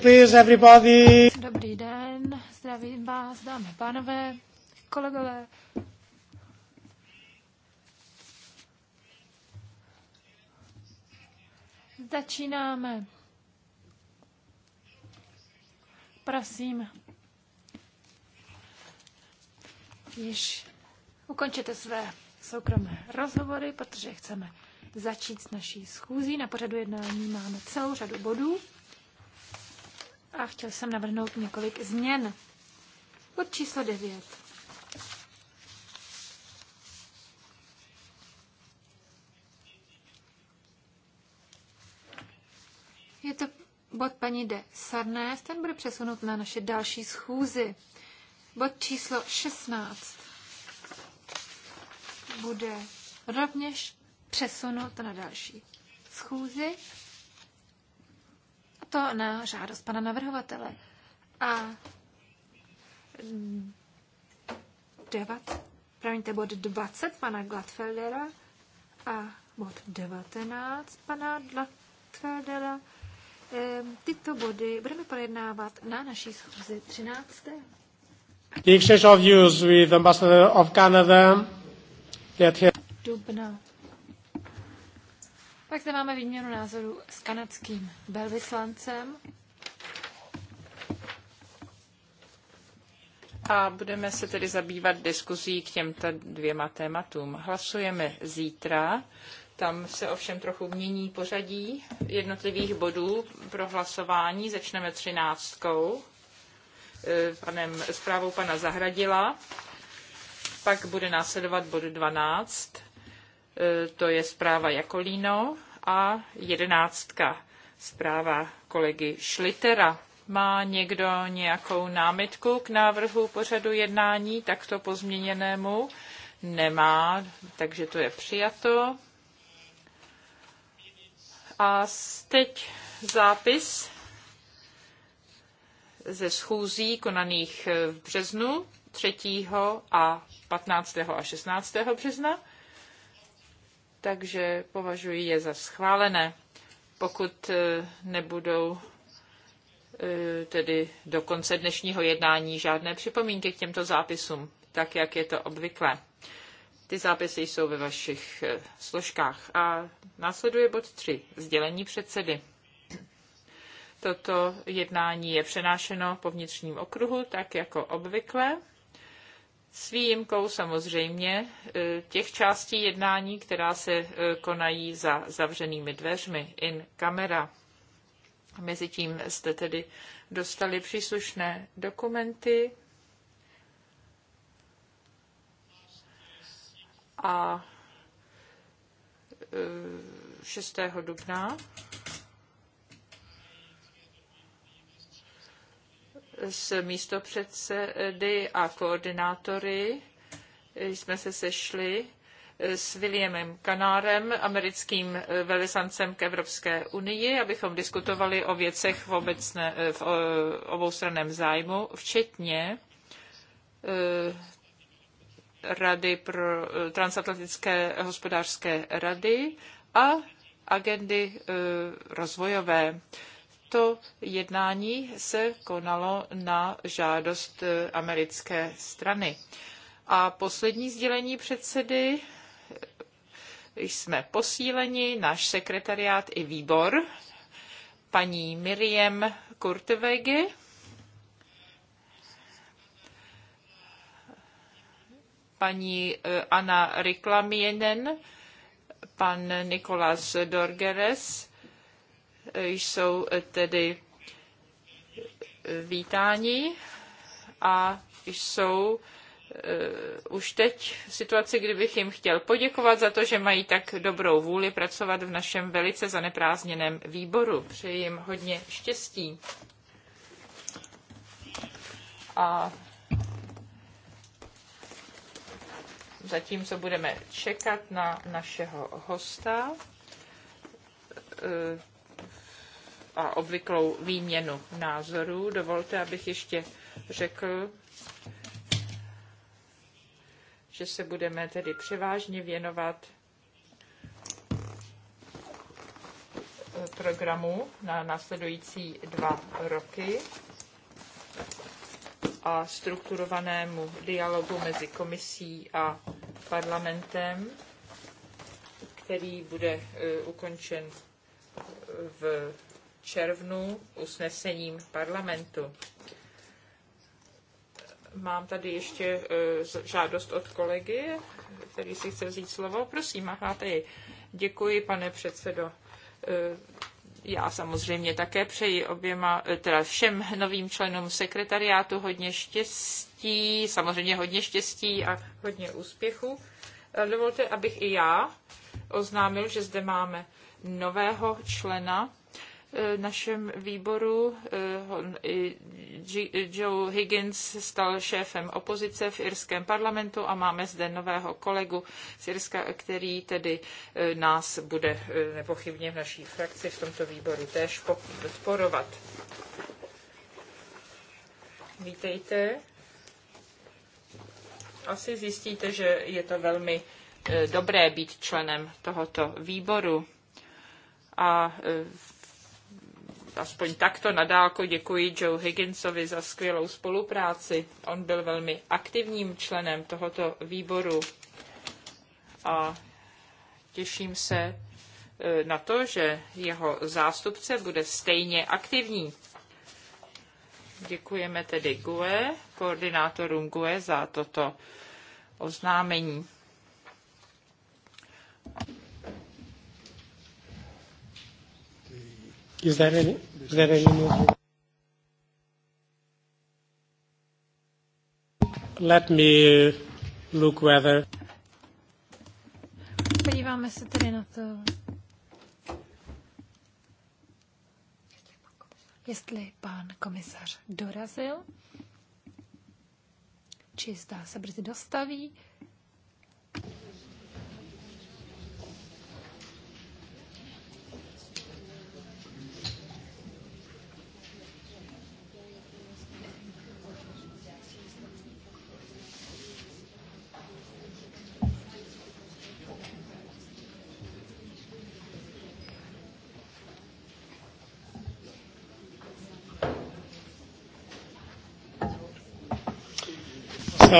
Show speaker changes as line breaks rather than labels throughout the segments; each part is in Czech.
please, everybody?
Dobrý den, zdravím vás, dámy pánové, kolegové. Začínáme. Prosím. Již ukončete své soukromé rozhovory, protože chceme začít s naší schůzí. Na pořadu jednání máme celou řadu bodů a chtěl jsem navrhnout několik změn. Bod číslo 9. Je to bod paní de Sarnes, ten bude přesunut na naše další schůzi. Bod číslo 16 bude rovněž přesunut na další schůzi to na žádost pana navrhovatele. A devat, promiňte, bod 20 pana Gladfeldera a bod 19 pana Gladfeldera. Tyto body budeme projednávat na naší schůzi 13.
The exchange of views with Ambassador of Canada.
Dubna pak zde máme výměnu názoru s kanadským velvyslancem.
A budeme se tedy zabývat diskuzí k těmto dvěma tématům. Hlasujeme zítra. Tam se ovšem trochu mění pořadí jednotlivých bodů pro hlasování. Začneme třináctkou eh, panem, zprávou pana Zahradila. Pak bude následovat bod 12, eh, to je zpráva Jakolíno. A jedenáctka zpráva kolegy Šlitera. Má někdo nějakou námitku k návrhu pořadu jednání takto pozměněnému? Nemá, takže to je přijato. A teď zápis ze schůzí konaných v březnu 3. a 15. a 16. března takže považuji je za schválené, pokud e, nebudou e, tedy do konce dnešního jednání žádné připomínky k těmto zápisům, tak jak je to obvykle. Ty zápisy jsou ve vašich e, složkách. A následuje bod 3. Sdělení předsedy. Toto jednání je přenášeno po vnitřním okruhu, tak jako obvykle s výjimkou samozřejmě e, těch částí jednání, která se e, konají za zavřenými dveřmi in camera. Mezitím jste tedy dostali příslušné dokumenty a 6. E, dubna s místopředsedy a koordinátory jsme se sešli s Williamem Kanárem, americkým velvyslancem k Evropské unii, abychom diskutovali o věcech v, obecné, v zájmu, včetně e, Rady pro e, transatlantické hospodářské rady a agendy e, rozvojové to jednání se konalo na žádost eh, americké strany. A poslední sdělení předsedy eh, jsme posíleni, náš sekretariát i výbor, paní Miriam Kurtevege, paní eh, Anna Riklamienen, pan Nikolas Dorgeres, jsou tedy vítáni a jsou eh, už teď v situaci, kdybych jim chtěl poděkovat za to, že mají tak dobrou vůli pracovat v našem velice zaneprázdněném výboru. Přeji jim hodně štěstí. A zatímco budeme čekat na našeho hosta, eh, a obvyklou výměnu názorů. Dovolte, abych ještě řekl, že se budeme tedy převážně věnovat programu na následující dva roky a strukturovanému dialogu mezi komisí a parlamentem, který bude eh, ukončen v červnu usnesením parlamentu. Mám tady ještě eh, žádost od kolegy, který si chce vzít slovo. Prosím, máte ji. Děkuji, pane předsedo. Eh, já samozřejmě také přeji oběma, eh, teda všem novým členům sekretariátu hodně štěstí, samozřejmě hodně štěstí a hodně úspěchu. Dovolte, abych i já oznámil, že zde máme nového člena našem výboru. Eh, Joe Higgins stal šéfem opozice v irském parlamentu a máme zde nového kolegu z Irska, který tedy eh, nás bude eh, nepochybně v naší frakci v tomto výboru též podporovat. Vítejte. Asi zjistíte, že je to velmi dobré být členem tohoto výboru a aspoň takto nadálko děkuji Joe Higginsovi za skvělou spolupráci. On byl velmi aktivním členem tohoto výboru a těším se e, na to, že jeho zástupce bude stejně aktivní. Děkujeme tedy GUE, koordinátorům GUE za toto oznámení.
Is there any, is there any
Let me look whether...
Podíváme se tedy na to, jestli pan komisař dorazil, či zdá se brzy dostaví.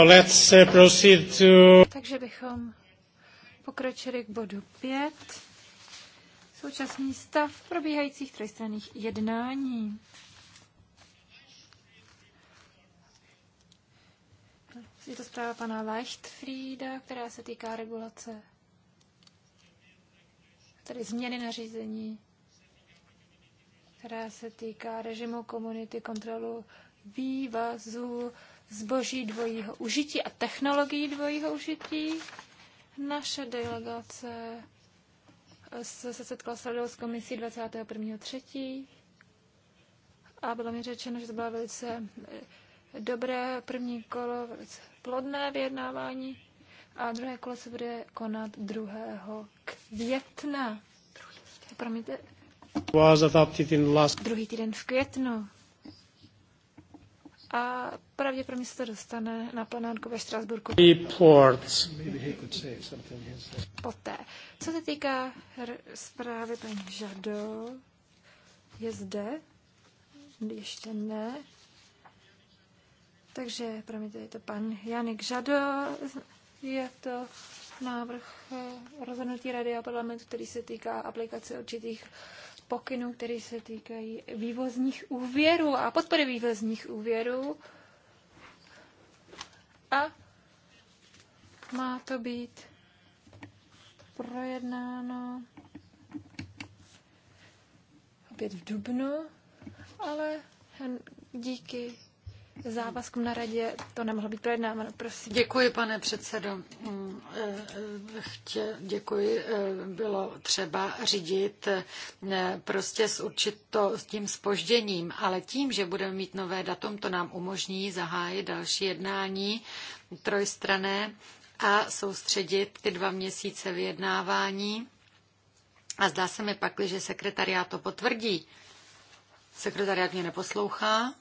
Uh, proceed to...
Takže bychom pokročili k bodu 5. Současný stav probíhajících trojstranných jednání. Je to zpráva pana Leichtfrieda, která se týká regulace, tedy změny nařízení, která se týká režimu komunity kontrolu vývazu zboží dvojího užití a technologií dvojího užití. Naše delegace se setkala s radou s komisí 21.3. a bylo mi řečeno, že to byla velice eh, dobré první kolo, velice plodné vyjednávání a druhé kolo se bude konat 2. května. Promiňte. Druhý týden v květnu a pravděpodobně se to dostane na plenárku ve Štrasburku.
Reports.
Poté. Co se týká zprávy paní Žado, je zde? Ještě ne. Takže, promiňte, je to pan Janik Žado, je to návrh eh, rozhodnutí Rady a parlamentu, který se týká aplikace určitých pokynů, které se týkají vývozních úvěrů a podpory vývozních úvěrů. A má to být projednáno opět v Dubnu, ale díky závazkům na radě to nemohlo být projednáváno. Prosím. Děkuji,
pane předsedo. Chtě, děkuji. Bylo třeba řídit prostě s určitým s tím spožděním, ale tím, že budeme mít nové datum, to nám umožní zahájit další jednání trojstrané a soustředit ty dva měsíce vyjednávání. A zdá se mi pak, že sekretariát to potvrdí. Sekretariát mě neposlouchá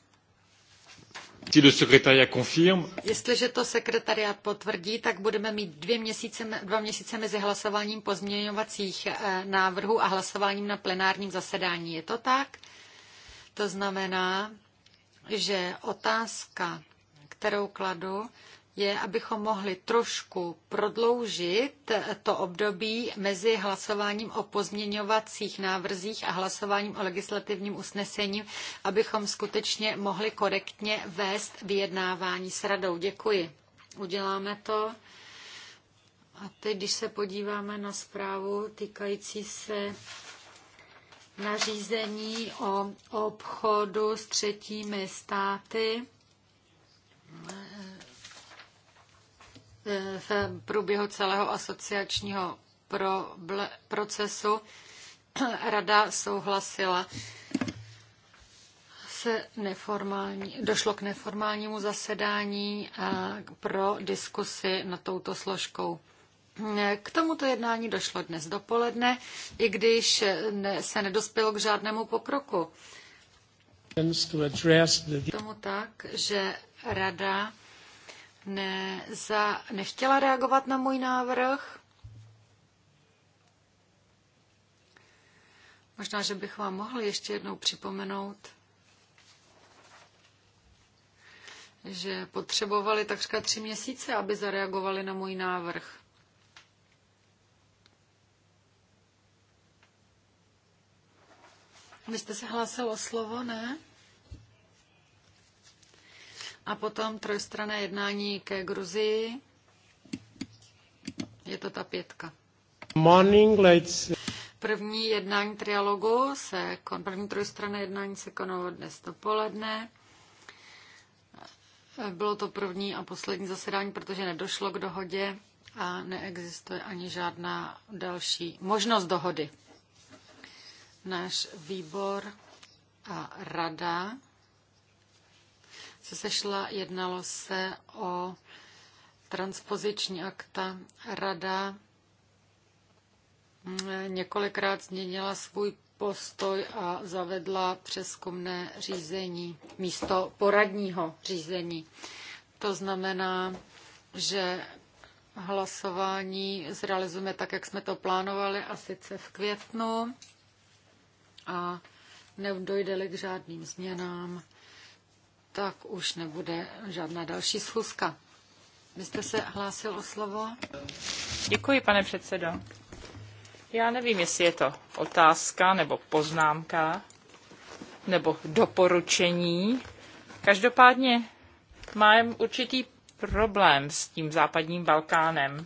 Jestliže to sekretariat potvrdí, tak budeme mít dvě měsíce, dva měsíce mezi hlasováním pozměňovacích eh, návrhů a hlasováním na plenárním zasedání. Je to tak? To znamená, že otázka, kterou kladu, je, abychom mohli trošku prodloužit to období mezi hlasováním o pozměňovacích návrzích a hlasováním o legislativním usnesení, abychom skutečně mohli korektně vést vyjednávání s radou. Děkuji. Uděláme to. A teď, když se podíváme na zprávu týkající se nařízení o obchodu s třetími státy, v průběhu celého asociačního procesu rada souhlasila se neformální, došlo k neformálnímu zasedání pro diskusy na touto složkou. K tomuto jednání došlo dnes dopoledne, i když se nedospělo k žádnému pokroku.
K tomu
tak, že rada ne, za, nechtěla reagovat na můj návrh. Možná, že bych vám mohl ještě jednou připomenout, že potřebovali takřka tři měsíce, aby zareagovali na můj návrh. Vy jste se hlásil o slovo, ne? A potom trojstrané jednání ke Gruzii. Je to ta pětka.
Morning, let's...
První jednání trialogu se, kon, první trojstrané jednání se konalo dnes dopoledne. Bylo to první a poslední zasedání, protože nedošlo k dohodě a neexistuje ani žádná další možnost dohody. Náš výbor a rada se sešla, jednalo se o transpoziční akta. Rada mm, několikrát změnila svůj postoj a zavedla přeskumné řízení místo poradního řízení. To znamená, že hlasování zrealizujeme tak, jak jsme to plánovali, a sice v květnu a nedojde k žádným změnám tak už nebude žádná další schůzka. Vy jste se hlásil o slovo? Děkuji, pane předsedo.
Já nevím, jestli je to otázka nebo poznámka nebo doporučení. Každopádně mám určitý problém s tím západním Balkánem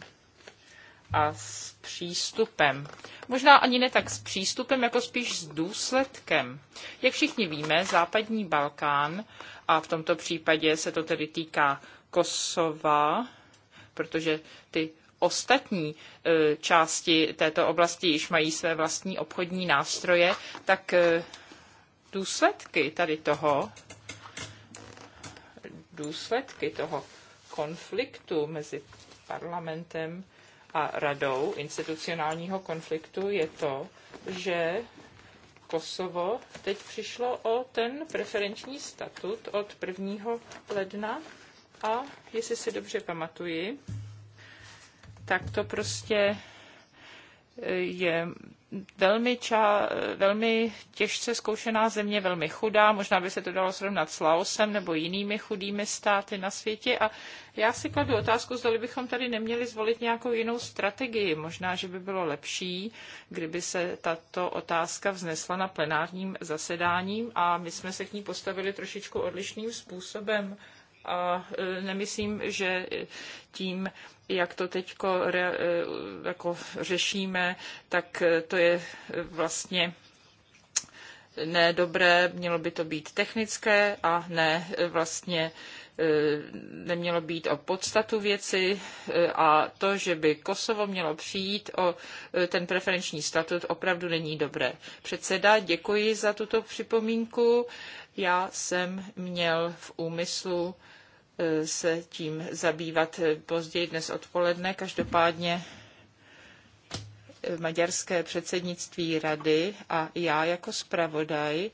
a s přístupem. Možná ani ne tak s přístupem, jako spíš s důsledkem. Jak všichni víme, západní Balkán, a v tomto případě se to tedy týká Kosova, protože ty ostatní e, části této oblasti již mají své vlastní obchodní nástroje, tak e, důsledky tady toho, důsledky toho konfliktu mezi parlamentem a radou institucionálního konfliktu je to, že Kosovo teď přišlo o ten preferenční statut od 1. ledna a jestli si dobře pamatuji, tak to prostě je velmi, ča, velmi těžce zkoušená země, velmi chudá, možná by se to dalo srovnat s Laosem nebo jinými chudými státy na světě. A já si kladu otázku, zda bychom tady neměli zvolit nějakou jinou strategii. Možná, že by bylo lepší, kdyby se tato otázka vznesla na plenárním zasedáním a my jsme se k ní postavili trošičku odlišným způsobem a e, nemyslím, že tím, jak to teď e, jako řešíme, tak e, to je vlastně nedobré, mělo by to být technické a ne vlastně nemělo být o podstatu věci a to, že by Kosovo mělo přijít o ten preferenční statut, opravdu není dobré. Předseda, děkuji za tuto připomínku. Já jsem měl v úmyslu se tím zabývat později dnes odpoledne. Každopádně eh, maďarské předsednictví rady a já jako zpravodaj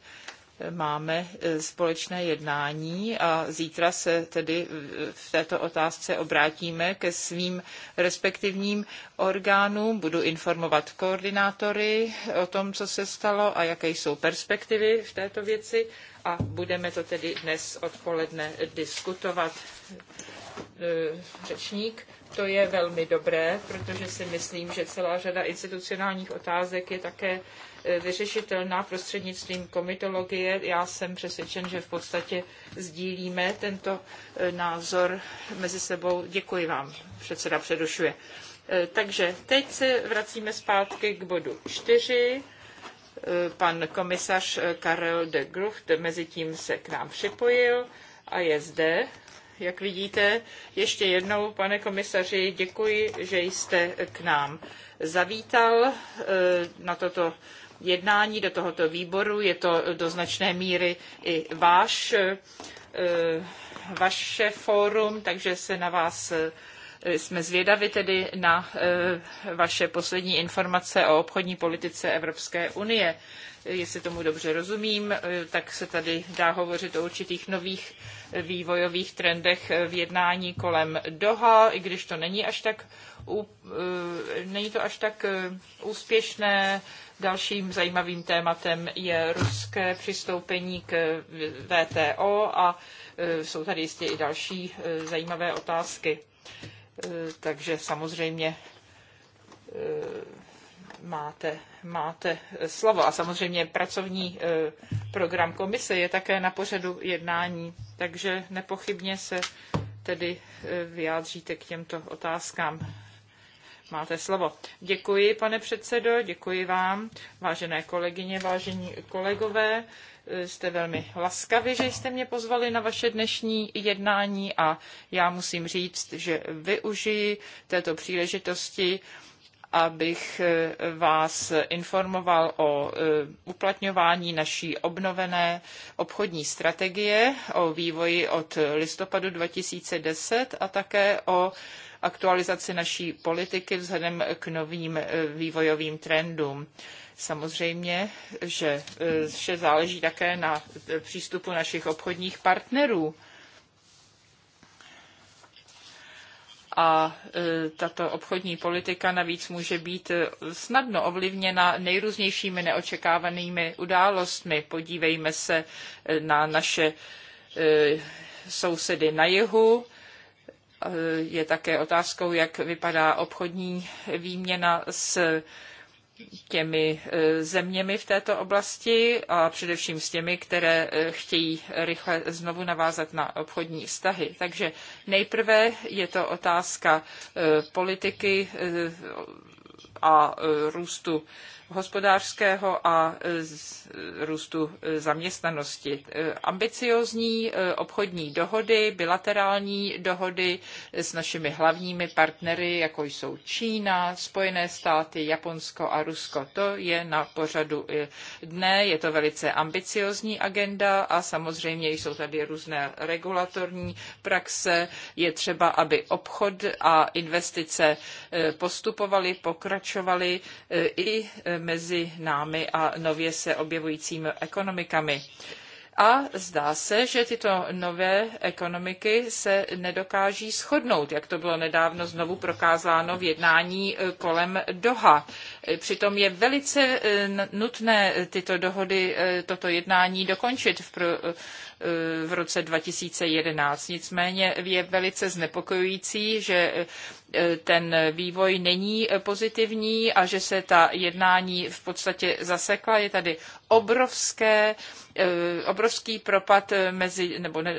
máme eh, společné jednání a zítra se tedy v této otázce obrátíme ke svým respektivním orgánům. Budu informovat koordinátory o tom, co se stalo a jaké jsou perspektivy v této věci a budeme to tedy dnes odpoledne diskutovat. Eh, řečník to je velmi dobré, protože si myslím, že celá řada institucionálních otázek je také e, vyřešitelná prostřednictvím komitologie. Já jsem přesvědčen, že v podstatě sdílíme tento e, názor mezi sebou. Děkuji vám, předseda předušuje. E, takže teď se vracíme zpátky k bodu 4. Pan komisař Karel de Grucht mezi tím se k nám připojil a je zde jak vidíte, ještě jednou, pane komisaři, děkuji, že jste k nám zavítal eh, na toto jednání do tohoto výboru. Je to do značné míry i váš, eh, vaše fórum, takže se na vás eh, jsme zvědavi tedy na eh, vaše poslední informace o obchodní politice Evropské unie. Jestli tomu dobře rozumím, eh, tak se tady dá hovořit o určitých nových eh, vývojových trendech v jednání kolem Doha, i když to není až tak, není to až tak úspěšné. Dalším zajímavým tématem je ruské přistoupení k VTO a jsou tady jistě i další zajímavé otázky. Eh, takže samozřejmě eh, máte, máte slovo. A samozřejmě pracovní eh, program komise je také na pořadu jednání, takže nepochybně se tedy vyjádříte k těmto otázkám. Máte slovo. Děkuji, pane předsedo, děkuji vám, vážené kolegyně, vážení kolegové jste velmi laskavi, že jste mě pozvali na vaše dnešní jednání a já musím říct, že využiji této příležitosti abych eh, vás informoval o eh, uplatňování naší obnovené obchodní strategie, o vývoji od listopadu 2010 a také o aktualizaci naší politiky vzhledem k novým eh, vývojovým trendům. Samozřejmě, že eh, vše záleží také na eh, přístupu našich obchodních partnerů. a tato obchodní politika navíc může být snadno ovlivněna nejrůznějšími neočekávanými událostmi. Podívejme se na naše sousedy na jihu, Eh, je také otázkou, jak vypadá obchodní výměna s těmi eh, zeměmi v této oblasti a především s těmi, které eh, chtějí rychle znovu navázat na obchodní vztahy. Takže nejprve je to otázka politiky a růstu hospodářského a e, e, růstu e, zaměstnanosti. Ambiciozní obchodní dohody, bilaterální dohody s našimi hlavními partnery, jako jsou Čína, Spojené státy, Japonsko a Rusko. To je na pořadu dne, je to velice ambiciozní agenda a samozřejmě jsou tady různé regulatorní praxe. Je třeba, aby obchod a investice postupovaly, pokračovaly i mezi námi a nově se objevujícími ekonomikami. A zdá se, že tyto nové ekonomiky se nedokáží shodnout, jak to bylo nedávno znovu prokázáno v jednání e, kolem Doha. E, přitom je velice e, nutné tyto dohody, toto jednání dokončit v, pro, v roce 2011. Nicméně je velice znepokojující, že E, ten vývoj není e, pozitivní a že se ta jednání v podstatě zasekla. Je tady obrovské, e, obrovský propad mezi, nebo ne,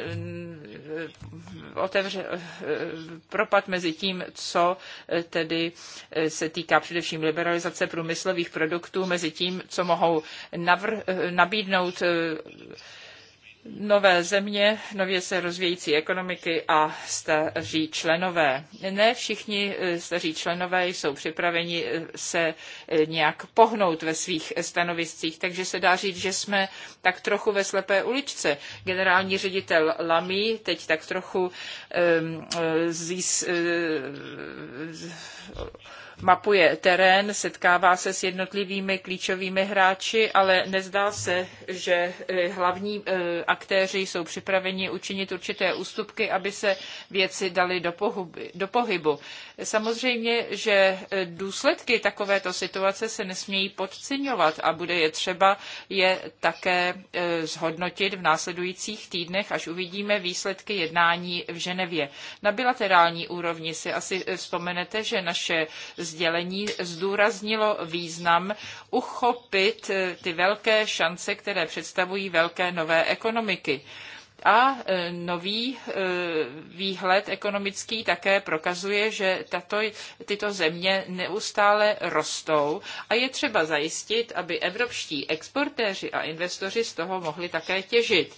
otevře, propad mezi tím, co tedy se týká především liberalizace průmyslových produktů, mezi tím, co mohou navr, nabídnout nové země, nově se rozvíjející ekonomiky a staří členové. Ne všichni eh, staří členové jsou připraveni eh, se eh, nějak pohnout ve svých stanoviscích, takže se dá říct, že jsme tak trochu ve slepé uličce. Generální ředitel Lamy teď tak trochu um, zís, um, mapuje terén, setkává se s jednotlivými klíčovými hráči, ale nezdá se, že eh, hlavní eh, aktéři jsou připraveni učinit určité ústupky, aby se věci daly do, pohuby, do pohybu. Samozřejmě, že eh, důsledky takovéto situace se nesmějí podceňovat a bude je třeba je také zhodnotit v následujících týdnech, až uvidíme výsledky jednání v Ženevě. Na bilaterální úrovni si asi vzpomenete, že naše sdělení zdůraznilo význam uchopit eh, ty velké šance, které představují velké nové ekonomiky a eh, nový eh, výhled ekonomický také prokazuje, že tato, tyto země neustále rostou a je třeba zajistit, aby evropští exportéři a investoři z toho mohli také těžit.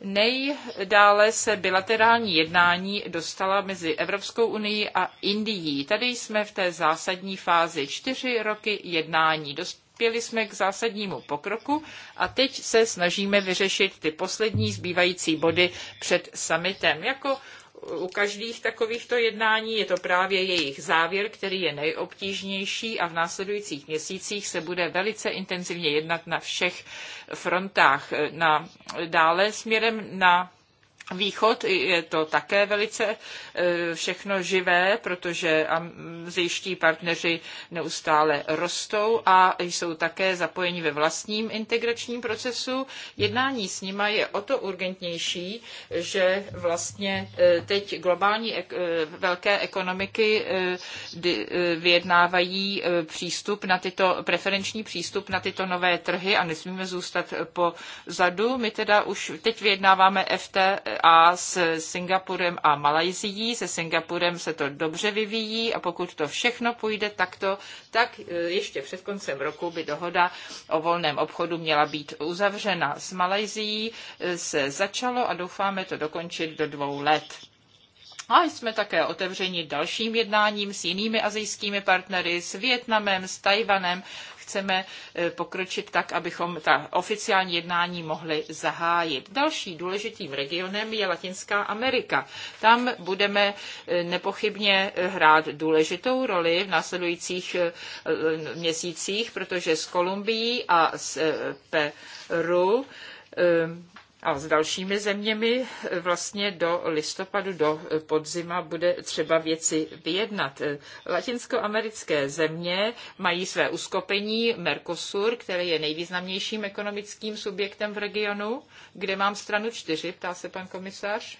Nejdále se bilaterální jednání dostala mezi Evropskou unii a Indií. Tady jsme v té zásadní fázi. Čtyři roky jednání. Dospěli jsme k zásadnímu pokroku a teď se snažíme vyřešit ty poslední zbývající body před summitem. Jako u každých takovýchto jednání je to právě jejich závěr, který je nejobtížnější a v následujících měsících se bude velice intenzivně jednat na všech frontách. Na, dále směrem na Východ je to také velice e, všechno živé, protože zjiští partneři neustále rostou a jsou také zapojeni ve vlastním integračním procesu. Jednání s nima je o to urgentnější, že vlastně e, teď globální e, velké ekonomiky vyjednávají přístup na tyto, preferenční přístup na tyto nové trhy a nesmíme zůstat pozadu. My teda už teď vyjednáváme FT, a s Singapurem a Malajzií. Se Singapurem se to dobře vyvíjí a pokud to všechno půjde takto, tak e, ještě před koncem roku by dohoda o volném obchodu měla být uzavřena. S Malajzií e, se začalo a doufáme to dokončit do dvou let. A jsme také otevřeni dalším jednáním s jinými azijskými partnery, s Vietnamem, s Tajvanem, chceme eh, pokročit tak, abychom ta oficiální jednání mohli zahájit. Další důležitým regionem je Latinská Amerika. Tam budeme eh, nepochybně hrát důležitou roli v následujících eh, měsících, protože s Kolumbií a s Peru a s dalšími zeměmi eh, vlastně do listopadu, do eh, podzima bude třeba věci vyjednat. Eh, latinskoamerické země mají své uskopení Mercosur, který je nejvýznamnějším ekonomickým subjektem v regionu. Kde mám stranu čtyři, ptá se pan komisař.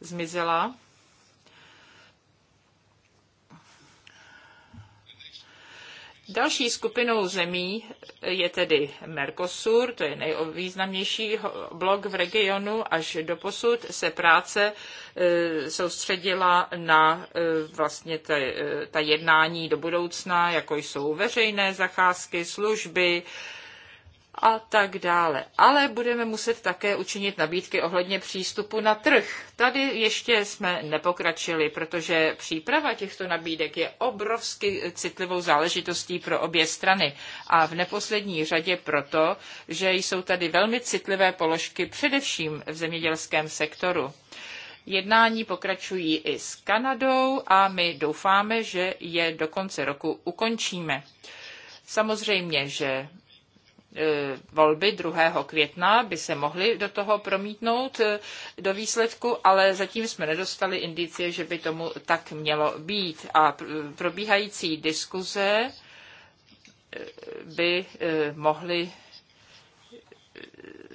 Zmizela. Další skupinou zemí je tedy Mercosur, to je nejvýznamnější blok v regionu. Až do posud se práce e, soustředila na e, vlastně ta, e, ta jednání do budoucna, jako jsou veřejné zacházky, služby, a tak dále. Ale budeme muset také učinit nabídky ohledně přístupu na trh. Tady ještě jsme nepokračili, protože příprava těchto nabídek je obrovsky citlivou záležitostí pro obě strany. A v neposlední řadě proto, že jsou tady velmi citlivé položky především v zemědělském sektoru. Jednání pokračují i s Kanadou a my doufáme, že je do konce roku ukončíme. Samozřejmě, že E, volby 2. května by se mohly do toho promítnout e, do výsledku, ale zatím jsme nedostali indicie, že by tomu tak mělo být. A probíhající diskuze e, by mohly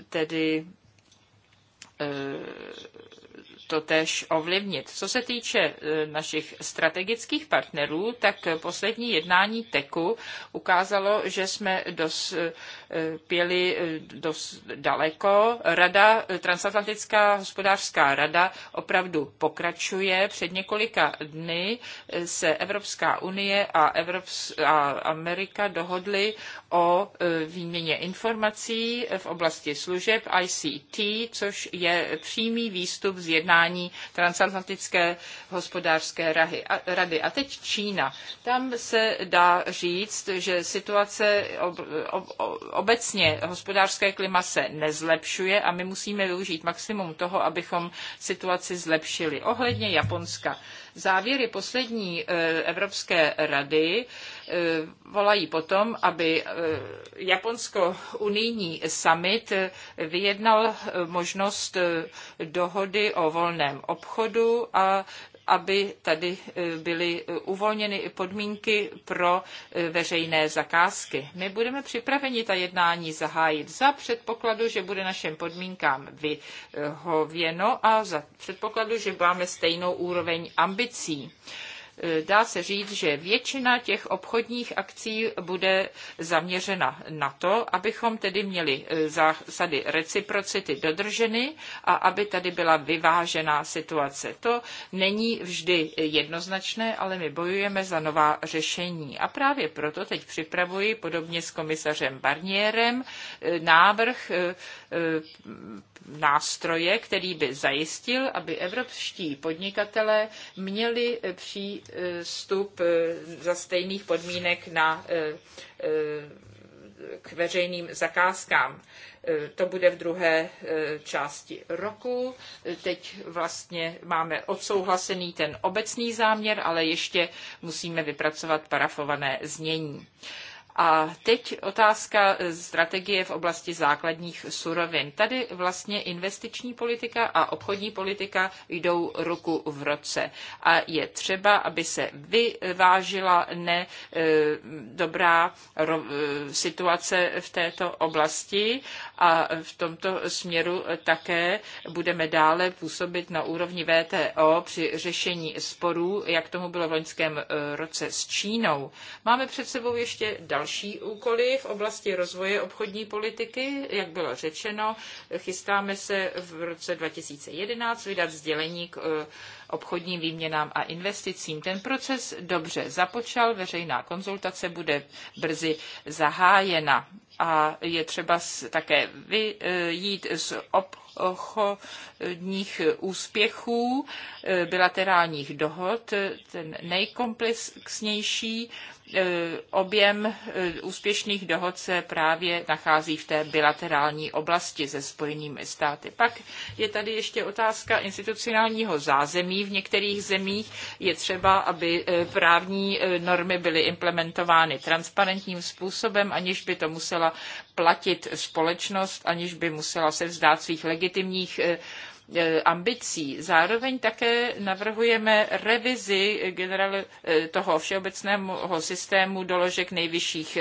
tedy to tež ovlivnit. Co se týče našich strategických partnerů, tak poslední jednání TEKu ukázalo, že jsme dost pěli eh, dost daleko. Rada, eh, Transatlantická hospodářská rada opravdu pokračuje. Před několika dny eh, se Evropská unie a, Evrops, a Amerika dohodly o výměně informací v oblasti služeb ICT, což je přímý výstup z jednání Transatlantické hospodářské rady. A teď Čína. Tam se dá říct, že situace obecně hospodářské klima se nezlepšuje a my musíme využít maximum toho, abychom situaci zlepšili. Ohledně Japonska. Závěry poslední eh, Evropské rady eh, volají potom, aby eh, Japonsko-unijní summit vyjednal možnost dohody o volném obchodu a aby tady e, byly e, uvolněny i podmínky pro e, veřejné zakázky. My budeme připraveni ta jednání zahájit za předpokladu, že bude našim podmínkám vyhověno a za předpokladu, že máme stejnou úroveň ambicí. Dá se říct, že většina těch obchodních akcí bude zaměřena na to, abychom tedy měli e, zásady reciprocity dodrženy a aby tady byla vyvážená situace. To není vždy jednoznačné, ale my bojujeme za nová řešení. A právě proto teď připravuji podobně s komisařem Barnierem e, návrh e, nástroje, který by zajistil, aby evropští podnikatelé měli při Eh, vstup eh, za stejných podmínek na, eh, k veřejným zakázkám. To bude v druhé části roku. Teď vlastně máme odsouhlasený ten obecný záměr, ale ještě musíme vypracovat parafované znění. A teď otázka strategie v oblasti základních surovin. Tady vlastně investiční politika a obchodní politika jdou ruku v roce. A je třeba, aby se vyvážila ne e, dobrá e, situace v této oblasti a v tomto směru také budeme dále působit na úrovni VTO při řešení sporů, jak tomu bylo v loňském e, roce s Čínou. Máme před sebou ještě další další úkoly v oblasti rozvoje obchodní politiky. Jak bylo řečeno, chystáme se v roce 2011 vydat sdělení k e, obchodním výměnám a investicím. Ten proces dobře započal, veřejná konzultace bude brzy zahájena a je třeba také vyjít z obchodních úspěchů e, bilaterálních dohod. Ten nejkomplexnější E, objem e, úspěšných dohod se právě nachází v té bilaterální oblasti se Spojenými státy. Pak je tady ještě otázka institucionálního zázemí. V některých zemích je třeba, aby e, právní normy byly implementovány transparentním způsobem, aniž by to musela platit společnost, aniž by musela se vzdát svých legitimních E, ambicí. Zároveň také navrhujeme revizi general e, toho všeobecného systému doložek nejvyšších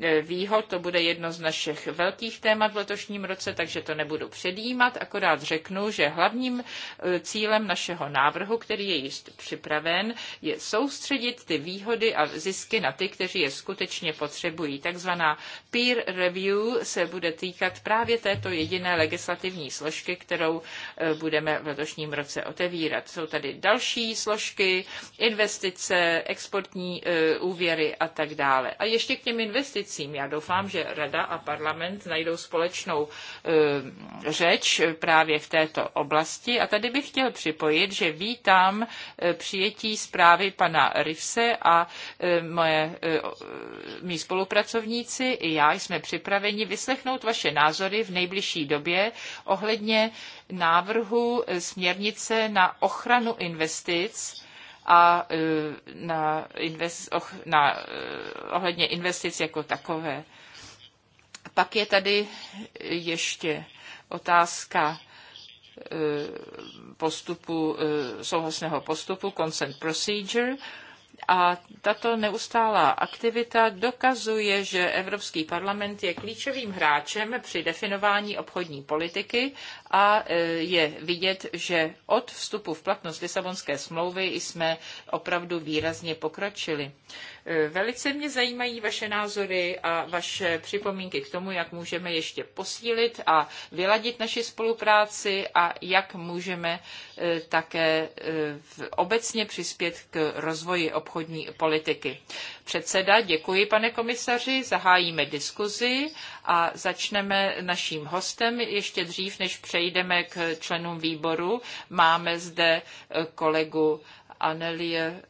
E, výhod. To bude jedno z našich velkých témat v letošním roce, takže to nebudu předjímat, akorát řeknu, že hlavním e, cílem našeho návrhu, který je již připraven, je soustředit ty výhody a zisky na ty, kteří je skutečně potřebují. Takzvaná peer review se bude týkat právě této jediné legislativní složky, kterou e, budeme v letošním roce otevírat. Jsou tady další složky, investice, exportní úvěry a tak dále. A ještě k těm investicím ulicím. Já doufám, že Rada a parlament najdou společnou eh, řeč právě v této oblasti. A tady bych chtěl připojit, že vítám eh, přijetí zprávy pana Rivse a eh, moje, mý spolupracovníci i já jsme připraveni vyslechnout vaše názory v nejbližší době ohledně návrhu směrnice na ochranu investic, a e, na, invest, och, na e, ohledně investic jako takové. Pak je tady ještě otázka e, postupu, souhlasného postupu, consent procedure, a tato neustálá aktivita dokazuje, že Evropský parlament je klíčovým hráčem při definování obchodní politiky a e, je vidět, že od vstupu v platnost Lisabonské smlouvy jsme opravdu výrazně pokročili. E, velice mě zajímají vaše názory a vaše připomínky k tomu, jak můžeme ještě posílit a vyladit naši spolupráci a jak můžeme e, také obecně přispět k rozvoji obchodní politiky. Předseda, děkuji, pane komisaři, zahájíme diskuzi a začneme naším hostem. Ještě dřív, než přejdeme k členům výboru, máme zde kolegu Anelie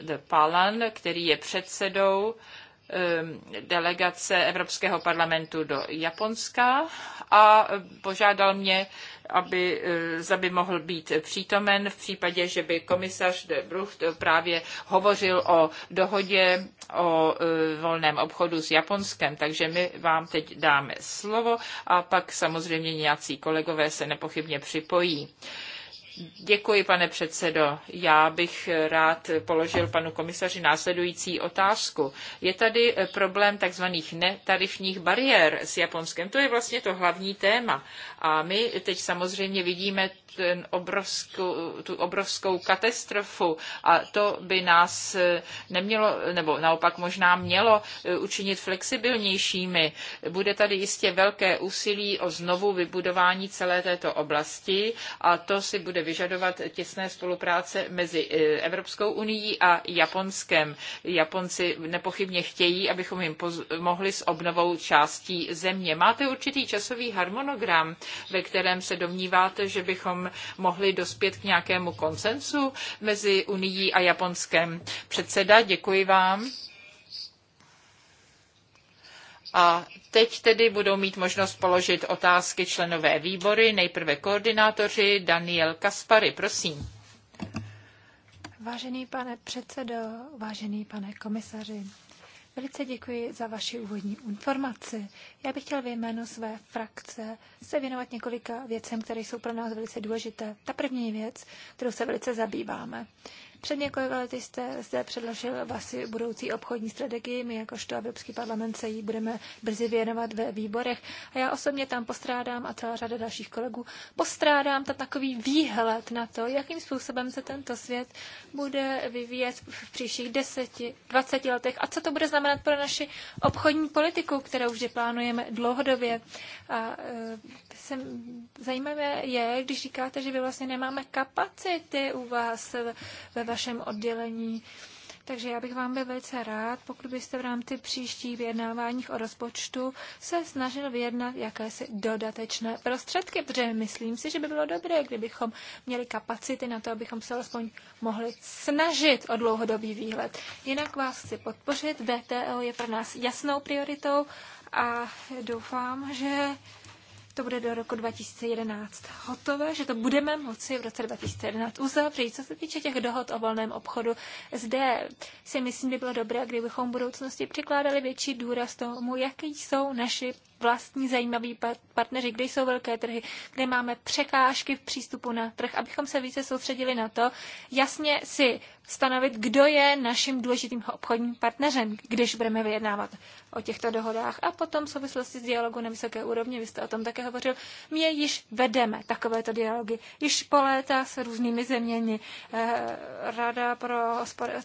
de Palan, který je předsedou ehm, delegace Evropského parlamentu do Japonska a požádal mě, aby, eh, aby mohl být přítomen v případě, že by komisař de Brucht právě hovořil o dohodě o eh, volném obchodu s Japonskem. Takže my vám teď dáme slovo a pak samozřejmě nějací kolegové se nepochybně připojí. Děkuji, pane předsedo. Já bych rád položil panu komisaři následující otázku. Je tady problém takzvaných netarifních bariér s Japonskem. To je vlastně to hlavní téma. A my teď samozřejmě vidíme ten obrovskou, tu obrovskou katastrofu a to by nás nemělo, nebo naopak možná mělo učinit flexibilnějšími. Bude tady jistě velké úsilí o znovu vybudování celé této oblasti a to si bude vyžadovat těsné spolupráce mezi e, Evropskou unii a Japonskem. Japonci nepochybně chtějí, abychom jim mohli s obnovou částí země. Máte určitý časový harmonogram, ve kterém se domníváte, že bychom mohli dospět k nějakému konsensu mezi Unií a Japonskem. Předseda, děkuji vám. A teď tedy budou mít možnost položit otázky členové výbory, nejprve koordinátoři Daniel Kaspary, prosím.
Vážený pane předsedo, vážený pane komisaři, Velice děkuji za vaši úvodní informaci. Já bych chtěl ve jménu své frakce se věnovat několika věcem, které jsou pro nás velice důležité. Ta první věc, kterou se velice zabýváme. Před několika lety jste zde předložil vaši budoucí obchodní strategii. My jakožto Evropský parlament se jí budeme brzy věnovat ve výborech. A já osobně tam postrádám a celá řada dalších kolegů postrádám ta takový výhled na to, jakým způsobem se tento svět bude vyvíjet v příštích 10, 20 letech a co to bude znamenat pro naši obchodní politiku, kterou vždy plánujeme dlouhodobě. A e, jsem, zajímavé je, když říkáte, že vy vlastně nemáme kapacity u vás ve vašem oddělení. Takže já bych vám byl velice rád, pokud byste v rámci příštích vyjednáváních o rozpočtu se snažil vyjednat jakési dodatečné prostředky, protože myslím si, že by bylo dobré, kdybychom měli kapacity na to, abychom se alespoň mohli snažit o dlouhodobý výhled. Jinak vás chci podpořit, VTO je pro nás jasnou prioritou a doufám, že to bude do roku 2011 hotové, že to budeme moci v roce 2011 uzavřít. Co se týče těch dohod o volném obchodu, zde si myslím, by bylo dobré, kdybychom v budoucnosti přikládali větší důraz tomu, jaké jsou naši vlastní zajímaví partneři, kde jsou velké trhy, kde máme překážky v přístupu na trh, abychom se více soustředili na to, jasně si stanovit, kdo je naším důležitým obchodním partnerem, když budeme vyjednávat o těchto dohodách. A potom v souvislosti s dialogu na vysoké úrovni, vy jste o tom také hovořil, my je již vedeme takovéto dialogy. Již po léta s různými zeměmi. Eh, Rada pro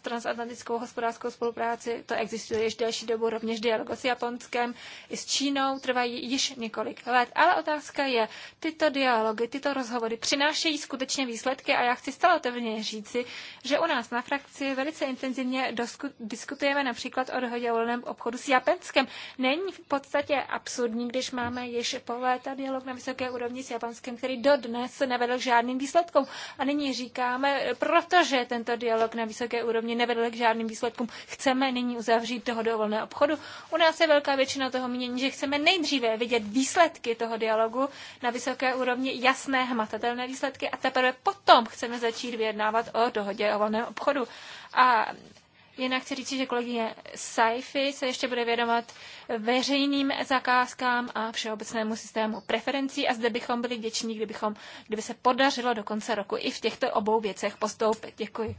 transatlantickou hospodářskou spolupráci, to existuje již delší dobu, rovněž dialog s Japonskem i s Čínou, trvají již několik let. Ale otázka je, tyto dialogy, tyto rozhovory přinášejí skutečně výsledky a já chci stále otevřeně říci, že u nás na frakci velice intenzivně diskutujeme například o dohodě o volném obchodu s Japonskem. Není v podstatě absurdní, když máme již po léta dialog na vysoké úrovni s Japonskem, který dodnes nevedl k žádným výsledkům. A nyní říkáme, protože tento dialog na vysoké úrovni nevedl k žádným výsledkům, chceme nyní uzavřít dohodu o volném obchodu. U nás je velká většina toho mínění, že chceme nejdříve vidět výsledky toho dialogu na vysoké úrovni, jasné, hmatatelné výsledky a teprve potom chceme začít vyjednávat o dohodě o volném obchodu. A Jinak chci říct, že kolegyně Saifi se ještě bude vědomat veřejným zakázkám a všeobecnému systému preferencí a zde bychom byli vděční, kdybychom, kdyby se podařilo do konce roku i v těchto obou věcech postoupit. Děkuji.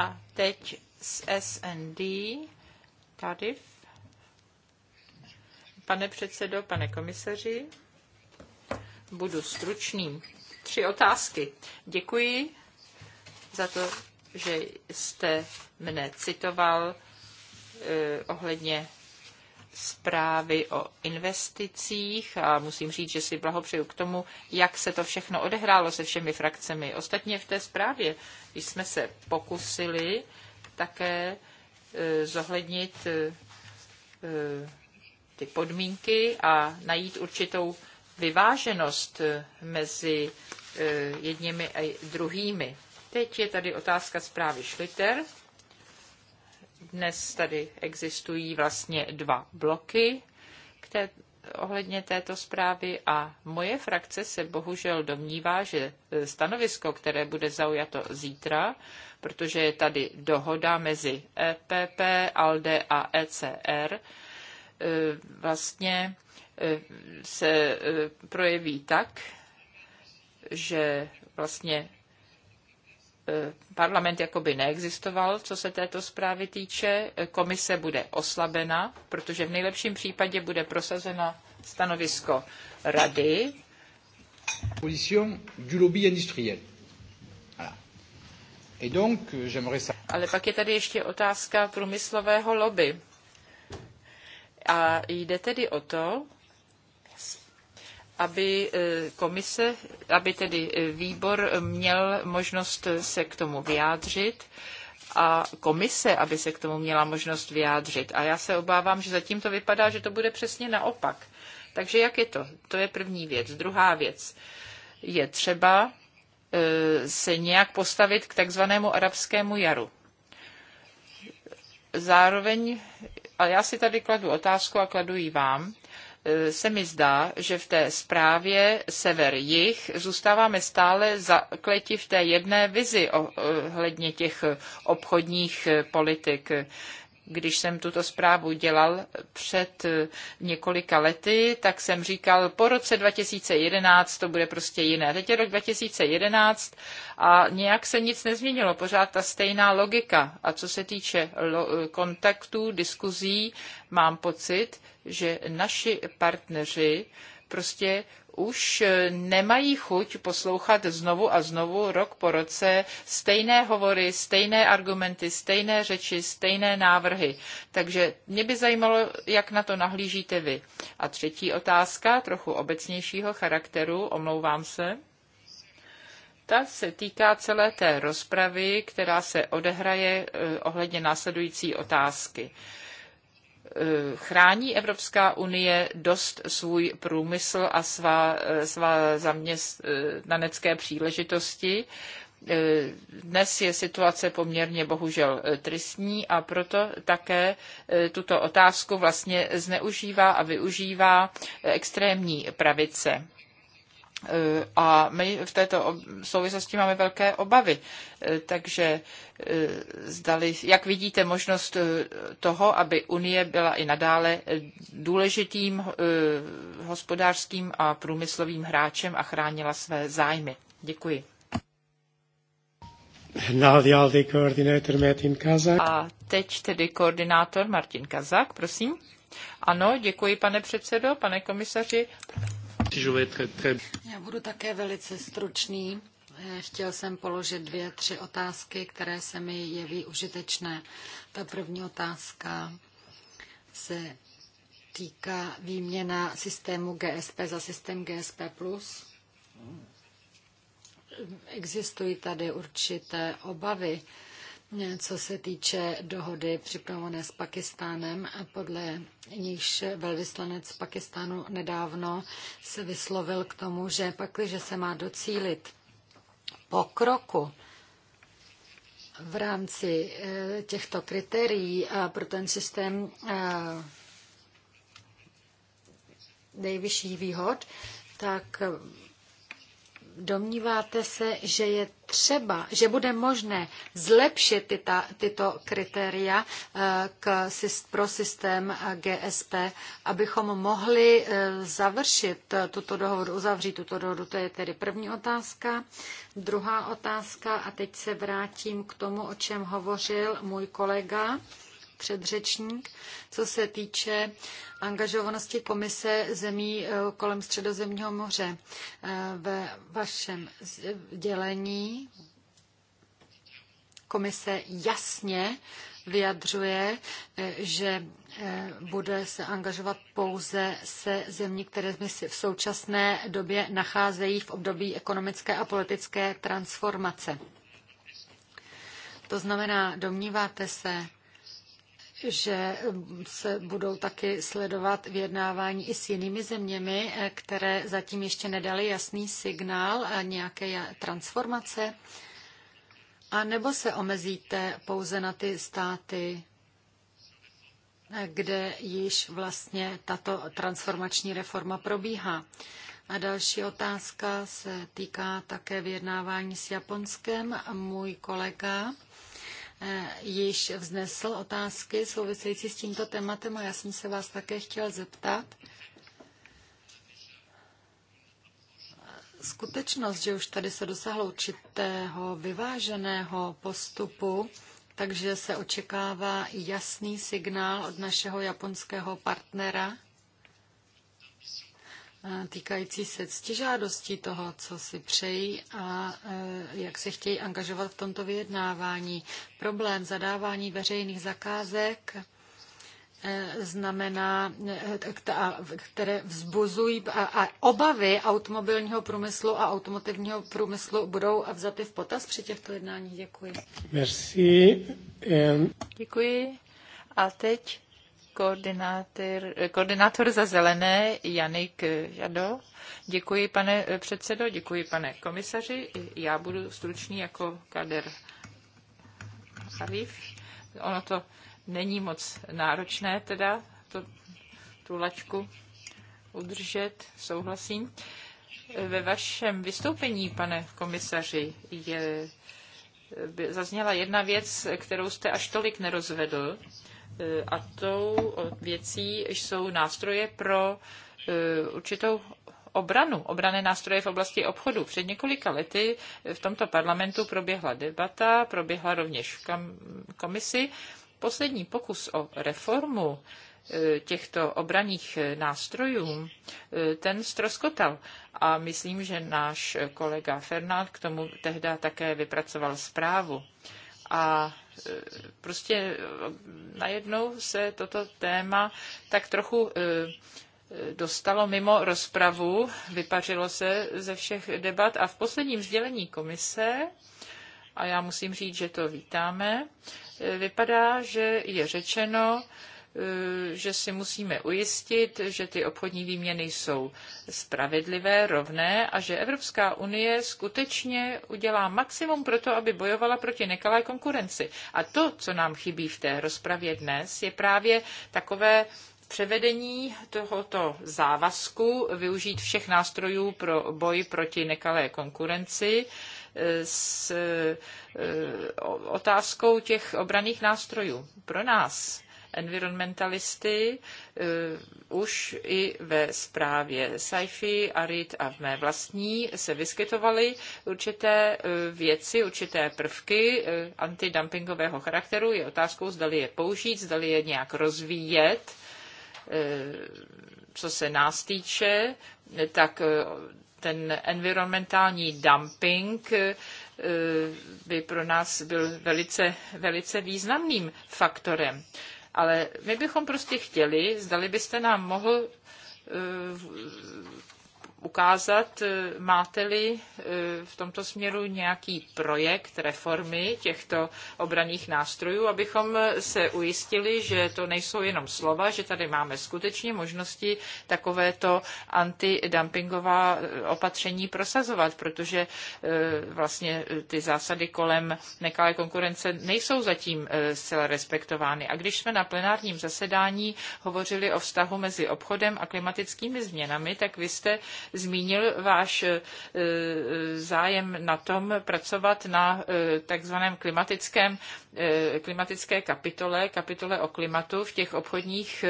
A teď z SND Cardiff. Pane předsedo, pane komisaři, budu stručný. Tři otázky. Děkuji za to, že jste mne citoval eh, ohledně zprávy o investicích a musím říct, že si blahopřeju k tomu, jak se to všechno odehrálo se všemi frakcemi. Ostatně v té zprávě když jsme se pokusili také eh, zohlednit eh, ty podmínky a najít určitou vyváženost eh, mezi eh, jedněmi a druhými. Teď je tady otázka zprávy Schlitter. Dnes tady existují vlastně dva bloky k té, ohledně této zprávy a moje frakce se bohužel domnívá, že eh, stanovisko, které bude zaujato zítra, protože je tady dohoda mezi EPP, ALDE a ECR, E, vlastně e, se e, projeví tak, že vlastně parlament jakoby neexistoval, co se této zprávy týče. Komise bude oslabena, protože v nejlepším případě bude prosazeno stanovisko rady.
Position du lobby industriel.
Ale pak je tady ještě otázka průmyslového lobby. A jde tedy o to, aby e, komise, aby tedy e, výbor měl možnost se k tomu vyjádřit a komise, aby se k tomu měla možnost vyjádřit. A já se obávám, že zatím to vypadá, že to bude přesně naopak. Takže jak je to? To je první věc. Druhá věc. Je třeba e, se nějak postavit k takzvanému arabskému jaru. Zároveň ale já si tady kladu otázku a kladu ji vám e, se mi zdá, že v té zprávě sever-jih zůstáváme stále zakleti v té jedné vizi ohledně e, těch obchodních e, politik. Když jsem tuto zprávu dělal před eh, několika lety, tak jsem říkal, po roce 2011 to bude prostě jiné. Teď je rok 2011 a nějak se nic nezměnilo, pořád ta stejná logika. A co se týče eh, kontaktů, diskuzí, mám pocit, že naši partneři prostě už eh, nemají chuť poslouchat znovu a znovu rok po roce stejné hovory, stejné argumenty, stejné řeči, stejné návrhy. Takže mě by zajímalo, jak na to nahlížíte vy. A třetí otázka, trochu obecnějšího charakteru, omlouvám se. Ta se týká celé té rozpravy, která se odehraje eh, ohledně následující otázky. Eh, chrání Evropská unie dost svůj průmysl a svá, eh, svá zaměstnanecké eh, příležitosti. Dnes je situace poměrně bohužel tristní a proto také tuto otázku vlastně zneužívá a využívá extrémní pravice. A my v této souvislosti máme velké obavy. E, takže e, zdali, jak vidíte možnost e, toho, aby Unie byla i nadále důležitým hospodářským a průmyslovým hráčem a chránila své zájmy. Děkuji. A teď tedy koordinátor Martin Kazak, prosím. Ano,
děkuji, pane předsedo, pane komisaři. Já budu také velice stručný. Eh, chtěl jsem položit dvě, tři otázky, které se mi jeví užitečné. Ta první otázka se týká výměna systému GSP za systém GSP+. Existují tady určité obavy, co se týče dohody připravované s Pakistánem, podle níž velvyslanec Pakistánu nedávno se vyslovil k tomu, že pakliže se má docílit pokroku v rámci eh, těchto kritérií a pro ten systém eh, nejvyšších výhod, tak Domníváte se, že je třeba, že bude možné zlepšit tyta, tyto kritéria eh, k, pro systém eh, GSP, abychom mohli eh, završit tuto dohodu, uzavřít tuto dohodu? To je tedy první otázka. Druhá otázka, a teď se vrátím k tomu, o čem hovořil můj kolega předřečník, co se týče angažovanosti komise zemí eh, kolem Středozemního moře. Eh, ve vašem dělení komise jasně vyjadřuje, eh, že bude se angažovat pouze se zemí, které se v současné době nacházejí v období ekonomické a politické transformace. To znamená, domníváte se, že um, se budou taky sledovat vyjednávání i s jinými zeměmi, eh, které zatím ještě nedali jasný signál a eh, nějaké transformace? A nebo se omezíte pouze na ty státy, eh, kde již vlastně tato transformační reforma probíhá? A další otázka se týká také vyjednávání s Japonskem. Můj kolega Eh, již vznesl otázky související s tímto tématem a já jsem se vás také chtěl zeptat. Skutečnost, že už tady se dosáhlo určitého vyváženého postupu, takže se očekává jasný signál od našeho japonského partnera, týkající se ctižádostí toho, co si přejí a e, jak se chtějí angažovat v tomto vyjednávání. Problém zadávání veřejných zakázek e, znamená, e, které vzbuzují a, a obavy automobilního průmyslu a automotivního průmyslu budou vzaty v potaz při těchto jednáních. Děkuji. Merci. Děkuji. A teď koordinátor, koordinátor
za zelené Janik Jado. Děkuji, pane předsedo, děkuji, pane komisaři. Já budu stručný jako kader Arif. Ono to není moc náročné teda, to, tu lačku udržet, souhlasím. Ve vašem vystoupení, pane komisaři, je, zazněla jedna věc, kterou jste až tolik nerozvedl, Eh, a tou věcí jsou nástroje pro eh, určitou obranu, obrané nástroje v oblasti obchodu. Před několika lety eh, v tomto parlamentu proběhla debata, proběhla rovněž v komisi. Poslední pokus o reformu těchto obraných nástrojů, ten stroskotal. A myslím, že náš kolega Fernand k tomu tehdy také vypracoval zprávu. A Eh, prostě eh, najednou se toto téma tak trochu eh, dostalo mimo rozpravu, vypařilo se ze všech debat a v posledním sdělení komise, a já musím říct, že to vítáme, vypadá, že je řečeno, Eh, že si musíme ujistit, že ty obchodní výměny jsou spravedlivé, rovné a že Evropská unie skutečně udělá maximum pro to, aby bojovala proti nekalé konkurenci. A to, co nám chybí v té rozpravě dnes, je právě takové převedení tohoto závazku využít všech nástrojů pro boj proti nekalé konkurenci eh, s eh, otázkou těch obraných nástrojů. Pro nás environmentalisty eh, už i ve zprávě SciFi, ARID a v mé vlastní se vyskytovaly určité eh, věci, určité prvky eh, antidumpingového charakteru. Je otázkou, zdali je použít, zdali je nějak rozvíjet, co se nás týče, tak ten environmentální dumping by pro nás byl velice, velice významným faktorem ale my bychom prostě chtěli, zdali byste nám mohl eh, ukázat, e, máte-li e, v tomto směru nějaký projekt reformy těchto obraných nástrojů, abychom se ujistili, že to nejsou jenom slova, že tady máme skutečně možnosti takovéto antidumpingová e, opatření prosazovat, protože vlastně ty zásady kolem nekalé konkurence nejsou zatím zcela respektovány. A když jsme na plenárním zasedání hovořili o vztahu mezi obchodem a klimatickými změnami, tak vy jste zmínil váš e, e, zájem na tom pracovat na e, takzvaném klimatickém, klimatické kapitole, kapitole o klimatu v těch obchodních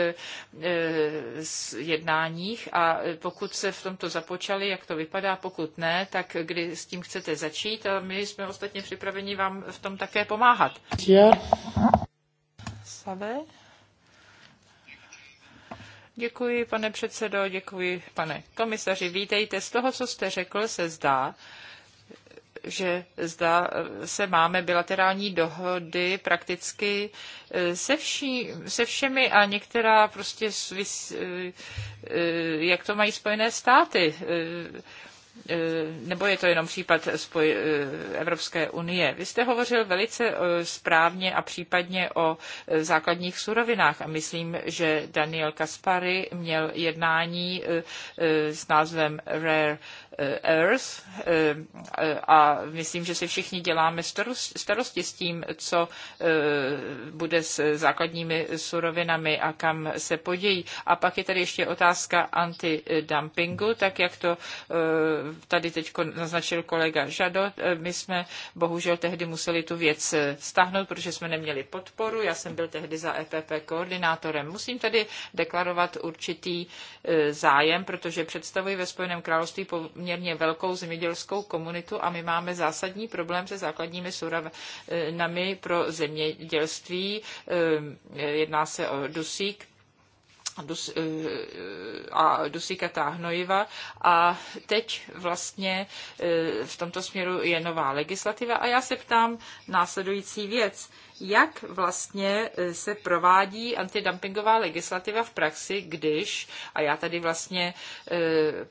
jednáních a pokud se v tomto započali, jak to vypadá, pokud ne, tak kdy s tím chcete začít a my jsme ostatně připraveni vám v tom také pomáhat. Save? Děkuji, pane předsedo, děkuji, pane komisaři. Vítejte. Z toho, co jste řekl, se zdá, že zda se máme bilaterální dohody prakticky eh, se, vší, se všemi a některá prostě, eh, eh, jak to mají Spojené státy Eh, nebo je to jenom případ spoj, eh, Evropské unie. Vy jste hovořil velice eh, správně a případně o základních surovinách a myslím, že Daniel Kaspary měl jednání s názvem Rare Earth a myslím, že si všichni děláme starosti s tím, co bude s základními surovinami a kam se podějí. A pak je tady ještě otázka antidumpingu, tak jak to tady teď naznačil kolega Žado. Eh, my jsme bohužel tehdy museli tu věc eh, stáhnout, protože jsme neměli podporu. Já jsem byl tehdy za EPP koordinátorem. Musím tady deklarovat určitý eh, zájem, protože představuji ve Spojeném království poměrně velkou zemědělskou komunitu a my máme zásadní problém se základními surovinami pro zemědělství. Jedná se o dusík, a dusíkatá eh, hnojiva. A teď vlastně eh, v tomto směru je nová legislativa a já se ptám následující věc. Jak vlastně eh, se provádí antidumpingová legislativa v praxi, když, a já tady vlastně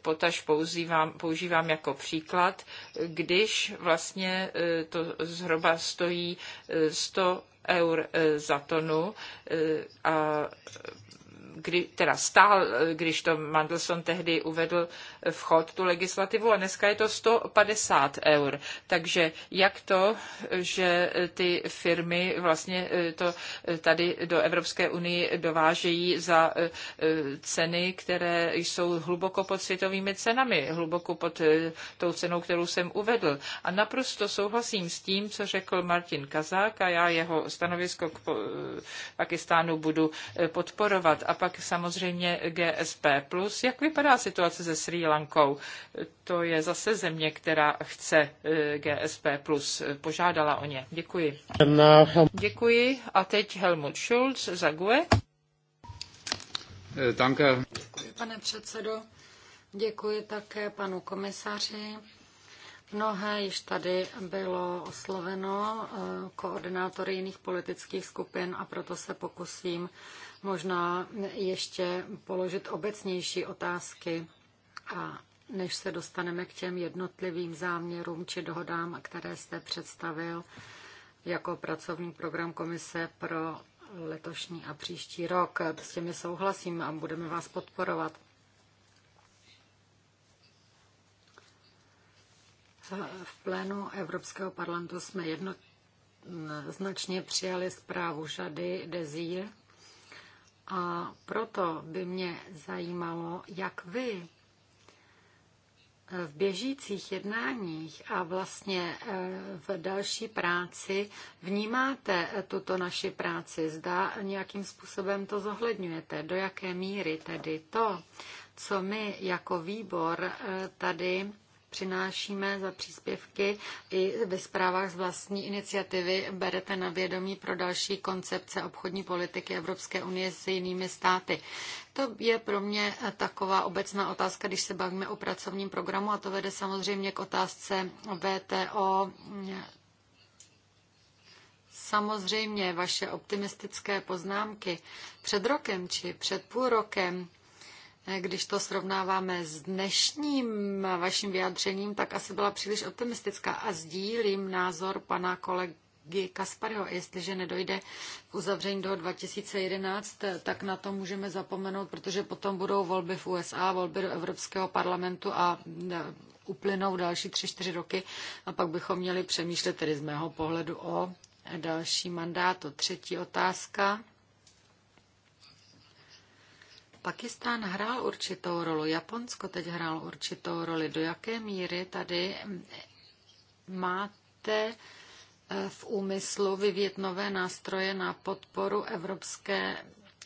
potaž používám, používám jako příklad, když vlastně to zhruba stojí 100 eur za tonu a kdy, teda stál, když to Mandelson tehdy uvedl v chod tu legislativu a dneska je to 150 eur. Takže jak to, že ty firmy vlastně eh, to eh, tady do Evropské unie dovážejí za eh, ceny, které jsou hluboko pod světovými cenami, hluboko pod tou cenou, kterou jsem uvedl. A naprosto souhlasím s tím, co řekl Martin Kazák a já jeho stanovisko k Pakistánu budu podporovat. A pak pak samozřejmě GSP+. Jak vypadá situace se Sri Lankou? To je zase země, která chce eh, GSP+. Požádala o ně. Děkuji. Děkuji. A teď Helmut Schulz za GUE. Eh, danke.
Děkuji, pane předsedo. Děkuji také panu komisaři. Mnohé již tady bylo osloveno eh, koordinátory jiných politických skupin a proto se pokusím možná ještě položit obecnější otázky a než se dostaneme k těm jednotlivým záměrům či dohodám, které jste představil jako pracovní program Komise pro letošní a příští rok. S těmi souhlasím a budeme vás podporovat. V plénu Evropského parlamentu jsme jednoznačně přijali zprávu Žady Dezír a proto by mě zajímalo, jak vy v běžících jednáních a vlastně e, v další práci vnímáte tuto naši práci? Zda nějakým způsobem to zohledňujete? Do jaké míry tedy to, co my jako výbor e, tady přinášíme za příspěvky i ve zprávách z vlastní iniciativy berete na vědomí pro další koncepce obchodní politiky Evropské unie s jinými státy. To je pro mě taková obecná otázka, když se bavíme o pracovním programu a to vede samozřejmě k otázce VTO Samozřejmě vaše optimistické poznámky před rokem či před půl rokem když to srovnáváme s dnešním vaším vyjádřením, tak asi byla příliš optimistická a sdílím názor pana kolegy Kasparyho. Jestliže nedojde k uzavření do 2011, tak na to můžeme zapomenout, protože potom budou volby v USA, volby do Evropského parlamentu a e, uplynou další tři čtyři roky a pak bychom měli přemýšlet tedy z mého pohledu o další mandátu. Třetí otázka. Pakistán hrál určitou roli, Japonsko teď hrál určitou roli. Do jaké míry tady máte eh, v úmyslu vyvět nové nástroje na podporu evropské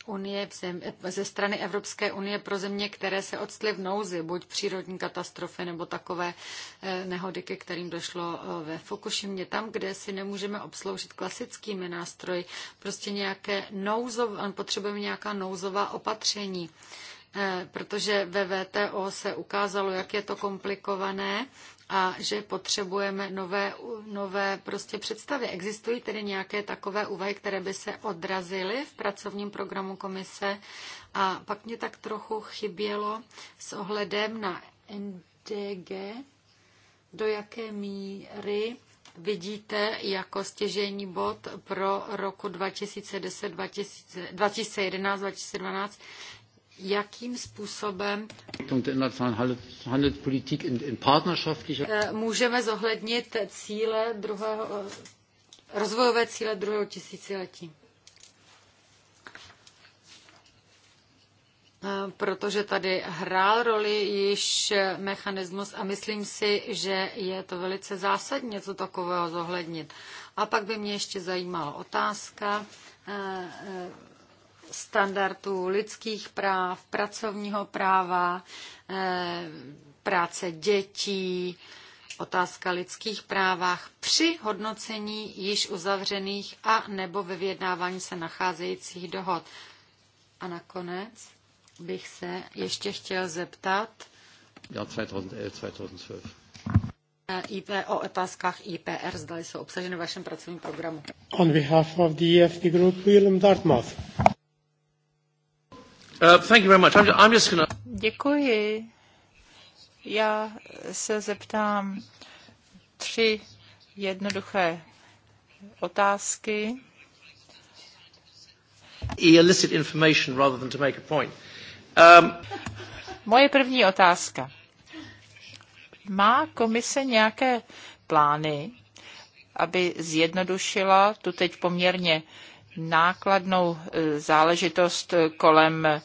unie zem, ze strany Evropské unie pro země, které se odstly v nouzi, buď přírodní katastrofy nebo takové eh, nehody, ke kterým došlo eh, ve Fukushimě. Tam, kde si nemůžeme obsloužit klasickými nástroji, prostě nějaké nouzov, potřebujeme nějaká nouzová opatření. Eh, protože ve VTO se ukázalo, jak je to komplikované a že potřebujeme nové, nové prostě představy. Existují tedy nějaké takové úvahy, které by se odrazily v pracovním programu komise a pak mě tak trochu chybělo s ohledem na NDG, do jaké míry vidíte jako stěžení bod pro roku 2010, 2011, 2012, jakým způsobem eh, můžeme zohlednit cíle druhého, eh, rozvojové cíle druhého tisíciletí. Eh, protože tady hrál roli již mechanismus a myslím si, že je to velice zásadní něco takového zohlednit. A pak by mě ještě zajímala otázka standardů lidských práv, pracovního práva, eh, práce dětí, otázka lidských právách při hodnocení již uzavřených a nebo ve vyjednávání se nacházejících dohod. A nakonec bych se ještě chtěl zeptat ja, 2011, 2012. IP, o otázkách IPR, zda jsou obsaženy v vašem pracovním programu. On behalf of the EFD
Group, William Dartmouth. Děkuji. Já se zeptám tři jednoduché otázky.
Illicit e information rather than to make a point. Um...
Moje první otázka. Má komise nějaké plány, aby zjednodušila tu teď poměrně nákladnou e, záležitost kolem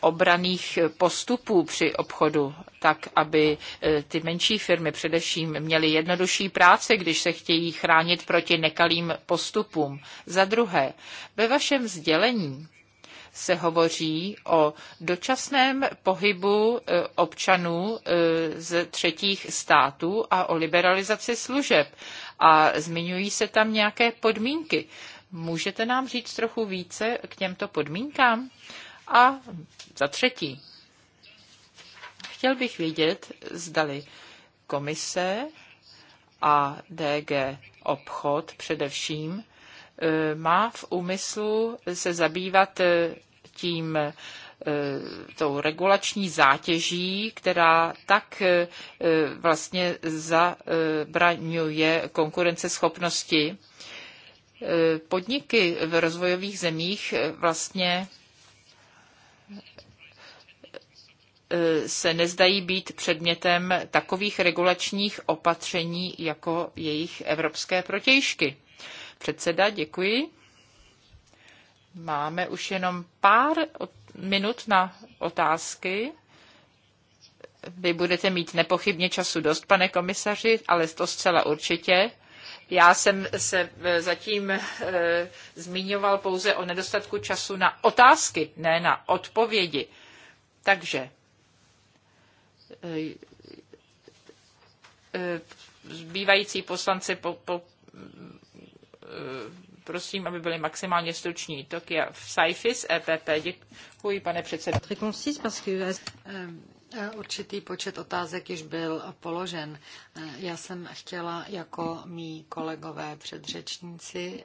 obraných postupů při obchodu, tak aby e, ty menší firmy především měly jednodušší práci, když se chtějí chránit proti nekalým postupům. Za druhé, ve vašem sdělení se hovoří o dočasném pohybu e, občanů z třetích států a o liberalizaci služeb a zmiňují se tam nějaké podmínky. Můžete nám říct trochu více k těmto podmínkám? A za třetí, chtěl bych vědět, zdali komise a DG obchod především eh, má v úmyslu se zabývat eh, tím eh, tou regulační zátěží, která tak vlastně zabraňuje konkurenceschopnosti podniky v rozvojových zemích vlastně eh, se nezdají být předmětem takových regulačních opatření jako jejich evropské protějšky. Předseda, děkuji. Máme už jenom pár minut na otázky. Vy budete mít nepochybně času dost, pane komisaři, ale to zcela určitě. Já jsem se eh, zatím eh, zmiňoval pouze o nedostatku času na otázky, ne na odpovědi. Takže eh, zbývající poslanci po, po, prosím, aby byli maximálně struční. Tokia Saifis, EPP. Děkuji, pane předsedo.
Eh, určitý počet otázek již byl položen. Eh, já jsem chtěla jako mý kolegové předřečníci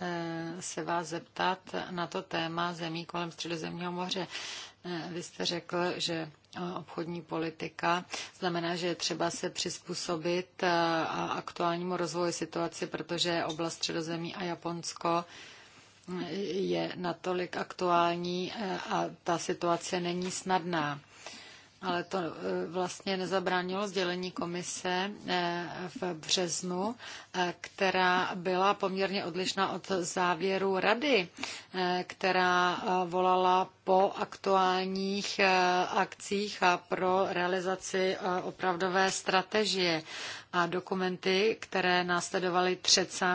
eh, se vás zeptat na to téma zemí kolem Středozemního moře. Vy jste řekl, že obchodní politika znamená, že je třeba se přizpůsobit aktuálnímu rozvoji situaci, protože oblast Středozemí a Japonsko je natolik aktuální a ta situace není snadná ale to eh, vlastně nezabránilo sdělení komise eh, v březnu, eh, která byla poměrně odlišná od závěru rady, která volala po aktuálních akcích a pro realizaci opravdové strategie. A dokumenty, které následovaly 30.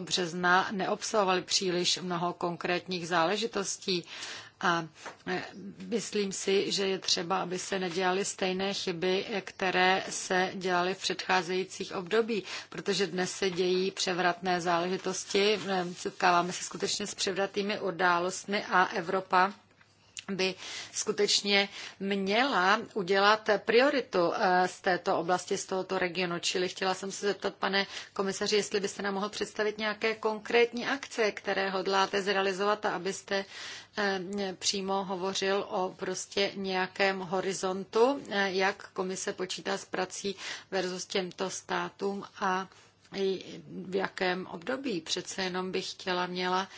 března, neobsahovaly příliš mnoho konkrétních záležitostí a e, myslím si, že je třeba, aby se nedělaly stejné chyby, které se dělaly v předcházejících období, protože dnes se dějí převratné záležitosti, e, setkáváme se skutečně s převratnými událostmi a Evropa by skutečně měla udělat prioritu eh, z této oblasti, z tohoto regionu. Čili chtěla jsem se zeptat, pane komisaři, jestli byste nám mohl představit nějaké konkrétní akce, které hodláte zrealizovat a abyste eh, přímo hovořil o prostě nějakém horizontu, eh, jak komise počítá s prací versus těmto státům a v jakém období. Přece jenom bych chtěla měla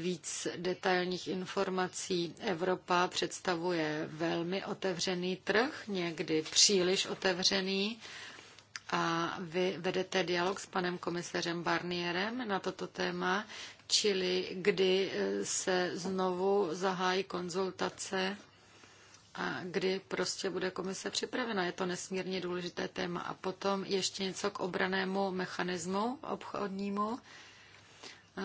víc detailních informací. Evropa představuje velmi otevřený trh, někdy příliš otevřený. A vy vedete dialog s panem komisařem Barnierem na toto téma, čili kdy eh, se znovu zahájí konzultace a kdy prostě bude komise připravena. Je to nesmírně důležité téma. A potom ještě něco k obranému mechanismu obchodnímu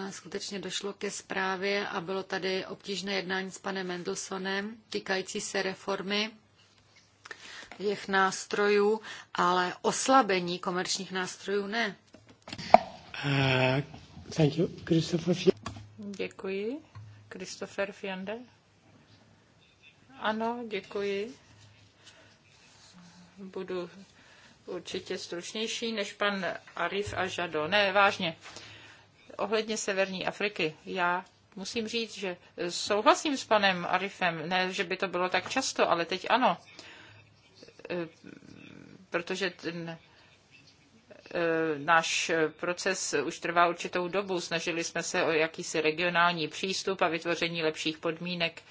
skutečně došlo ke zprávě a bylo tady obtížné jednání s panem Mendelsonem týkající se reformy jejich nástrojů, ale oslabení komerčních nástrojů ne. Uh, thank you. Christopher
Děkuji. Christopher Fiande. Ano, děkuji. Budu určitě stručnější než pan Arif a Žado. Ne, vážně. Uh, ohledně Severní Afriky. Já musím říct, že souhlasím s panem Arifem, ne, že by to bylo tak často, ale teď ano, e, protože ten e, náš proces už trvá určitou dobu. Snažili jsme se o jakýsi regionální přístup a vytvoření lepších podmínek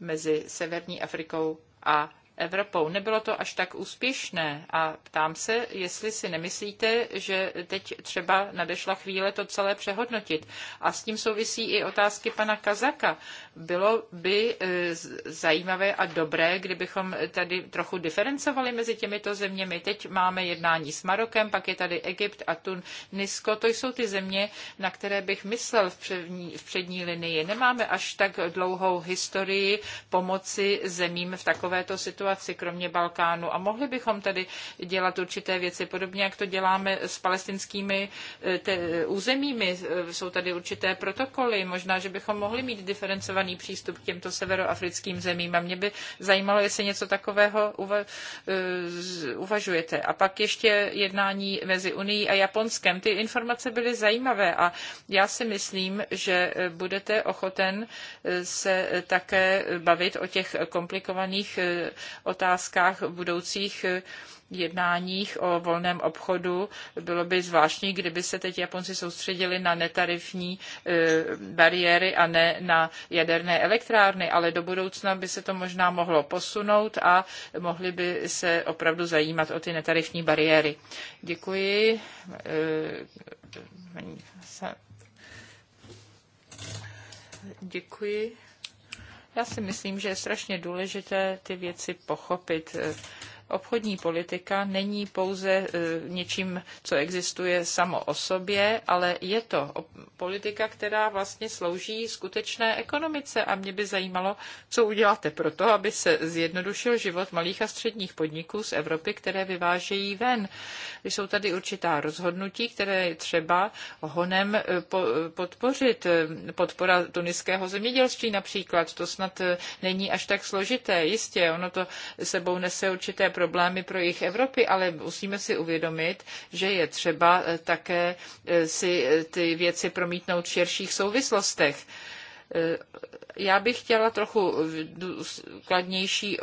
mezi Severní Afrikou a Evropou. Nebylo to až tak úspěšné a ptám se, jestli si nemyslíte, že teď třeba nadešla chvíle to celé přehodnotit. A s tím souvisí i otázky pana Kazaka. Bylo by e, zajímavé a dobré, kdybychom tady trochu diferencovali mezi těmito zeměmi. Teď máme jednání s Marokem, pak je tady Egypt a Tunisko. To jsou ty země, na které bych myslel v přední, v přední linii. Nemáme až tak dlouhou historii pomoci zemím v takovéto situaci situaci, kromě Balkánu. A mohli bychom tedy dělat určité věci, podobně jak to děláme s palestinskými eh, te, územími. Eh, jsou tady určité protokoly. Možná, že bychom mohli mít diferencovaný přístup k těmto severoafrickým zemím. A mě by zajímalo, jestli něco takového uva, eh, uvažujete. A pak ještě jednání mezi Unii a Japonskem. Ty informace byly zajímavé a já si myslím, že budete ochoten se také bavit o těch komplikovaných otázkách budoucích eh, jednáních o volném obchodu. Bylo by zvláštní, kdyby se teď Japonci soustředili na netarifní eh, bariéry a ne na jaderné elektrárny, ale do budoucna by se to možná mohlo posunout a mohli by se opravdu zajímat o ty netarifní bariéry. Děkuji. Eh, Děkuji. Já si myslím, že je strašně důležité ty věci pochopit obchodní politika není pouze e, něčím, co existuje samo o sobě, ale je to politika, která vlastně slouží skutečné ekonomice. A mě by zajímalo, co uděláte pro to, aby se zjednodušil život malých a středních podniků z Evropy, které vyvážejí ven. Jsou tady určitá rozhodnutí, které je třeba honem e, podpořit. E, podpora tuniského zemědělství například, to snad není až tak složité. Jistě, ono to sebou nese určité problémy pro jejich Evropy, ale musíme si uvědomit, že je třeba eh, také eh, si eh, ty věci promítnout v širších souvislostech. Já bych chtěla trochu důkladnější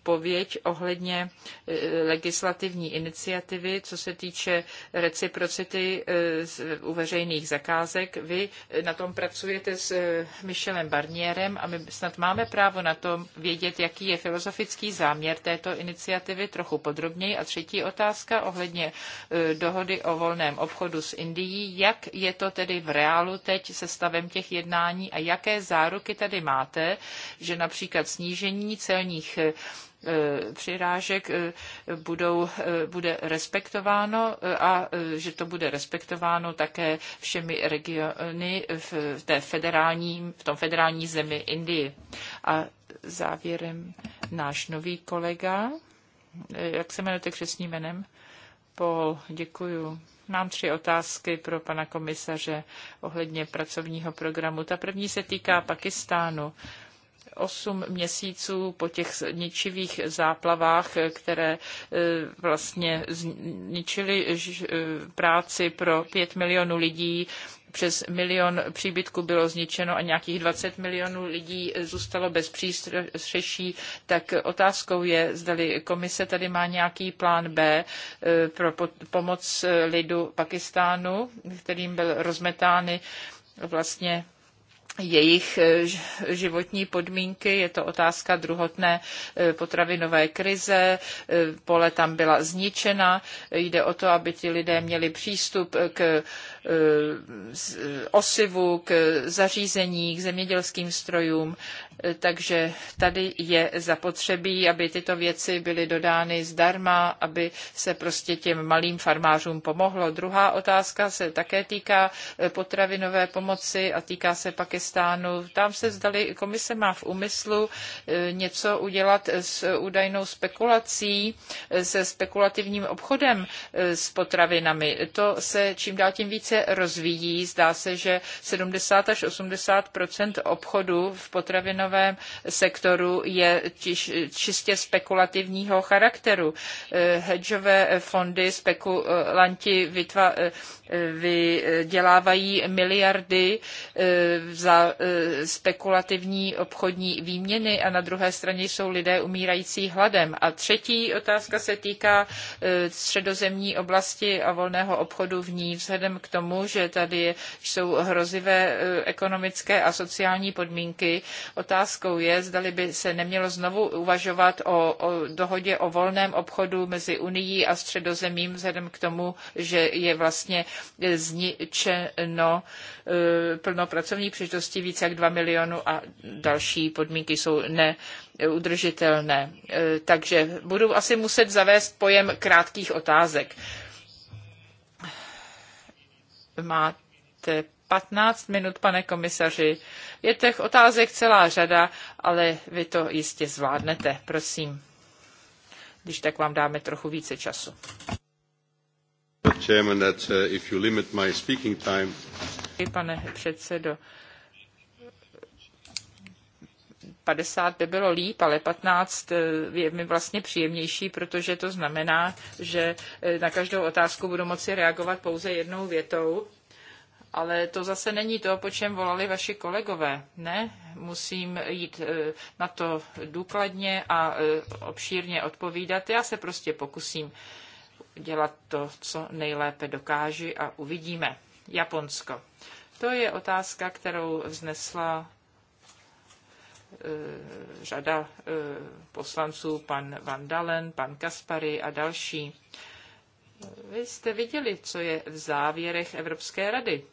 odpověď ohledně e, legislativní iniciativy, co se týče reciprocity e, u veřejných zakázek. Vy na tom pracujete s e, Michelem Barnierem a my snad máme právo na tom vědět, jaký je filozofický záměr této iniciativy trochu podrobněji. A třetí otázka ohledně dohody o volném obchodu s Indií. Jak je to tedy v reálu teď se stavem těch jednání a jaké záruky tady máte, že například snížení celních Eh, přirážek eh, budou, eh, bude respektováno a že to bude respektováno také všemi regiony v, té federální, v tom federální zemi Indii. A závěrem náš nový kolega, jak se jmenujete křesním jménem? Paul, děkuju. Mám tři otázky pro pana komisaře ohledně pracovního programu. Ta první se týká Pakistánu osm měsíců po těch ničivých záplavách, které e, vlastně zničily e, práci pro pět milionů lidí, přes milion příbytků bylo zničeno a nějakých 20 milionů lidí e, zůstalo bez přístřeší, tak otázkou je, zdali komise tady má nějaký plán B pro pomoc lidu Pakistánu, kterým byl rozmetány vlastně jejich eh, životní podmínky. Je to otázka druhotné eh, potravinové krize. Eh, pole tam byla zničena. Jde o to, aby ti lidé měli přístup k Eh, osivu, k zařízení, k zemědělským strojům. Eh, takže tady je zapotřebí, aby tyto věci byly dodány zdarma, aby se prostě těm malým farmářům pomohlo. Druhá otázka se také týká eh, potravinové pomoci a týká se Pakistánu. Tam se zdali, komise má v úmyslu něco udělat s údajnou spekulací, se spekulativním obchodem s potravinami. To se čím dál tím více více rozvíjí. Zdá se, že 70 až 80 obchodu v potravinovém sektoru je čistě spekulativního charakteru. Eh, hedžové fondy, spekulanti vytva, eh, vydělávají miliardy eh, za spekulativní obchodní výměny a na druhé straně jsou lidé umírající hladem. A třetí otázka se týká středozemní oblasti a volného obchodu v ní. Vzhledem k tomu, tomu, že tady jsou hrozivé e, ekonomické a sociální podmínky. Otázkou je, zdali by se nemělo znovu uvažovat o, o dohodě o volném obchodu mezi Unií a středozemím, vzhledem k tomu, že je vlastně zničeno e, plno pracovních příležitostí více jak 2 milionů a další podmínky jsou ne udržitelné. E, takže budu asi muset zavést pojem krátkých otázek. Máte 15 minut, pane komisaři. Je těch otázek celá řada, ale vy to jistě zvládnete, prosím. Když tak vám dáme trochu více času. Uh, pane předsedo, 50 by bylo líp, ale 15 eh, je mi vlastně příjemnější, protože to znamená, že eh, na každou otázku budu moci reagovat pouze jednou větou. Ale to zase není to, po čem volali vaši kolegové. Ne, musím jít eh, na to důkladně a obšírně odpovídat. Já se prostě pokusím dělat to, co nejlépe dokáži a uvidíme. Japonsko. To je otázka, kterou vznesla Eh, řada eh, poslanců, pan Van Dalen, pan Kaspary a další. Vy jste viděli, co je v závěrech Evropské rady.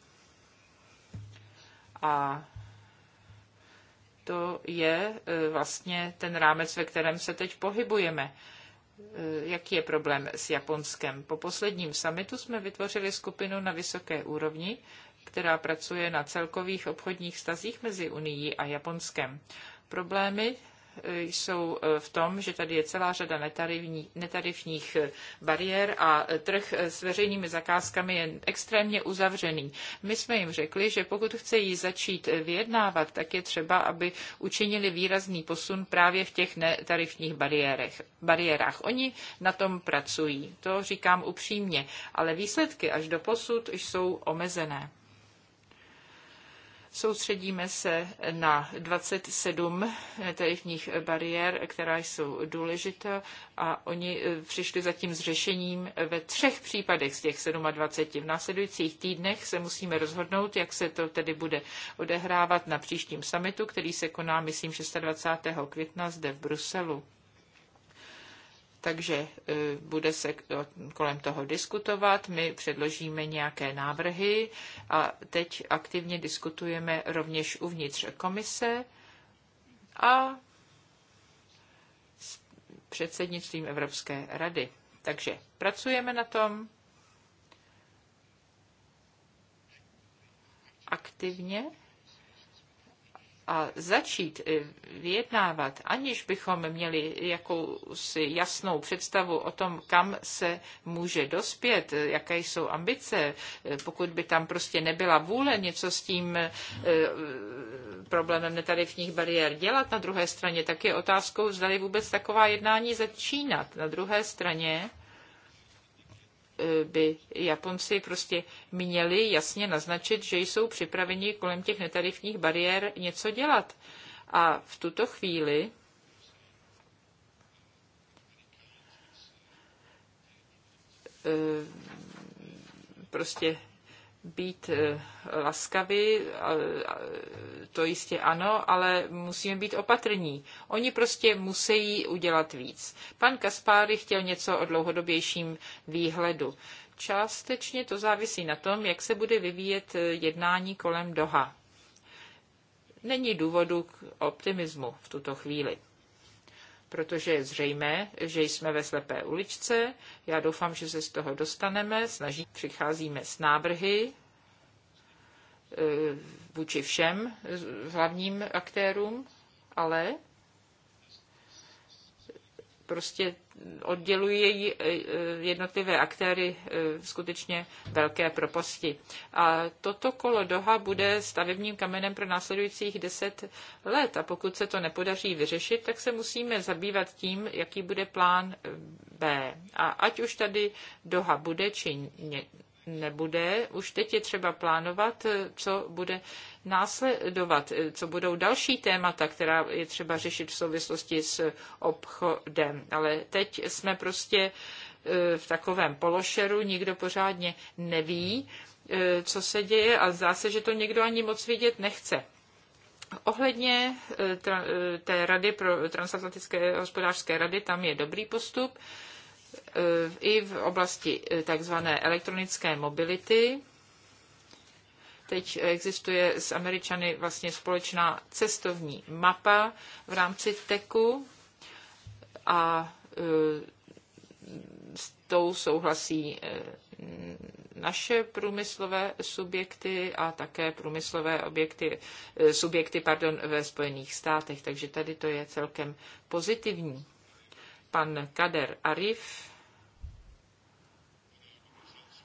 A to je eh, vlastně ten rámec, ve kterém se teď pohybujeme. Jaký je problém s Japonskem? Po posledním summitu jsme vytvořili skupinu na vysoké úrovni, která pracuje na celkových obchodních vztazích mezi Unií a Japonskem. Problémy e, jsou e, v tom, že tady je celá řada netarifních e, bariér a trh s veřejnými zakázkami je extrémně uzavřený. My jsme jim řekli, že pokud chcejí začít vyjednávat, tak je třeba, aby učinili výrazný posun právě v těch netarifních bariérech, bariérách. Oni na tom pracují, to říkám upřímně, ale výsledky až do posud jsou omezené. Soustředíme se na 27 tarifních bariér, která jsou důležitá a oni eh, přišli zatím s řešením ve třech případech z těch 27. V následujících týdnech se musíme rozhodnout, jak se to tedy bude odehrávat na příštím summitu, který se koná, myslím, 26. května zde v Bruselu takže e, bude se kolem toho diskutovat. My předložíme nějaké návrhy a teď aktivně diskutujeme rovněž uvnitř komise a s předsednictvím Evropské rady. Takže pracujeme na tom aktivně a začít eh, vyjednávat, aniž bychom měli jakousi jasnou představu o tom, kam se může dospět, eh, jaké jsou ambice, eh, pokud by tam prostě nebyla vůle něco s tím problémem netarifních bariér dělat na druhé straně, tak je otázkou, zda vůbec taková jednání začínat. Na druhé straně by Japonci prostě měli jasně naznačit, že jsou připraveni kolem těch netarifních bariér něco dělat. A v tuto chvíli eh, prostě být eh, laskaví, to jistě ano, ale musíme být opatrní. Oni prostě musí udělat víc. Pan Kaspáry chtěl něco o dlouhodobějším výhledu. Částečně to závisí na tom, jak se bude vyvíjet eh, jednání kolem Doha. Není důvodu k optimismu v tuto chvíli protože je zřejmé, že jsme ve slepé uličce. Já doufám, že se z toho dostaneme. Snaží, přicházíme s návrhy e, vůči všem hlavním aktérům, ale prostě oddělují e, e, jednotlivé aktéry e, skutečně velké propasti. A toto kolo Doha bude stavebním kamenem pro následujících deset let a pokud se to nepodaří vyřešit, tak se musíme zabývat tím, jaký bude plán B. A ať už tady Doha bude či nebude. Už teď je třeba plánovat, co bude následovat, co budou další témata, která je třeba řešit v souvislosti s obchodem. Ale teď jsme prostě eh, v takovém pološeru, nikdo pořádně neví, eh, co se děje a zdá se, že to někdo ani moc vidět nechce. Ohledně eh, té rady pro transatlantické hospodářské rady, tam je dobrý postup i v oblasti e, takzvané elektronické mobility. Teď existuje s Američany vlastně společná cestovní mapa v rámci TECu a e, s tou souhlasí e, naše průmyslové subjekty a také průmyslové objekty, subjekty pardon, ve Spojených státech. Takže tady to je celkem pozitivní. Pan Kader Arif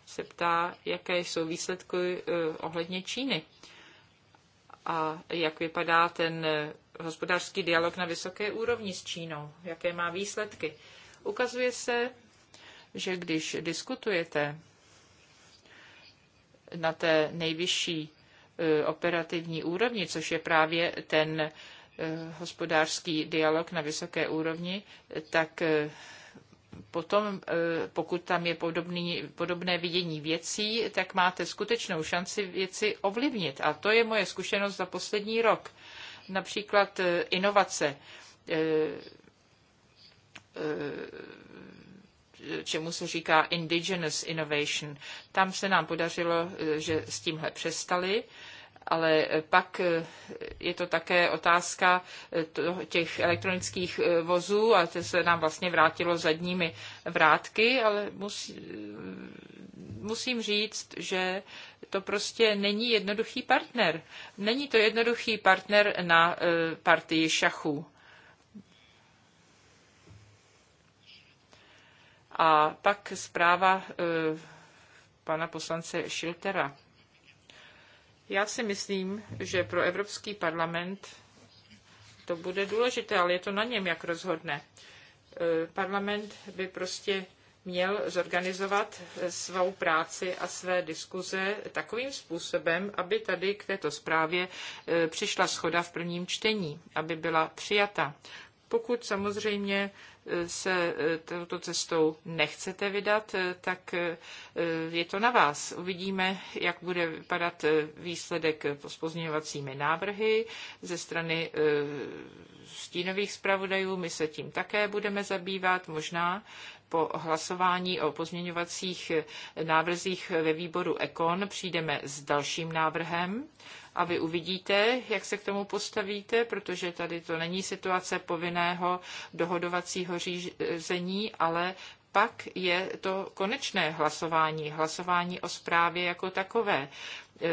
se ptá, jaké jsou výsledky eh, ohledně Číny a jak vypadá ten eh, hospodářský dialog na vysoké úrovni s Čínou, jaké má výsledky. Ukazuje se, že když diskutujete na té nejvyšší eh, operativní úrovni, což je právě ten Eh, hospodářský dialog na vysoké úrovni, tak eh, potom, eh, pokud tam je podobný, podobné vidění věcí, tak máte skutečnou šanci věci ovlivnit. A to je moje zkušenost za poslední rok. Například inovace čemu se říká indigenous innovation. Tam se nám podařilo, že s tímhle přestali ale pak eh, je to také otázka eh, těch elektronických eh, vozů a to se nám vlastně vrátilo zadními vrátky, ale musí, musím říct, že to prostě není jednoduchý partner. Není to jednoduchý partner na partii šachu. A pak zpráva pana poslance Šiltera. Já si myslím, že pro Evropský parlament to bude důležité, ale je to na něm, jak rozhodne. E, parlament by prostě měl zorganizovat svou práci a své diskuze takovým způsobem, aby tady k této zprávě e, přišla schoda v prvním čtení, aby byla přijata. Pokud samozřejmě se eh, touto cestou nechcete vydat, eh, tak eh, je to na vás. Uvidíme, jak bude vypadat výsledek s pozměňovacími návrhy ze strany stínových zpravodajů. My se tím také budeme zabývat. Možná po hlasování o pozměňovacích návrzích ve výboru Ekon přijdeme s dalším návrhem a vy uvidíte, jak se k tomu postavíte, protože tady to není situace povinného dohodovacího řízení, ale pak je to konečné hlasování, hlasování o zprávě jako takové.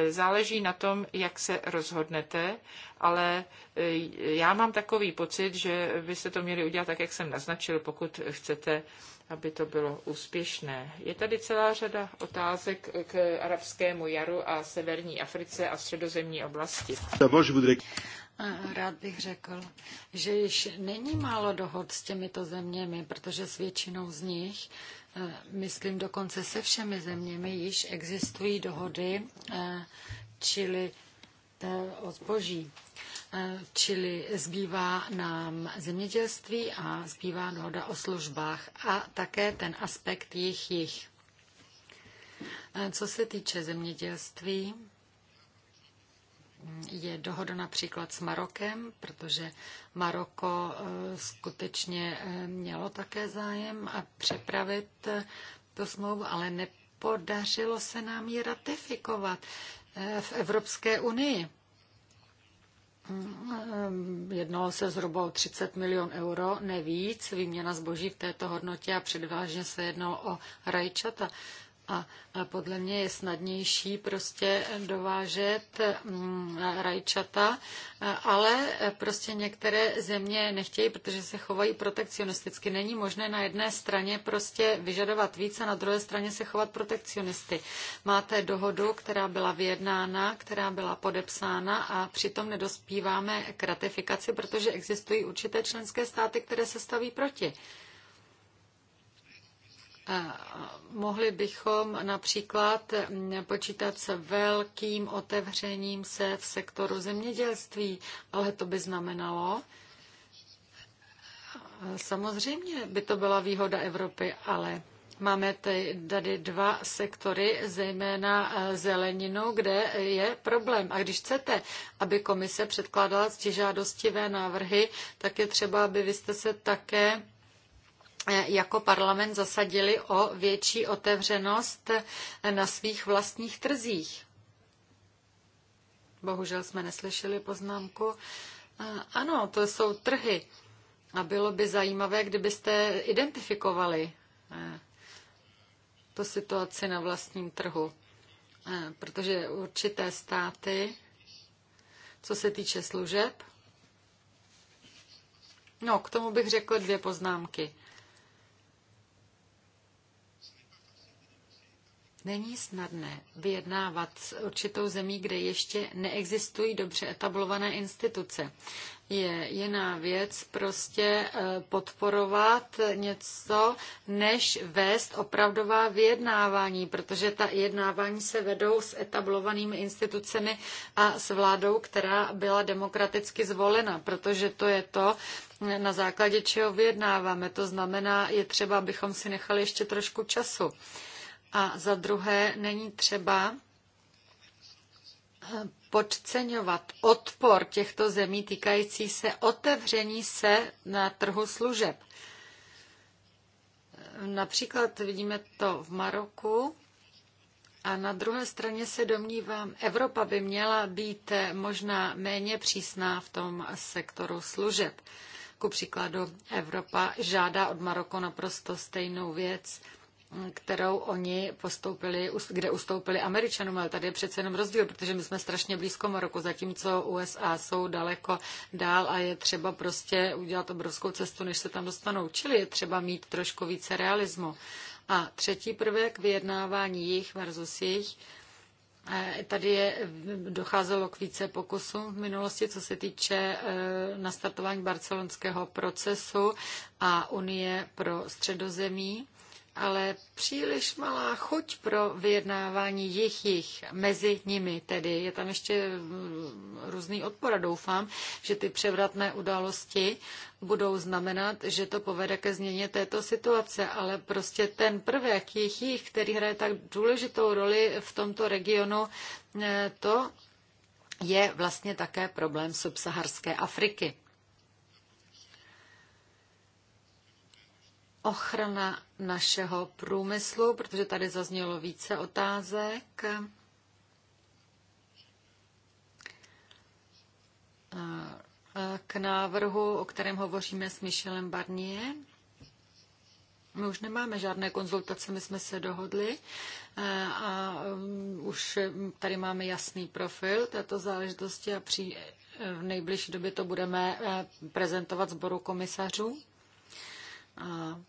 Záleží na tom, jak se rozhodnete, ale e, já mám takový pocit, že byste to měli udělat tak, jak jsem naznačil, pokud chcete aby to bylo úspěšné. Je tady celá řada otázek k arabskému jaru a severní Africe a středozemní oblasti.
Rád bych řekl, že již není málo dohod s těmito zeměmi, protože s většinou z nich, eh, myslím dokonce se všemi zeměmi, již existují dohody, eh, čili Eh, o zboží. Eh, čili zbývá nám zemědělství a zbývá dohoda o službách a také ten aspekt jich jich. Eh, co se týče zemědělství, je dohoda například s Marokem, protože Maroko skutečně mělo také zájem a přepravit tu smlouvu, ale nepodařilo se nám ji ratifikovat v Evropské unii. Jednalo se zhruba o 30 milion euro, nevíc, výměna zboží v této hodnotě a předvážně se jednalo o rajčata. A podle mě je snadnější prostě dovážet mm, rajčata, ale prostě některé země nechtějí, protože se chovají protekcionisticky. Není možné na jedné straně prostě vyžadovat víc a na druhé straně se chovat protekcionisty. Máte dohodu, která byla vyjednána, která byla podepsána a přitom nedospíváme k ratifikaci, protože existují určité členské státy, které se staví proti. Mohli bychom například mm, počítat s velkým otevřením se v sektoru zemědělství, ale to by znamenalo, samozřejmě by to byla výhoda Evropy, ale Máme tady dva sektory, zejména eh, zeleninu, kde je problém. A když chcete, aby komise předkládala žádostivé návrhy, tak je třeba, aby vy jste se také E, jako parlament zasadili o větší otevřenost na svých vlastních trzích. Bohužel jsme neslyšeli poznámku. E, ano, to jsou trhy. A bylo by zajímavé, kdybyste identifikovali e, tu situaci na vlastním trhu. Protože určité státy, co se týče služeb, no, k tomu bych řekl dvě poznámky. Není snadné vyjednávat s určitou zemí, kde ještě neexistují dobře etablované instituce. Je jiná věc prostě eh, podporovat něco, než vést opravdová vyjednávání, protože ta vyjednávání se vedou s etablovanými institucemi a s vládou, která byla demokraticky zvolena, protože to je to, eh, na základě čeho vyjednáváme. To znamená, je třeba, abychom si nechali ještě trošku času. A za druhé, není třeba eh, podceňovat odpor těchto zemí týkající se otevření se na trhu služeb. Eh, například vidíme to v Maroku, a na druhé straně se domnívám, Evropa by měla být eh, možná méně přísná v tom sektoru služeb. Ku příkladu, Evropa žádá od Maroko naprosto stejnou věc kterou oni postoupili, kde ustoupili Američanům, ale tady je přece jenom rozdíl, protože my jsme strašně blízko Maroku, zatímco USA jsou daleko dál a je třeba prostě udělat obrovskou cestu, než se tam dostanou. Čili je třeba mít trošku více realismu. A třetí prvek vyjednávání jich versus jich. Tady je, docházelo k více pokusům v minulosti, co se týče e, nastartování barcelonského procesu a Unie pro středozemí ale příliš malá chuť pro vyjednávání jich, jich mezi nimi. Tedy je tam ještě mm, různý odpor a doufám, že ty převratné události budou znamenat, že to povede ke změně této situace, ale prostě ten prvek jich, jich, který hraje tak důležitou roli v tomto regionu, eh, to je vlastně také problém subsaharské Afriky. ochrana našeho průmyslu, protože tady zaznělo více otázek. K návrhu, o kterém hovoříme s Michelem Barnier. My už nemáme žádné konzultace, my jsme se dohodli a um, už tady máme jasný profil této záležitosti a při, eh, v nejbližší době to budeme eh, prezentovat sboru komisařů. A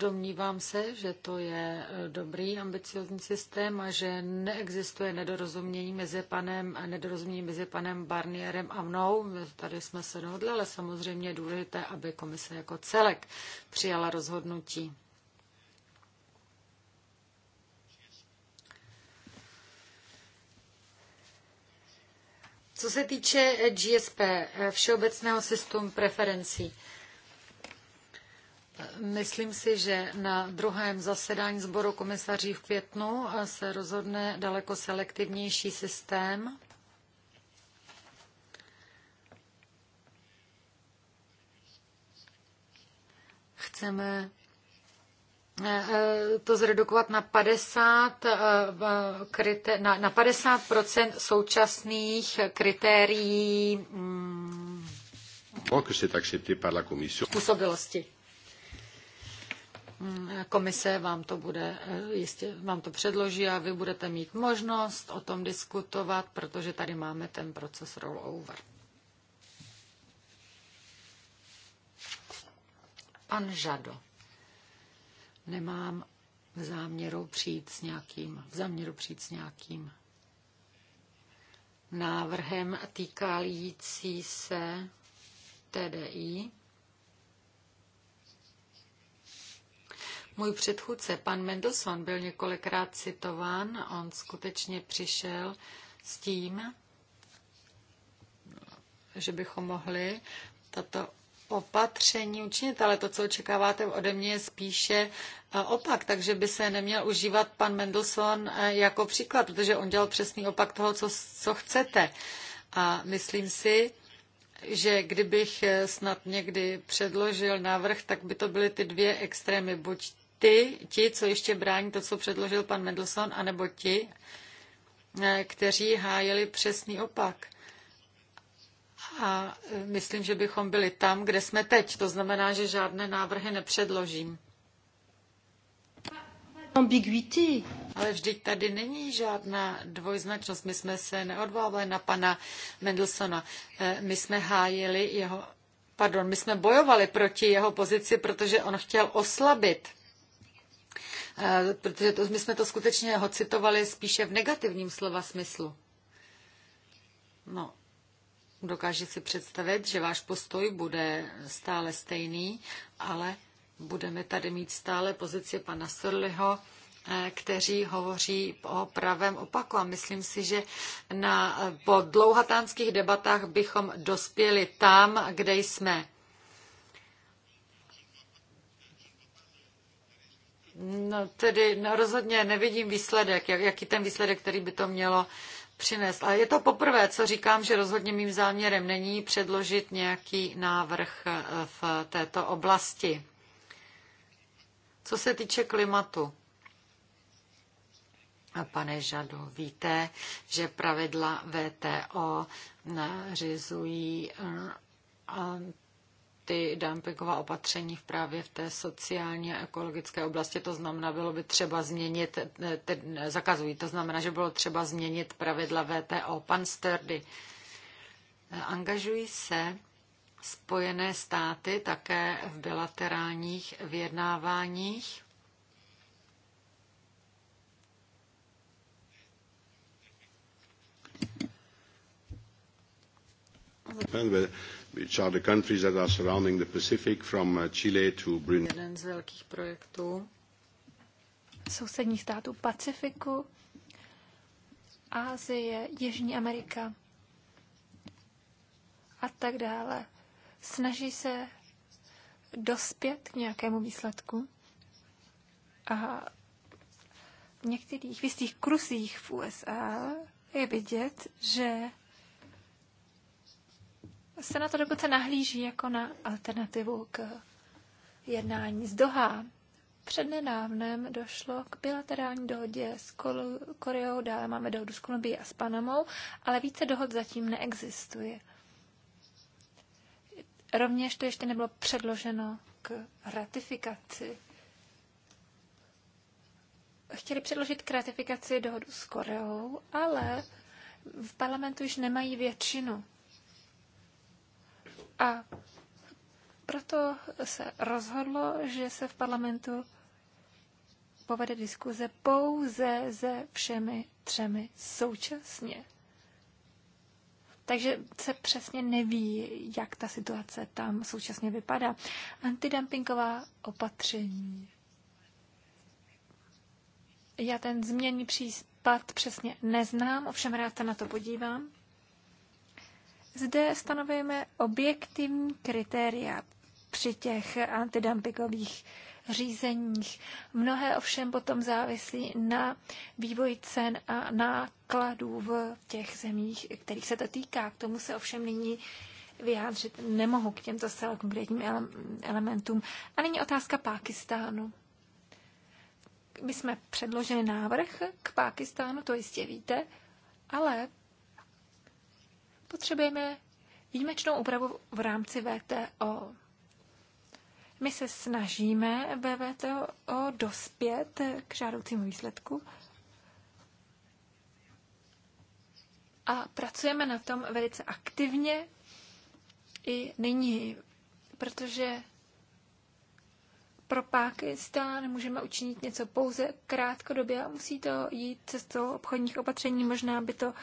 Domnívám se, že to je eh, dobrý ambiciozní systém a že neexistuje nedorozumění mezi panem, eh, nedorozumění mezi panem Barnierem a mnou. Tady jsme se dohodli, ale samozřejmě je důležité, aby komise jako celek přijala rozhodnutí. Co se týče eh, GSP, Všeobecného systému preferencí, Myslím si, že na druhém zasedání sboru komisaří v květnu se rozhodne daleko selektivnější systém. Chceme eh, to zredukovat na 50, eh, na, 50 současných kritérií mm, způsobilosti komise vám to bude, eh, jistě vám to předloží a vy budete mít možnost o tom diskutovat, protože tady máme ten proces rollover. Pan Žado. Nemám v záměru přijít s nějakým, v záměru přijít s nějakým návrhem týkající se TDI. Můj předchůdce, pan Mendelssohn, byl několikrát citován. On skutečně přišel s tím, že bychom mohli tato opatření učinit, ale to, co očekáváte ode mě, je spíše eh, opak, takže by se neměl užívat pan Mendelssohn eh, jako příklad, protože on dělal přesný opak toho, co, co chcete. A myslím si, že kdybych eh, snad někdy předložil návrh, tak by to byly ty dvě extrémy, buď ty, ti, co ještě brání to, co předložil pan Mendelssohn, anebo ti, eh, kteří hájili přesný opak. A eh, myslím, že bychom byli tam, kde jsme teď. To znamená, že žádné návrhy nepředložím.
Ambiguity.
Ale vždyť tady není žádná dvojznačnost. My jsme se neodvolávali na pana Mendelsona. Eh, my jsme hájili jeho, pardon, my jsme bojovali proti jeho pozici, protože on chtěl oslabit Eh, protože to, my jsme to skutečně ho citovali spíše v negativním slova smyslu. No, dokáže si představit, že váš postoj bude stále stejný, ale budeme tady mít stále pozici pana Sorliho, eh, kteří hovoří o pravém opaku. A myslím si, že na, eh, po dlouhatánských debatách bychom dospěli tam, kde jsme. No, tedy no, rozhodně nevidím výsledek, jak, jaký ten výsledek, který by to mělo přinést. Ale je to poprvé, co říkám, že rozhodně mým záměrem není předložit nějaký návrh eh, v této oblasti. Co se týče klimatu, a pane Žadu, víte, že pravidla VTO nařizují eh, ty dumpingová opatření v právě v té sociální a ekologické oblasti. To znamená, bylo by třeba změnit, eh, eh, zakazují, to znamená, že bylo třeba změnit pravidla VTO. Pan Sterdy, eh, angažují se Spojené státy také v bilaterálních vyjednáváních?
Anyway which are the countries that are surrounding the Pacific from uh, Chile to Brunei.
Jeden z velkých projektů sousedních států Pacifiku, Ázie, Jižní Amerika a tak dále. Snaží se dospět k nějakému výsledku a v některých v jistých kruzích v USA je vidět, že se na to dokonce nahlíží jako na alternativu k jednání z Doha. nedávnem došlo k bilaterální dohodě s Koreou, dále máme dohodu s Kolumbií a s Panamou, ale více dohod zatím neexistuje. Rovněž to ještě nebylo předloženo k ratifikaci. Chtěli předložit k ratifikaci dohodu s Koreou, ale v parlamentu již nemají většinu a proto se rozhodlo, že se v parlamentu povede diskuze pouze se všemi třemi současně. Takže se přesně neví, jak ta situace tam současně vypadá. Antidumpingová opatření. Já ten změnný případ přesně neznám, ovšem rád se na to podívám. Zde stanovujeme objektivní kritéria při těch antidumpingových řízeních. Mnohé ovšem potom závisí na vývoji cen a nákladů v těch zemích, kterých se to týká. K tomu se ovšem nyní vyjádřit nemohu k těmto zcela konkrétním ele elementům. A nyní otázka Pákistánu. My jsme předložili návrh k Pákistánu, to jistě víte, ale Potřebujeme výjimečnou úpravu v rámci VTO. My se snažíme ve VTO dospět k žádoucímu výsledku a pracujeme na tom velice aktivně i nyní, protože pro Pákistán můžeme učinit něco pouze krátkodobě a musí to jít cestou obchodních opatření. Možná by to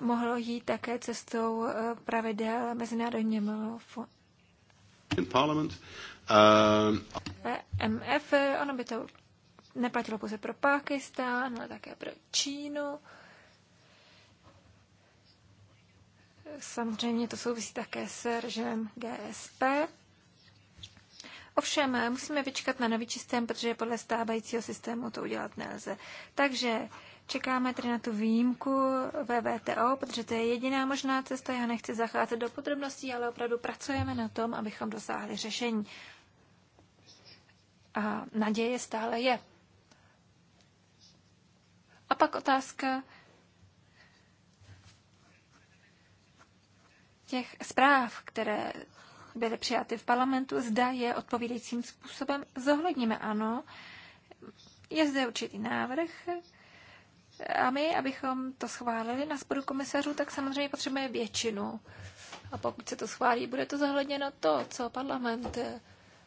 mohlo jít také cestou eh, pravidel Mezinárodního MF, eh, eh, ono by to neplatilo pouze pro Pákistán, ale také pro Čínu. Samozřejmě to souvisí také s režimem GSP. Ovšem, musíme vyčkat na nový systém, protože podle stávajícího systému to udělat nelze. Takže Čekáme tedy na tu výjimku VVTO, protože to je jediná možná cesta. Já nechci zacházet do podrobností, ale opravdu pracujeme na tom, abychom dosáhli řešení. A naděje stále je. A pak otázka těch zpráv, které byly přijaty v parlamentu, zda je odpovídajícím způsobem zohledníme. Ano, je zde určitý návrh, a my, abychom to schválili na sporu komisařů, tak samozřejmě potřebujeme většinu. A pokud se to schválí, bude to zohledněno to, co parlament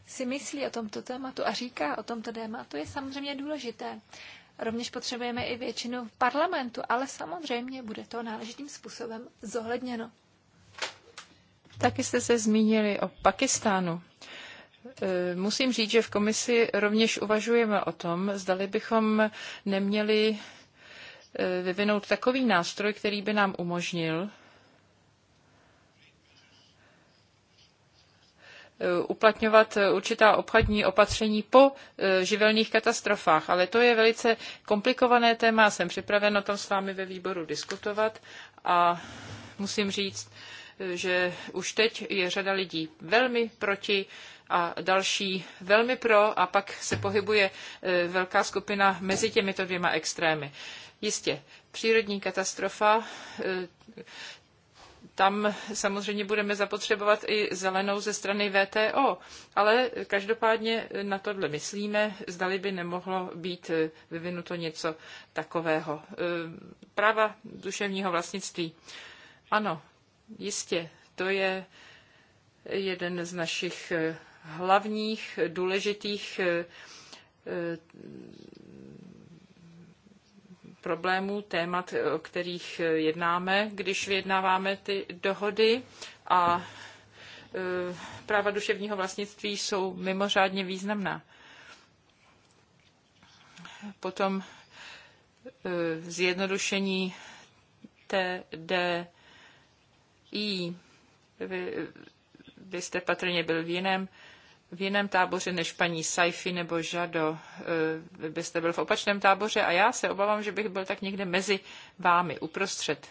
si myslí o tomto tématu a říká o tomto tématu, je samozřejmě důležité. Rovněž potřebujeme i většinu v parlamentu, ale samozřejmě bude to náležitým způsobem zohledněno.
Taky jste se zmínili o Pakistánu. E, musím říct, že v komisi rovněž uvažujeme o tom, zdali bychom neměli vyvinout takový nástroj, který by nám umožnil eh, uplatňovat určitá obchodní opatření po eh, živelních katastrofách. Ale to je velice komplikované téma, jsem připraven o tom s vámi ve výboru diskutovat a musím říct, eh, že už teď je řada lidí velmi proti a další velmi pro a pak se pohybuje e, velká skupina mezi těmito dvěma extrémy. Jistě, přírodní katastrofa, e, tam samozřejmě budeme zapotřebovat i zelenou ze strany VTO, ale každopádně na tohle myslíme, zdali by nemohlo být e, vyvinuto něco takového. Práva duševního vlastnictví. Ano, jistě, to je jeden z našich hlavních důležitých eh, eh, problémů, témat, o kterých eh, jednáme, když vyjednáváme ty dohody a práva duševního vlastnictví jsou mimořádně významná. Potom zjednodušení TDI. Vy, vy jste patrně byl v jiném v jiném táboře než paní Saifi nebo Žado. E, vy byste byl v opačném táboře a já se obávám, že bych byl tak někde mezi vámi, uprostřed.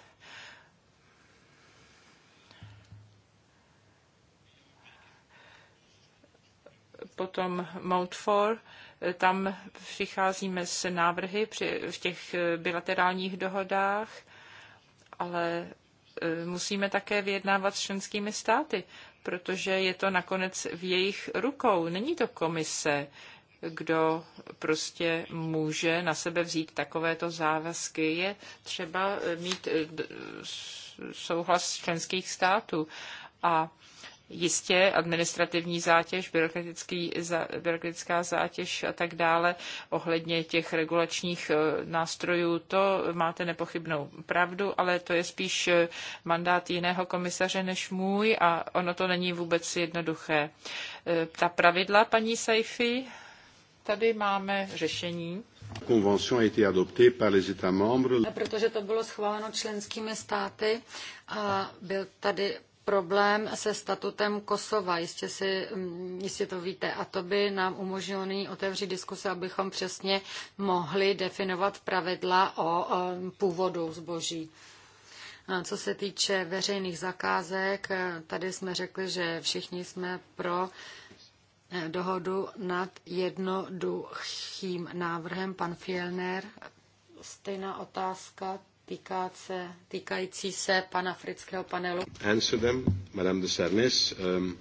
Potom Mountford. E, tam přicházíme s návrhy při, v těch e, bilaterálních dohodách, ale musíme také vyjednávat s členskými státy protože je to nakonec v jejich rukou. Není to komise, kdo prostě může na sebe vzít takovéto závazky. Je třeba mít eh, souhlas členských států. A jistě administrativní zátěž, byrokratický, byrokratická zátěž a tak dále ohledně těch regulačních eh, nástrojů, to máte nepochybnou pravdu, ale to je spíš eh, mandát jiného komisaře než můj a ono to není vůbec jednoduché. Eh, ta pravidla, paní
Saifi, tady máme řešení. Protože to bylo schváleno členskými státy a byl tady problém se statutem Kosova, jistě, si, mm, jistě to víte, a to by nám umožnilo nyní otevřít diskuse, abychom přesně mohli definovat pravidla o původu zboží. Co se týče veřejných zakázek, e, tady jsme řekli, že všichni jsme pro e, dohodu nad jednoduchým návrhem. Pan Fielner, stejná otázka, týká se, týkající se panafrického panelu.
Amsterdam, Madame de Sarnes, um,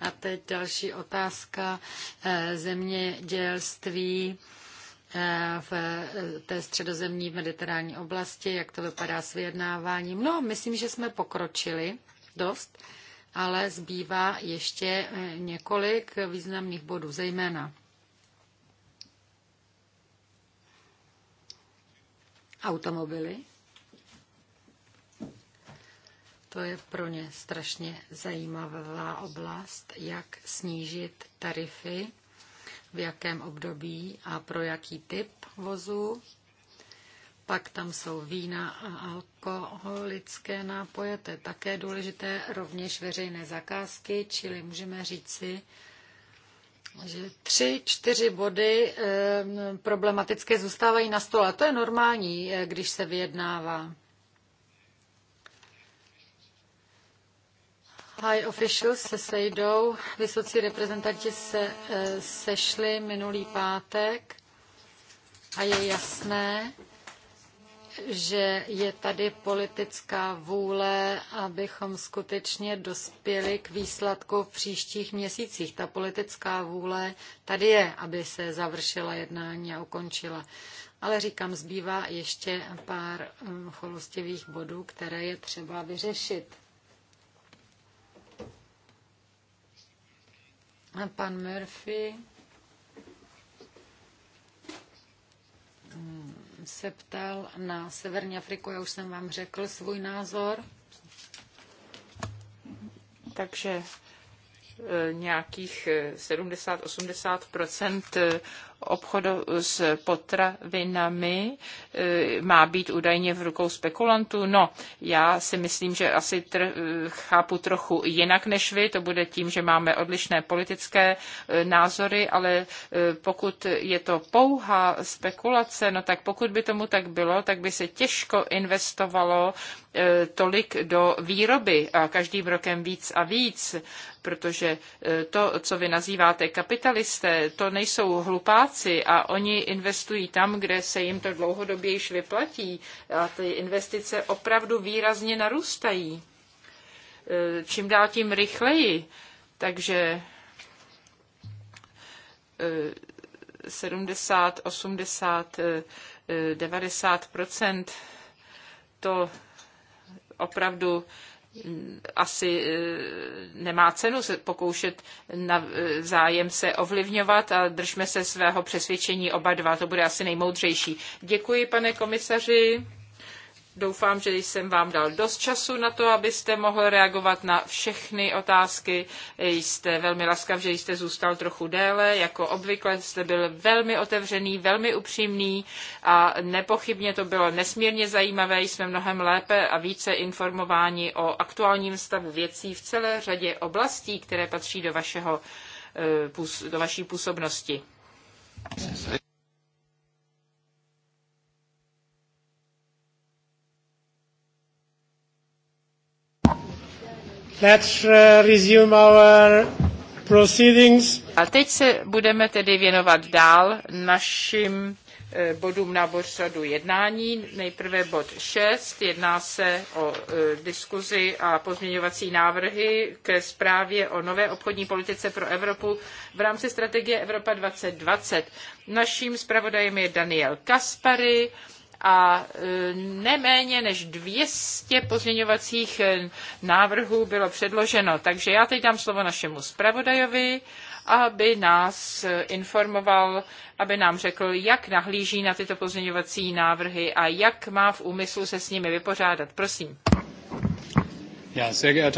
A
teď další otázka eh, zemědělství eh, v eh, té středozemní mediterální oblasti, jak to vypadá s vyjednáváním. No, myslím, že jsme pokročili dost, ale zbývá ještě několik významných bodů, zejména automobily. To je pro ně strašně zajímavá oblast, jak snížit tarify, v jakém období a pro jaký typ vozu. Pak tam jsou vína a alkoholické nápoje, to je také důležité, rovněž veřejné zakázky, čili můžeme říci, že tři, čtyři body problematické zůstávají na stole. To je normální, eh, když se vyjednává. High officials se sejdou, vysocí reprezentanti se eh, sešli minulý pátek a je jasné, že je tady politická vůle, abychom skutečně dospěli k výsledku v příštích měsících. Ta politická vůle tady je, aby se završila jednání a ukončila. Ale říkám, zbývá ještě pár mm, cholostivých bodů, které je třeba vyřešit. A pan Murphy. Hmm se ptal na Severní Afriku, já už jsem vám řekl svůj názor. Takže e,
nějakých 70-80 e, obchodu s potravinami eh, má být údajně v rukou spekulantů. No, já si myslím, že asi tr- chápu trochu jinak než vy. To bude tím, že máme odlišné politické eh, názory, ale eh, pokud je to pouhá spekulace, no tak pokud by tomu tak bylo, tak by se těžko investovalo tolik do výroby a každým rokem víc a víc, protože to, co vy nazýváte kapitalisté, to nejsou hlupáci, práci a oni investují tam, kde se jim to dlouhodobě již vyplatí a ty investice opravdu výrazně narůstají. E, čím dál tím rychleji. Takže 70, 80, 90 to opravdu asi e, nemá cenu se pokoušet na e, zájem se ovlivňovat a držme se svého přesvědčení oba dva. To bude asi nejmoudřejší. Děkuji, pane komisaři. Doufám, že jsem vám dal dost času na to, abyste mohl reagovat na všechny otázky. Jste velmi laskav, že jste zůstal trochu déle. Jako obvykle jste byl velmi otevřený, velmi upřímný a nepochybně to bylo nesmírně zajímavé. Jsme mnohem lépe a více informováni o aktuálním stavu věcí v celé řadě oblastí, které patří do, vašeho, eh, do vaší působnosti. Let's uh, resume our proceedings. A teď se budeme tedy věnovat dál našim eh, bodům na pořadu jednání. Nejprve bod 6. Jedná se o eh, diskuzi a pozměňovací návrhy ke zprávě o nové obchodní politice pro Evropu v rámci strategie Evropa 2020. Naším zpravodajem je Daniel Kaspary a e, neméně než 200 pozměňovacích e, návrhů bylo předloženo. Takže já teď dám slovo našemu zpravodajovi, aby nás e, informoval, aby nám řekl, jak nahlíží na tyto pozměňovací návrhy a jak má v úmyslu se s nimi vypořádat. Prosím. Já, sehr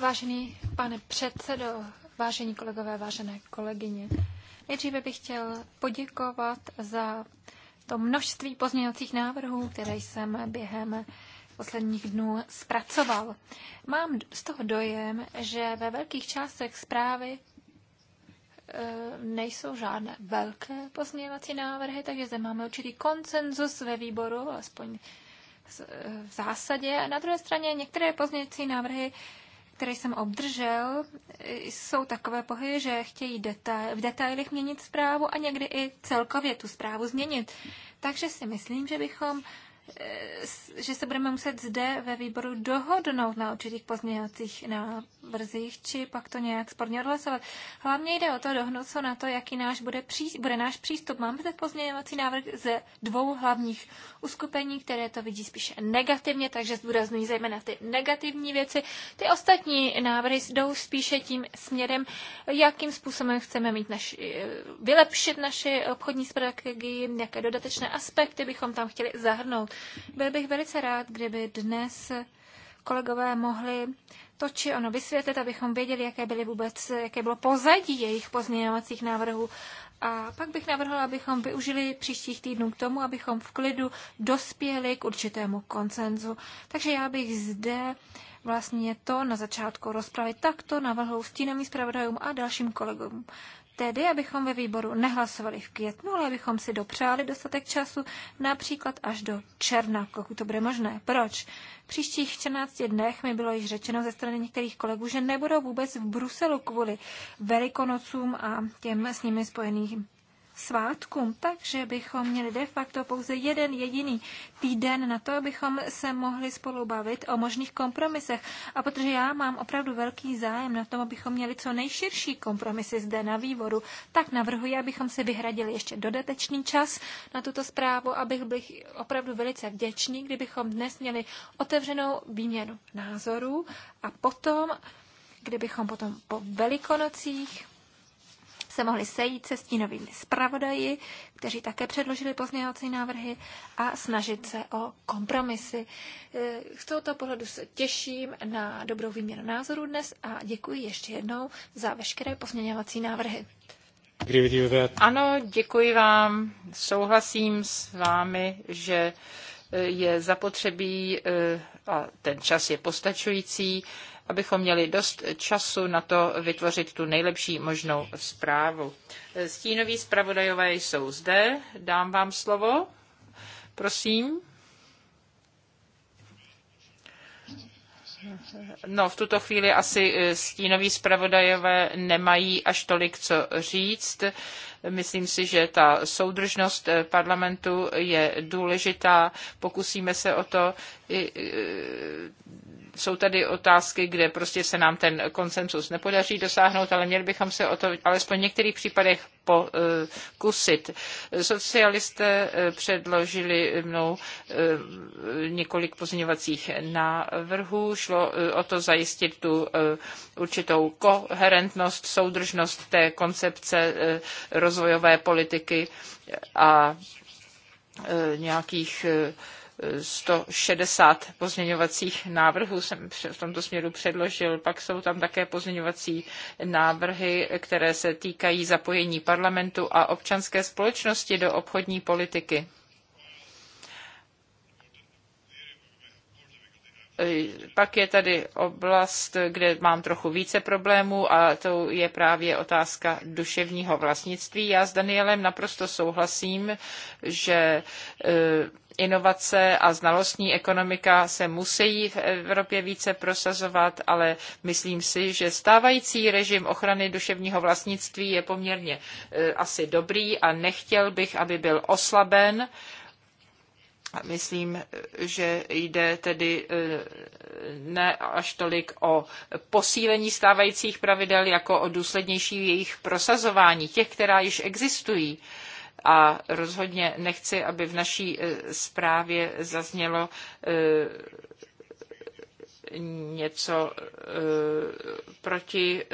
Vážený pane předsedo, vážení kolegové, vážené kolegyně, nejdříve bych chtěl poděkovat za to množství pozměňovacích návrhů, které jsem během posledních dnů zpracoval. Mám z toho dojem, že ve velkých částech zprávy e, nejsou žádné velké pozměňovací návrhy, takže zde máme určitý koncenzus ve výboru, aspoň e, v zásadě. A na druhé straně některé pozměňovací návrhy které jsem obdržel, jsou takové pohyby, že chtějí detail, v detailech měnit zprávu a někdy i celkově tu zprávu změnit. Takže si myslím, že bychom Eh, že se budeme muset zde ve výboru dohodnout na určitých pozměňovacích návrzích, či pak to nějak sporně odhlasovat. Hlavně jde o to dohnout se na to, jaký náš bude, pří, bude náš přístup. Máme zde pozměňovací návrh ze dvou hlavních uskupení, které to vidí spíše negativně, takže zdůraznují zejména ty negativní věci. Ty ostatní návrhy jdou spíše tím směrem, jakým způsobem chceme mít naši, eh, vylepšit naši obchodní strategii, jaké dodatečné aspekty bychom tam chtěli zahrnout. Byl bych velice rád, kdyby dnes kolegové mohli to či ono vysvětlit, abychom věděli, jaké, byly vůbec, jaké bylo pozadí jejich pozměňovacích návrhů. A pak bych navrhla, abychom využili příštích týdnů k tomu, abychom v klidu dospěli k určitému koncenzu. Takže já bych zde vlastně to na začátku rozpravy takto navrhl stínovým zpravodajům a dalším kolegům tedy, abychom ve výboru nehlasovali v květnu, ale abychom si dopřáli dostatek času, například až do června, pokud to bude možné. Proč? V příštích 14 dnech mi bylo již řečeno ze strany některých kolegů, že nebudou vůbec v Bruselu kvůli velikonocům a těm s nimi spojeným svátkům, takže bychom měli de facto pouze jeden jediný týden na to, abychom se mohli spolu bavit o možných kompromisech. A protože já mám opravdu velký zájem na tom, abychom měli co nejširší kompromisy zde na vývodu, tak navrhuji, abychom si vyhradili ještě dodatečný čas na tuto zprávu, abych byl opravdu velice vděčný, kdybychom dnes měli otevřenou výměnu názorů a potom kdybychom potom po velikonocích se mohli sejít se stínovými zpravodaji, kteří také předložili pozměňovací návrhy a snažit se o kompromisy. Eh, z tohoto pohledu se těším na dobrou výměnu názorů dnes a děkuji ještě jednou za veškeré pozměňovací návrhy. Ano, děkuji vám.
Souhlasím s vámi, že eh, je zapotřebí, eh, a ten čas je postačující, abychom měli dost času na to vytvořit tu nejlepší možnou zprávu. Stínoví zpravodajové jsou zde, dám vám slovo. Prosím. No, v tuto chvíli asi eh, stínoví zpravodajové nemají až tolik co říct. Myslím si, že ta soudržnost eh, parlamentu je důležitá. Pokusíme se o to. Eh, jsou tady otázky, kde prostě se nám ten koncensus nepodaří dosáhnout, ale měli bychom se o to alespoň v některých případech pokusit. Socialisté eh, předložili mnou eh, několik pozměňovacích návrhů. Šlo eh, o to zajistit tu určitou koherentnost, soudržnost té koncepce rozvojové politiky a nějakých 160 pozměňovacích návrhů jsem v tomto směru předložil. Pak jsou tam také pozměňovací návrhy, které se týkají zapojení parlamentu a občanské společnosti do obchodní politiky. Pak je tady oblast, kde mám trochu více problémů a to je právě otázka duševního vlastnictví. Já s Danielem naprosto souhlasím, že eh, inovace a znalostní ekonomika se musí v Evropě více prosazovat, ale myslím si, že stávající režim ochrany duševního vlastnictví je poměrně eh, asi dobrý a nechtěl bych, aby byl oslaben Myslím, že jde tedy e, ne až tolik o posílení stávajících pravidel, jako o důslednější jejich prosazování, těch, která již existují. A rozhodně nechci, aby v naší e, zprávě zaznělo e, něco proti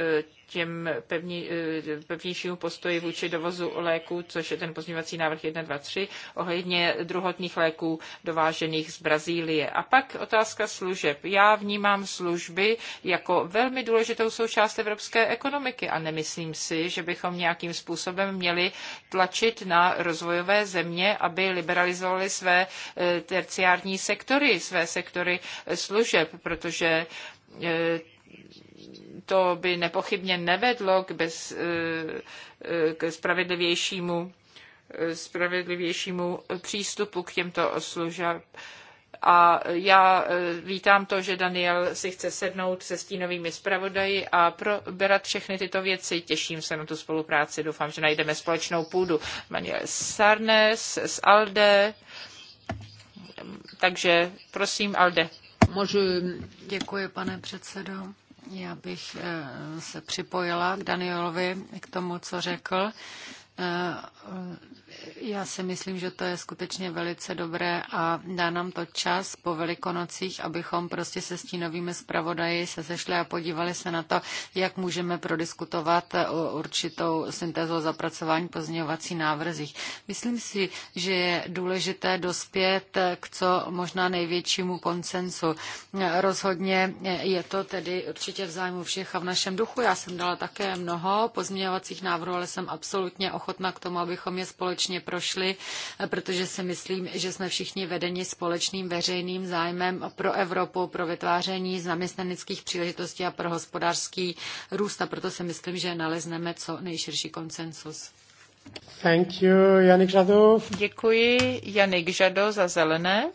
těm pevní, eh, pevnějšímu postoji vůči dovozu léků, což je ten pozměňovací návrh 123, ohledně druhotných léků dovážených z Brazílie. A pak otázka služeb. Já vnímám služby jako velmi důležitou součást evropské ekonomiky a nemyslím si, že bychom nějakým způsobem měli tlačit na rozvojové země, aby liberalizovali své eh, terciární sektory, své sektory eh, služeb, protože to by nepochybně nevedlo k, bez, eh, k spravedlivějšímu, eh, spravedlivějšímu přístupu k těmto službám. A já eh, vítám to, že Daniel si chce sednout se stínovými zpravodaji a proberat všechny tyto věci. Těším se na tu spolupráci. Doufám, že najdeme společnou půdu. Manuel Sarnes z ALDE. Takže prosím, ALDE.
Můžu. Děkuji, pane předsedo. Já bych eh, se připojila k Danielovi, k tomu, co řekl. Eh, já si myslím, že to je skutečně velice dobré a dá nám to čas po velikonocích, abychom prostě se stínovými zpravodaji se sešli a podívali se na to, jak můžeme prodiskutovat o určitou syntézu o zapracování pozměňovací návrzích. Myslím si, že je důležité dospět k co možná největšímu koncensu. Rozhodně je to tedy určitě v zájmu všech a v našem duchu. Já jsem dala také mnoho pozměňovacích návrhů, ale jsem absolutně ochotná k tomu, abychom je společně společně vlastně prošli, protože si myslím, že jsme všichni vedeni společným veřejným zájmem pro Evropu, pro vytváření zaměstnaneckých příležitostí a pro hospodářský růst. A proto si myslím, že nalezneme co nejširší konsensus. Thank you, Janik Žado. Děkuji, Janik Žado, za zelené.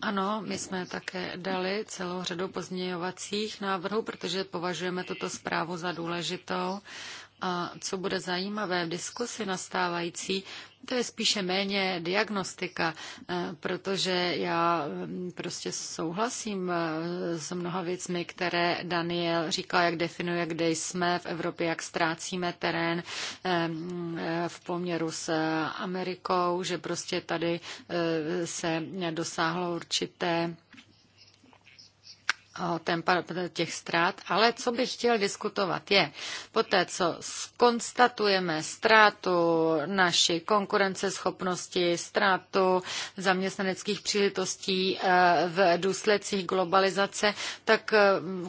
Ano, my jsme také dali celou řadu pozměňovacích návrhů, protože považujeme tuto zprávu za důležitou a co bude zajímavé v diskusi nastávající, to je spíše méně diagnostika, eh, protože já mm, prostě souhlasím eh, s mnoha věcmi, které Daniel říká, jak definuje, kde jsme v Evropě, jak ztrácíme terén eh, mm, v poměru s Amerikou, že prostě tady se dosáhlo určité ten tempa těch ztrát, ale co bych chtěl diskutovat je, po té, co skonstatujeme ztrátu naší konkurenceschopnosti, ztrátu zaměstnaneckých příležitostí eh, v důsledcích globalizace, tak eh,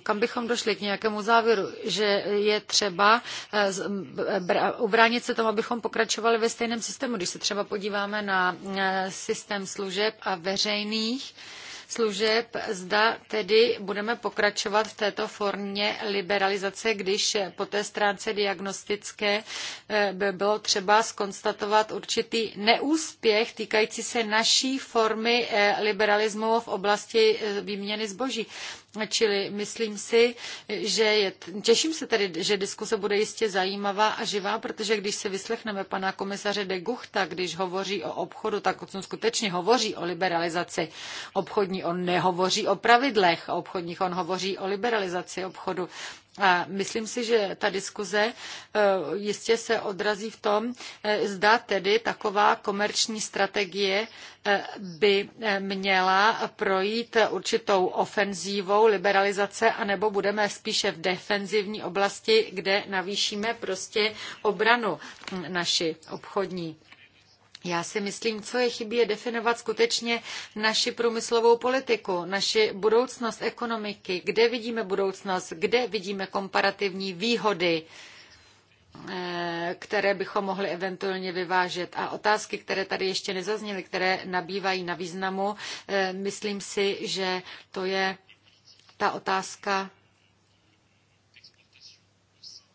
kam bychom došli k nějakému závěru, že je třeba eh, ubránit se tomu, abychom pokračovali ve stejném systému. Když se třeba podíváme na systém služeb a veřejných, služeb, zda tedy budeme pokračovat v této formě liberalizace, když po té stránce diagnostické eh, by bylo třeba skonstatovat určitý neúspěch týkající se naší formy eh, liberalismu v oblasti eh, výměny zboží. Čili myslím si, že je, těším se tedy, že diskuse bude jistě zajímavá a živá, protože když se vyslechneme pana komisaře de Guchta, když hovoří o obchodu, tak on skutečně hovoří o liberalizaci obchodní. On nehovoří o pravidlech obchodních, on hovoří o liberalizaci obchodu. A myslím si, že ta diskuze e, jistě se odrazí v tom, e, zda tedy taková komerční strategie e, by měla projít určitou ofenzívou liberalizace, anebo budeme spíše v defenzivní oblasti, kde navýšíme prostě obranu naši obchodní. Já si myslím, co je chybí, je definovat skutečně naši průmyslovou politiku, naši budoucnost ekonomiky, kde vidíme budoucnost, kde vidíme komparativní výhody, eh, které bychom mohli eventuálně vyvážet. A otázky, které tady ještě nezazněly, které nabývají na významu, eh, myslím si, že to je ta otázka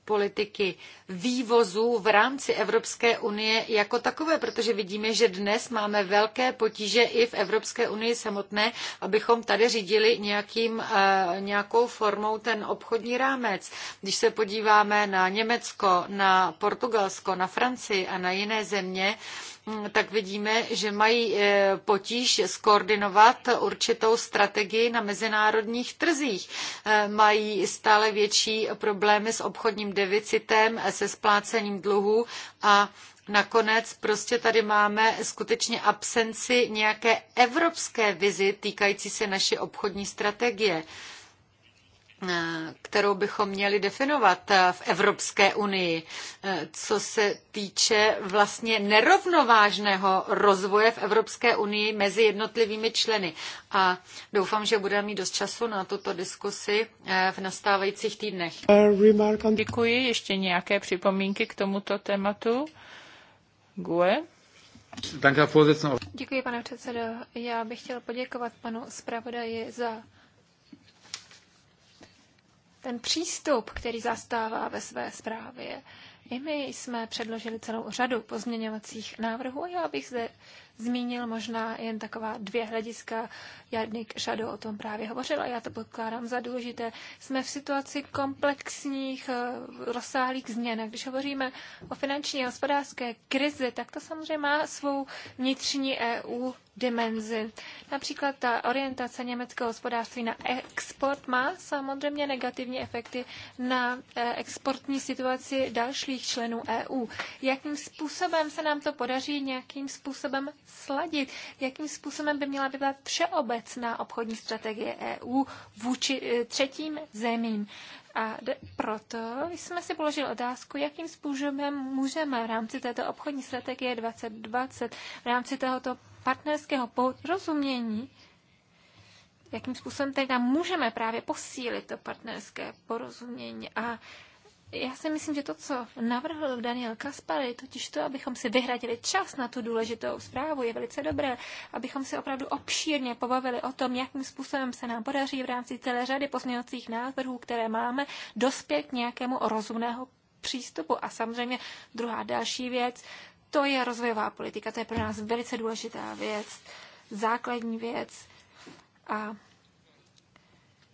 politiky vývozu v rámci Evropské unie jako takové, protože vidíme, že dnes máme velké potíže i v Evropské unii samotné, abychom tady řídili nějakým, eh, nějakou formou ten obchodní rámec. Když se podíváme na Německo, na Portugalsko, na Francii a na jiné země, Mm, tak vidíme, že mají eh, potíž skoordinovat určitou strategii na mezinárodních trzích. Eh, mají stále větší problémy s obchodním deficitem, se splácením dluhů a Nakonec prostě tady máme skutečně absenci nějaké evropské vizi týkající se naší obchodní strategie kterou bychom měli definovat eh, v Evropské unii, eh, co se týče vlastně nerovnovážného rozvoje v Evropské unii mezi jednotlivými členy. A doufám, že budeme mít dost času na tuto diskusi eh, v nastávajících týdnech.
Děkuji. Ještě nějaké připomínky k tomuto tématu? Gue?
Děkuji, pane předsedo. Já bych chtěl poděkovat panu zpravodaji za ten přístup, který zastává ve své zprávě. I my jsme předložili celou řadu pozměňovacích návrhů a já bych zde zmínil, možná jen taková dvě hlediska. Jadnik šado o tom právě hovořil a já to pokládám za důležité. Jsme v situaci komplexních, eh, rozsáhlých změn. Když hovoříme o finanční a hospodářské krizi, tak to samozřejmě má svou vnitřní EU dimenzi. Například ta orientace německého hospodářství na export má samozřejmě negativní efekty na eh, exportní situaci dalších členů EU. Jakým způsobem se nám to podaří nějakým způsobem sladit? Jakým způsobem by měla vypadat všeobecná obchodní strategie EU vůči eh, třetím zemím? A proto jsme si položili otázku, jakým způsobem můžeme v rámci této obchodní strategie 2020, v rámci tohoto partnerského porozumění, jakým způsobem teda můžeme právě posílit to partnerské porozumění a já si myslím, že to, co navrhl Daniel Kaspary, totiž to, abychom si vyhradili čas na tu důležitou zprávu, je velice dobré, abychom si opravdu obšírně pobavili o tom, jakým způsobem se nám podaří v rámci celé řady pozměňovacích návrhů, které máme, dospět k nějakému rozumného přístupu. A samozřejmě druhá další věc, to je rozvojová politika, to je pro nás velice důležitá věc, základní věc. A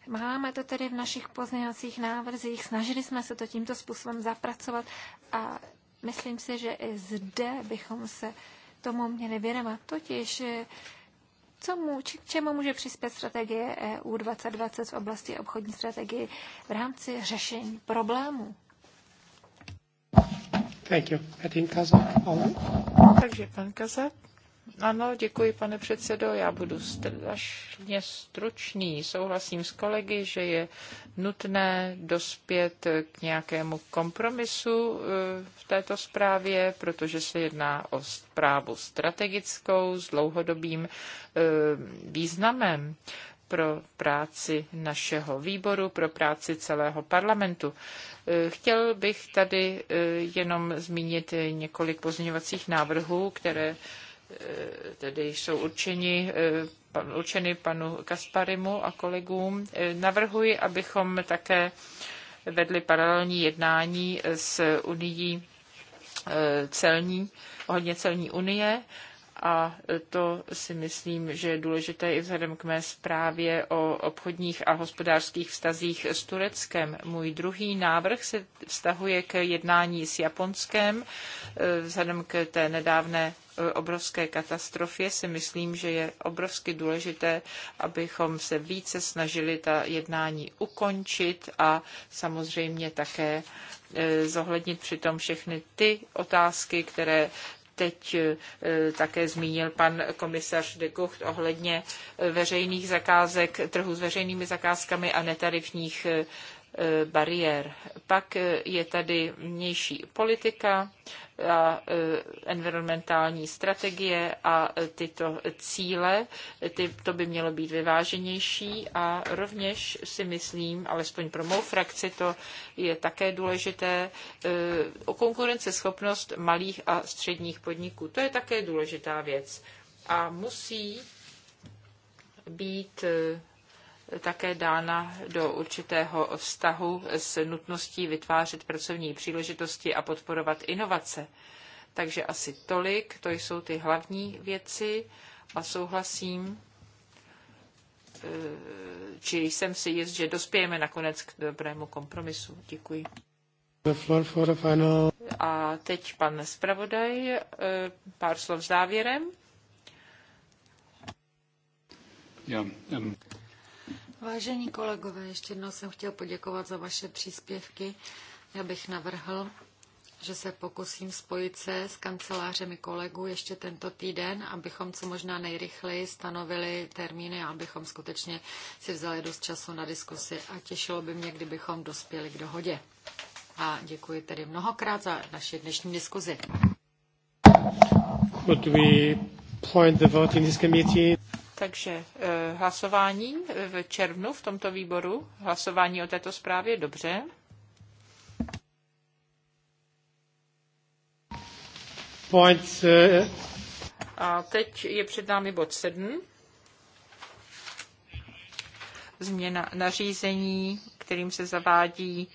Máme to tedy v našich pozměňovacích návrzích, snažili jsme se to tímto způsobem zapracovat a myslím si, že i zde bychom se tomu měli věnovat. Totiž co mu, či, čemu může přispět strategie EU 2020 v oblasti obchodní strategie v rámci řešení problémů.
Thank you.
Kazak.
Takže pan Kazak. Ano, děkuji, pane předsedo.
Já budu strašně stručný. Souhlasím s kolegy, že je nutné dospět k nějakému kompromisu eh, v této zprávě, protože se jedná o zprávu strategickou s dlouhodobým eh, významem pro práci našeho výboru, pro práci celého parlamentu. Eh, chtěl bych tady jenom zmínit několik pozměňovacích návrhů, které Eh, tedy jsou určeni, eh, určeny panu Kasparimu a kolegům. Eh, navrhuji, abychom také vedli paralelní jednání s Unií celní, ohledně celní unie a to si myslím, že je důležité i vzhledem k mé zprávě o obchodních a hospodářských vztazích s Tureckem. Můj druhý návrh se vztahuje k jednání s Japonskem vzhledem k té nedávné obrovské katastrofě si myslím, že je obrovsky důležité, abychom se více snažili ta jednání ukončit a samozřejmě také e, zohlednit přitom všechny ty otázky, které teď e, také zmínil pan komisař de Gucht ohledně e, veřejných zakázek, trhu s veřejnými zakázkami a netarifních Eh, bariér. Pak eh, je tady vnější politika a eh, environmentální strategie a tyto cíle, ty, to by mělo být vyváženější a rovněž si myslím, alespoň pro mou frakci to je také důležité, o konkurenceschopnost malých a středních podniků. To je také důležitá věc a musí být také dána do určitého vztahu s nutností vytvářet pracovní příležitosti a podporovat inovace. Takže asi tolik, to jsou ty hlavní věci a souhlasím, eh, či jsem si jist, že dospějeme nakonec k dobrému kompromisu. Děkuji. A teď pan zpravodaj, eh, pár slov s závěrem. Yeah, um...
Vážení kolegové, ještě jednou jsem chtěl poděkovat za vaše příspěvky. Já bych navrhl, že se pokusím spojit se s kancelářemi kolegů ještě tento týden, abychom co možná nejrychleji stanovili termíny a abychom skutečně si vzali dost času na diskusi a těšilo by mě, kdybychom dospěli k dohodě. A děkuji tedy mnohokrát za naši dnešní diskuzi. Could we point the vote in this committee?
Takže eh, hlasování v červnu v tomto výboru, hlasování o této zprávě, dobře. Point, uh... Eh, A teď je před námi bod 7. Změna nařízení, kterým se zavádí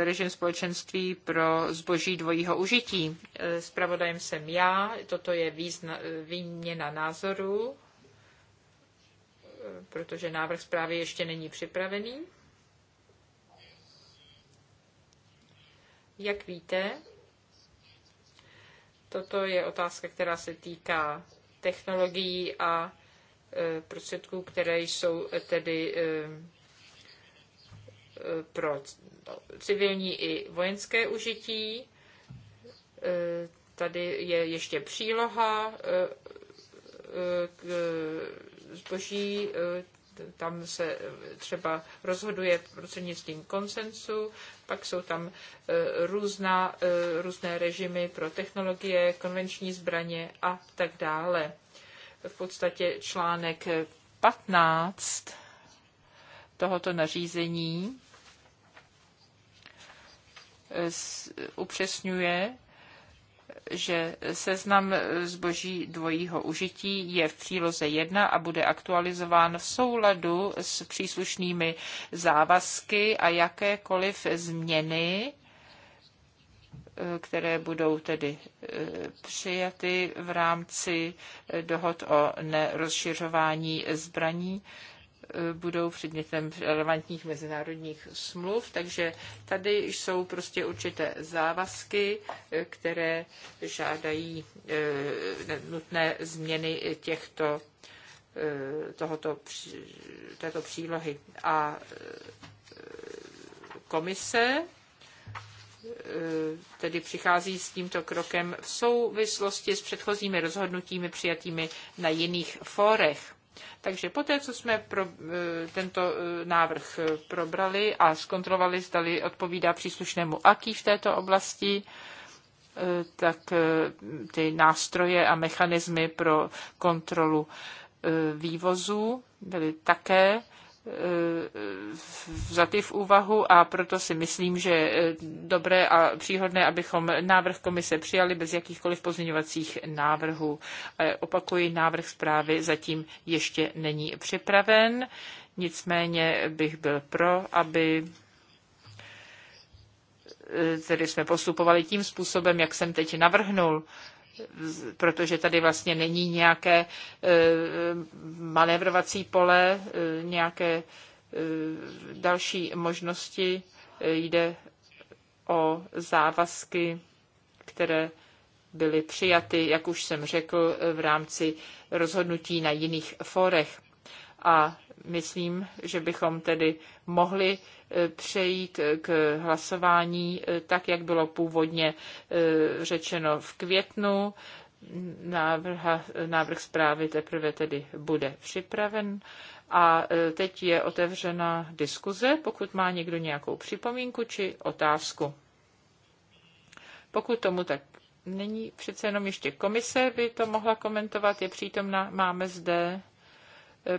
eh, režim společenství pro zboží dvojího užití. Spravodajem jsem já, toto je význa, výměna názoru protože návrh zprávy ještě není připravený. Jak víte, toto je otázka, která se týká technologií a e, prostředků, které jsou tedy e, e, pro civilní i vojenské užití. Tady je ještě příloha zboží, eh, tam se eh, třeba rozhoduje prostřednictvím konsensu, pak jsou tam eh, různá, různé režimy pro technologie, konvenční zbraně a tak dále. V podstatě článek 15 tohoto nařízení upřesňuje že seznam zboží dvojího užití je v příloze 1 a bude aktualizován v souladu s příslušnými závazky a jakékoliv změny eh, které budou tedy eh, přijaty v rámci eh, dohod o nerozšiřování zbraní, budou předmětem relevantních mezinárodních smluv, takže tady jsou prostě určité závazky, eh, které žádají eh, nutné změny těchto eh, tohoto, této přílohy. A komise tedy přichází s tímto krokem v souvislosti s předchozími rozhodnutími přijatými na jiných fórech. Takže poté, co jsme pro, eh, tento eh, návrh eh, probrali a zkontrolovali, zdali odpovídá příslušnému AKI v této oblasti, tak ty nástroje a mechanismy pro kontrolu vývozu byly také E, vzaty v úvahu a proto si myslím, že je dobré a příhodné, abychom návrh komise přijali bez jakýchkoliv pozměňovacích návrhů. E, opakuji, návrh zprávy zatím ještě není připraven, nicméně bych byl pro, aby e, tedy jsme postupovali tím způsobem, jak jsem teď navrhnul protože tady vlastně není nějaké e, manévrovací pole, e, nějaké e, další možnosti. Jde o závazky, které byly přijaty, jak už jsem řekl, v rámci rozhodnutí na jiných forech. A myslím, že bychom tedy mohli e, přejít k hlasování e, tak, jak bylo původně e, řečeno v květnu. Návrh, návrh zprávy teprve tedy bude připraven. A teď je otevřena diskuze, pokud má někdo nějakou připomínku či otázku. Pokud tomu tak není, přece jenom ještě komise by to mohla komentovat, je přítomna, máme zde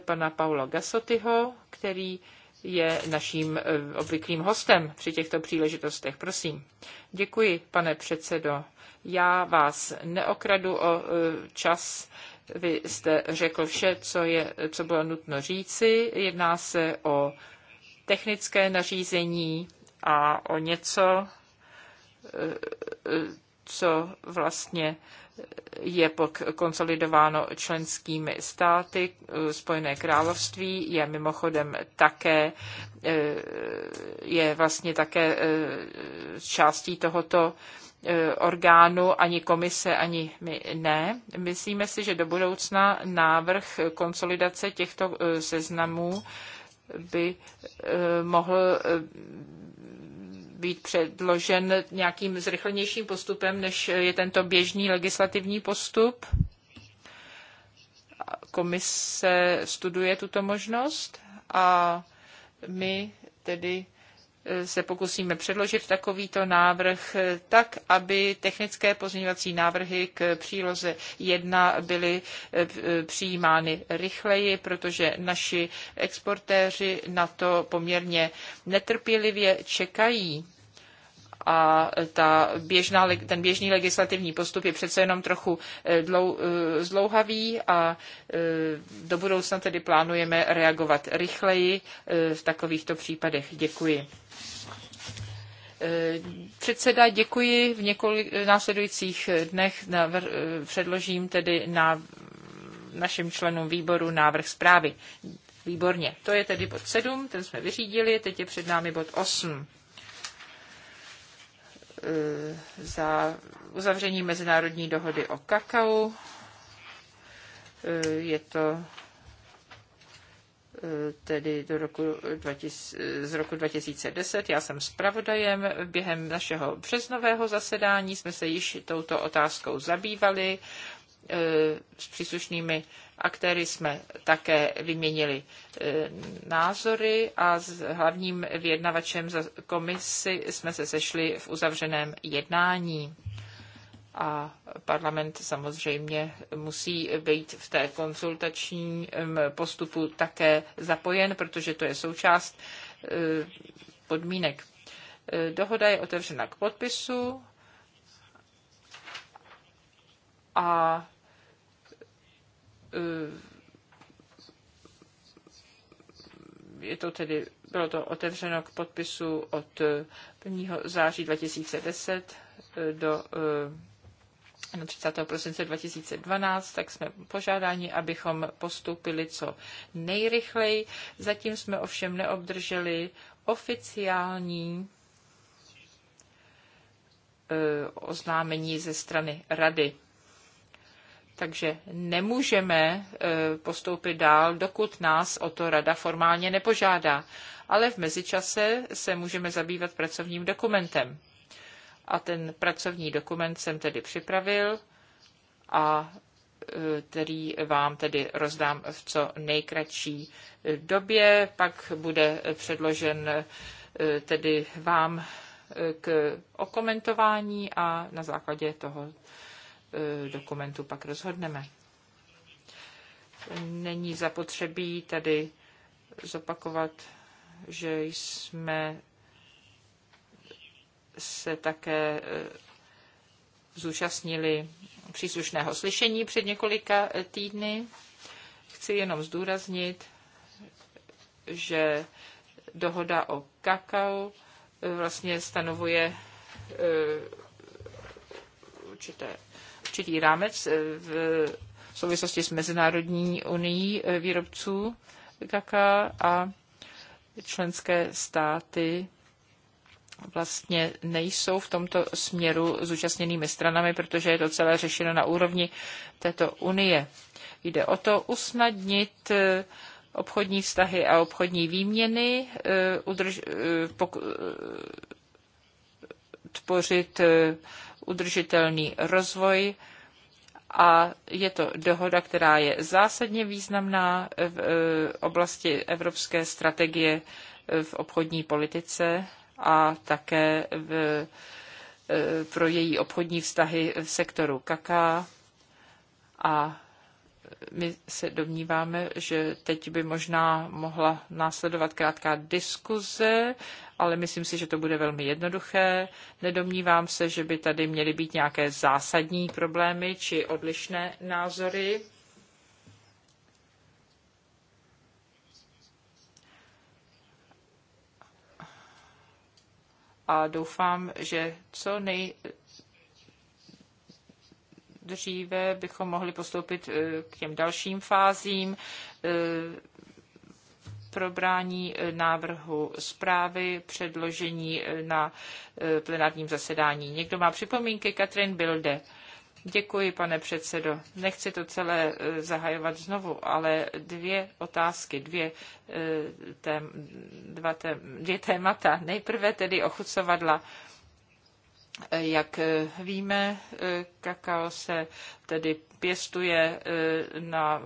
pana Paula Gasotyho, který je naším eh, obvyklým hostem při těchto příležitostech. Prosím. Děkuji, pane předsedo. Já vás neokradu o eh, čas. Vy jste řekl vše, co, je, co bylo nutno říci. Jedná se o technické nařízení a o něco, eh, co vlastně je pak konsolidováno členskými státy. Spojené království je mimochodem také, eh, je vlastně také eh, částí tohoto eh, orgánu, ani komise, ani my ne. Myslíme si, že do budoucna návrh konsolidace těchto seznamů by eh, mohl eh, být předložen nějakým zrychlenějším postupem, než je tento běžný legislativní postup. Komise studuje tuto možnost a my tedy se pokusíme předložit takovýto návrh tak, aby technické pozměňovací návrhy k příloze 1 byly eh, přijímány rychleji, protože naši exportéři na to poměrně netrpělivě čekají a ta běžná, ten běžný legislativní postup je přece jenom trochu eh, dlou, eh, zdlouhavý a do budoucna tedy plánujeme reagovat rychleji v takovýchto případech. Děkuji. Eh, předseda, děkuji. V několik eh, následujících dnech eh, předložím tedy na našim členům výboru návrh zprávy. Výborně. To je tedy bod 7, ten jsme vyřídili, teď je před námi bod 8 za uzavření mezinárodní dohody o kakao. Je to tedy do roku z roku 2010. Já jsem zpravodajem. Během našeho březnového zasedání jsme se již touto otázkou zabývali. E, s příslušnými aktéry jsme také vyměnili e, názory a s hlavním vyjednavačem za komisi jsme se sešli v uzavřeném jednání a parlament samozřejmě musí být v té konzultační postupu také zapojen, protože to je součást eh, podmínek. Eh, dohoda je otevřena k podpisu a eh, je to tedy, bylo to otevřeno k podpisu od 1. září 2010 do 30. prosince 2012, tak jsme požádáni, abychom postoupili co nejrychleji. Zatím jsme ovšem neobdrželi oficiální e, oznámení ze strany rady. Takže nemůžeme e, postoupit dál, dokud nás o to rada formálně nepožádá. Ale v mezičase se můžeme zabývat pracovním dokumentem a ten pracovní dokument jsem tedy připravil a e, který vám tedy rozdám v co nejkratší e, době. Pak bude předložen e, tedy vám k okomentování a na základě toho dokumentu pak rozhodneme. Není zapotřebí tady zopakovat, že jsme se také eh, zúčastnili příslušného slyšení před několika eh, týdny. Chci jenom zdůraznit, že dohoda o kakao eh, vlastně stanovuje určité, určitý rámec v souvislosti s Mezinárodní unii výrobců kaka a členské státy vlastně nejsou v tomto směru zúčastněnými stranami, protože je to celé řešeno na úrovni této unie. Jde o to usnadnit eh, obchodní vztahy a obchodní výměny, eh, udrž, eh, pok, tvořit udržitelný rozvoj a je to dohoda, která je zásadně významná v oblasti evropské strategie v obchodní politice a také v, e, pro její obchodní vztahy v sektoru kaká. A my se domníváme, že teď by možná mohla následovat krátká diskuze, ale myslím si, že to bude velmi jednoduché. Nedomnívám se, že by tady měly být nějaké zásadní problémy či odlišné názory. a doufám, že co nejdříve bychom mohli postoupit eh, k těm dalším fázím eh, probrání eh, návrhu zprávy, předložení na plenárním zasedání. Někdo má připomínky? Katrin Bilde. Děkuji, pane předsedo. Nechci to celé e, zahajovat znovu, ale dvě otázky, dvě, e, tém, dva tém, dvě témata. Nejprve tedy ochucovadla. E, jak víme, kakao se tedy pěstuje na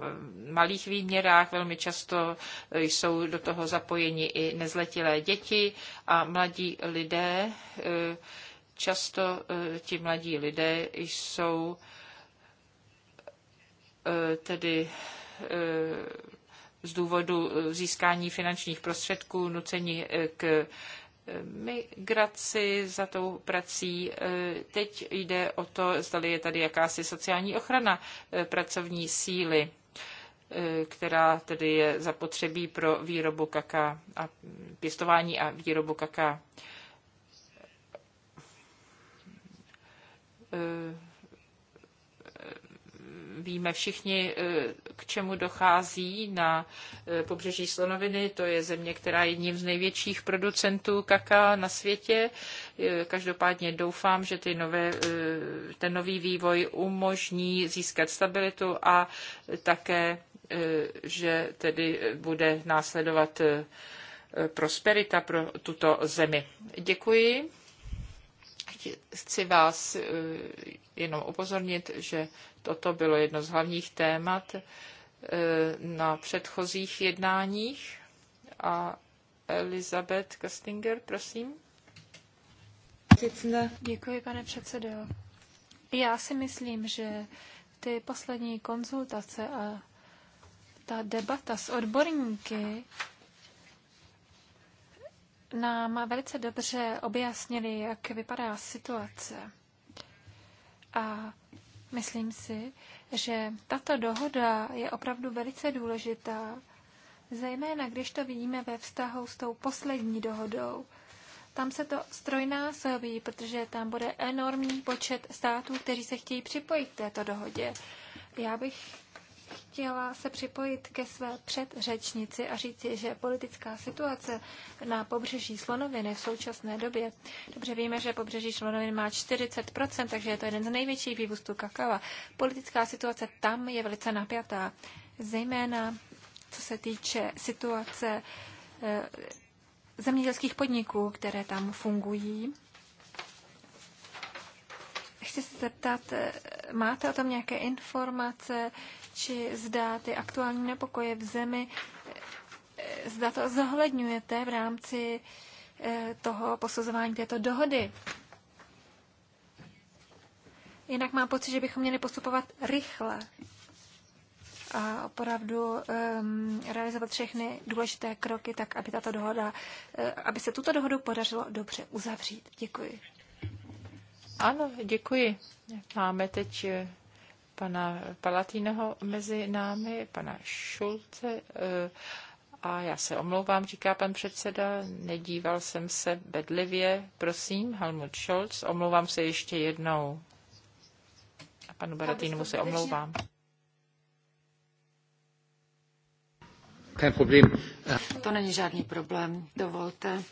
malých výměrách, velmi často jsou do toho zapojeni i nezletilé děti a mladí lidé, Často eh, ti mladí lidé jsou eh, tedy eh, z důvodu získání finančních prostředků nuceni k migraci za tou prací. Teď jde o to, zda je tady jakási sociální ochrana pracovní síly, která tedy je zapotřebí pro výrobu kaká a pěstování a výrobu kaká. Eh, víme všichni, eh, k čemu dochází na eh, pobřeží Slonoviny. To je země, která je jedním z největších producentů kaká na světě. Každopádně doufám, že ty nové, ten nový vývoj umožní získat stabilitu a také, že tedy bude následovat prosperita pro tuto zemi. Děkuji. Chci vás eh, jenom upozornit, že toto bylo jedno z hlavních témat eh, na předchozích jednáních. A Elizabeth Kastinger,
prosím. Děkuji, pane předsedo. Já si myslím, že ty poslední konzultace a ta debata s odborníky nám velice dobře objasnili, jak vypadá situace. A myslím si, že tato dohoda je opravdu velice důležitá, zejména když to vidíme ve vztahu s tou poslední dohodou. Tam se to strojnásobí, protože tam bude enormní počet států, kteří se chtějí připojit k této dohodě. Já bych chtěla se připojit ke své předřečnici a říci, že politická situace na pobřeží Slonoviny v současné době, dobře víme, že pobřeží Slonoviny má 40%, takže je to jeden z největších vývůstů kakava. Politická situace tam je velice napjatá, zejména co se týče situace eh, zemědělských podniků, které tam fungují. Chci se zeptat, eh, máte o tom nějaké informace, či zda ty aktuální nepokoje v zemi, eh, zda to zohledňujete v rámci eh, toho posuzování této dohody. Jinak mám pocit, že bychom měli postupovat rychle a opravdu um, realizovat všechny důležité kroky tak, aby tato dohoda, eh, aby se tuto dohodu podařilo dobře uzavřít. Děkuji. Ano, děkuji.
Máme teď pana Palatínoho mezi námi, pana Šulce. Eh, a já se omlouvám, říká pan předseda, nedíval jsem se bedlivě. Prosím, Helmut Scholz, omlouvám se ještě jednou. A panu Baratínu se omlouvám.
To není žádný problém, dovolte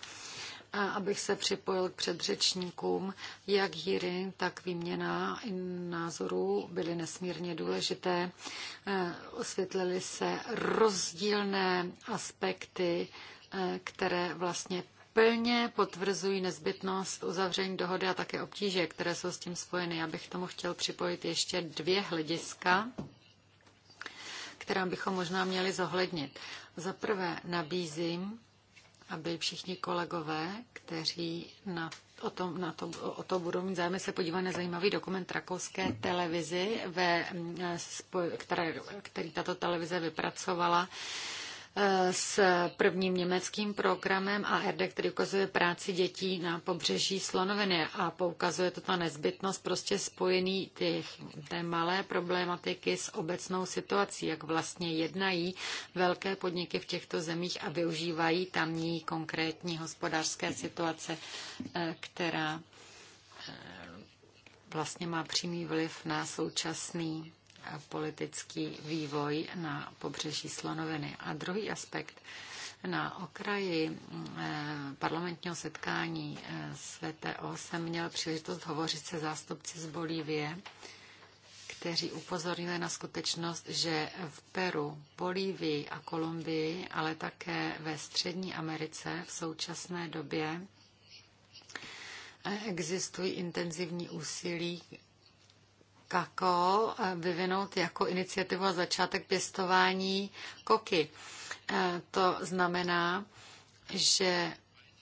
abych se připojil k předřečníkům, jak Jiry, tak výměna názorů byly nesmírně důležité. E, osvětlily se rozdílné aspekty, e, které vlastně plně potvrzují nezbytnost uzavření dohody a také obtíže, které jsou s tím spojeny. Já bych k tomu chtěl připojit ještě dvě hlediska, která bychom možná měli zohlednit. Za prvé nabízím, aby všichni kolegové, kteří na o, tom, na to, o to budou mít zájem, se podívali na zajímavý dokument rakouské televizi, ve, mm, které, který tato televize vypracovala s prvním německým programem ARD, který ukazuje práci dětí na pobřeží Slonoviny a poukazuje to ta nezbytnost prostě spojený těch, té malé problematiky s obecnou situací, jak vlastně jednají velké podniky v těchto zemích a využívají tamní konkrétní hospodářské situace, eh, která eh, vlastně má přímý vliv na současný politický vývoj na pobřeží Slonoviny. A druhý aspekt, na okraji eh, parlamentního setkání eh, s VTO jsem měl příležitost hovořit se zástupci z Bolívie, kteří upozornili na skutečnost, že v Peru, Bolívii a Kolumbii, ale také ve Střední Americe v současné době eh, existují intenzivní úsilí kakao eh, vyvinout jako iniciativu a začátek pěstování koky. Eh, to znamená, že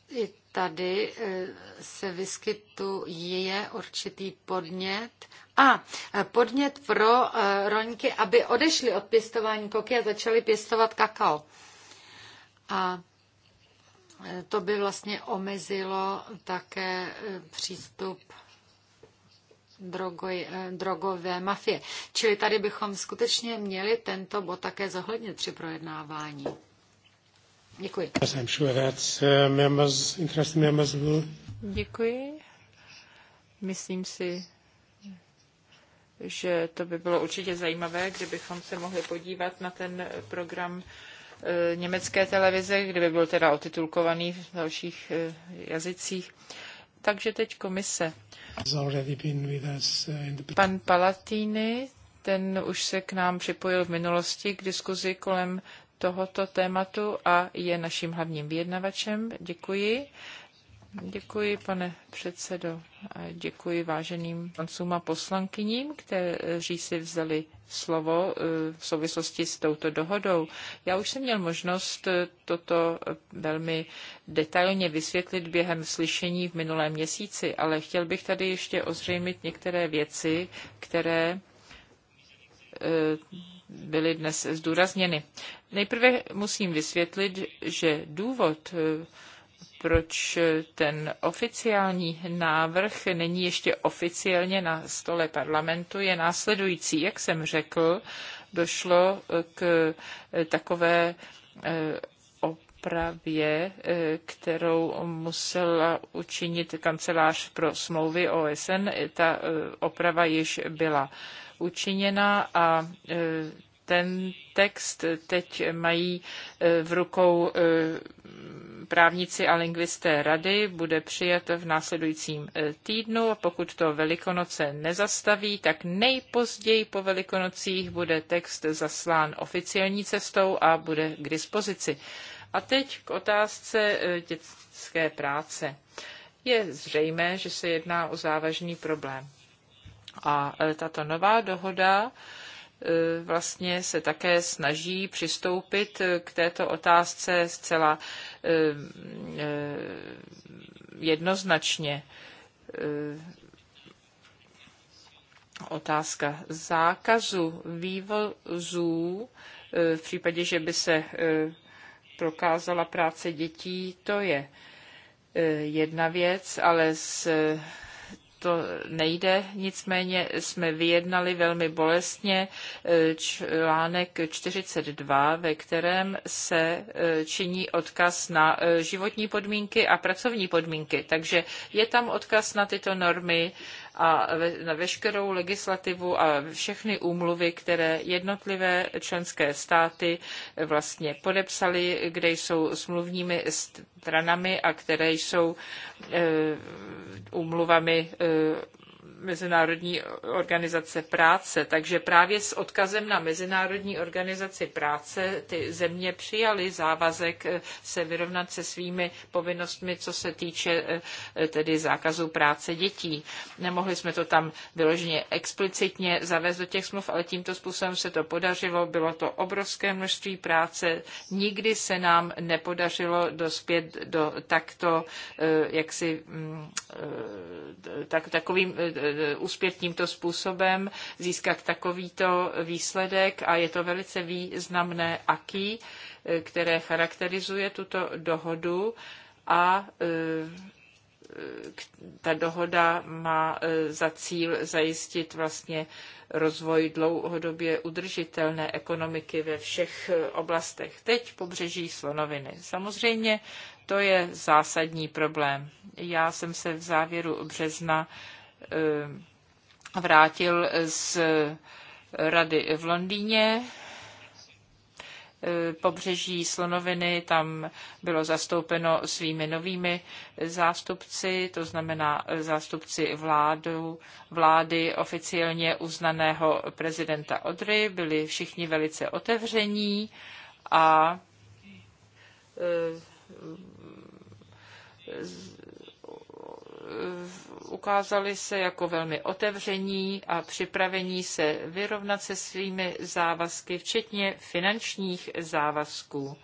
i tady eh, se vyskytuje určitý podnět a podnět pro roňky, aby odešli od pěstování koky a začali pěstovat kakao. A to by vlastně omezilo také přístup drogoj, eh, drogové mafie. Čili tady bychom skutečně měli tento bod také zohlednit při projednávání. Děkuji. Eh, Děkuji. Myslím si,
že to by bylo určitě zajímavé, kdybychom se mohli podívat na ten program eh, německé televize, kdyby byl teda otitulkovaný v dalších jazycích takže teď komise.
Uh,
Pan Palatini, ten už se k nám připojil v minulosti k diskuzi kolem tohoto tématu a je naším hlavním vyjednavačem. Děkuji. Děkuji, pane předsedo. děkuji váženým poslancům a poslankyním, kteří si vzali slovo e, v souvislosti s touto dohodou. Já už jsem měl možnost e, toto velmi detailně vysvětlit během slyšení v minulém měsíci, ale chtěl bych tady ještě ozřejmit některé věci, které e, byly dnes zdůrazněny. Nejprve musím vysvětlit, že důvod, proč ten oficiální návrh není ještě oficiálně na stole parlamentu, je následující. Jak jsem řekl, došlo k takové eh, opravě, eh, kterou musela učinit kancelář pro smlouvy OSN. Ta eh, oprava již byla učiněna a ten text teď mají v rukou právníci a lingvisté rady bude přijat v následujícím e, týdnu a pokud to Velikonoce nezastaví, tak nejpozději po Velikonocích bude text zaslán oficiální cestou a bude k dispozici. A teď k otázce e, dětské práce. Je zřejmé, že se jedná o závažný problém. A e, tato nová dohoda E, vlastně se také snaží přistoupit k této otázce zcela e, e, jednoznačně. Otázka zákazu vývozů v případě, že by se prokázala práce dětí, to je jedna věc, ale z to nejde, nicméně jsme vyjednali velmi bolestně eh, článek 42, ve kterém se eh, činí odkaz na eh, životní podmínky a pracovní podmínky. Takže je tam odkaz na tyto normy a na veškerou legislativu a všechny úmluvy, které jednotlivé členské státy vlastně podepsaly, kde jsou smluvními stranami a které jsou eh, úmluvami eh, Mezinárodní organizace práce. Takže právě s odkazem na Mezinárodní organizaci práce ty země přijaly závazek eh, se vyrovnat se svými povinnostmi, co se týče eh, eh, tedy zákazu práce dětí. Nemohli jsme to tam vyloženě explicitně zavést do těch smluv, ale tímto způsobem se to podařilo. Bylo to obrovské množství práce. Nikdy se nám nepodařilo dospět do takto jaksi mm, tak, takovým Eh, uspět tímto způsobem, získat takovýto výsledek a je to velice významné aký, eh, které charakterizuje tuto dohodu a eh, ta dohoda má za cíl zajistit vlastně rozvoj dlouhodobě udržitelné ekonomiky ve všech oblastech. Teď pobřeží slonoviny. Samozřejmě to je zásadní problém. Já jsem se v závěru března Eh, vrátil z rady v Londýně. Eh, pobřeží Slonoviny tam bylo zastoupeno svými novými zástupci, to znamená eh, zástupci vládu, vlády oficiálně uznaného prezidenta Odry. Byli všichni velice otevření a ukázali se jako velmi otevření a připravení se vyrovnat se svými závazky, včetně finančních závazků.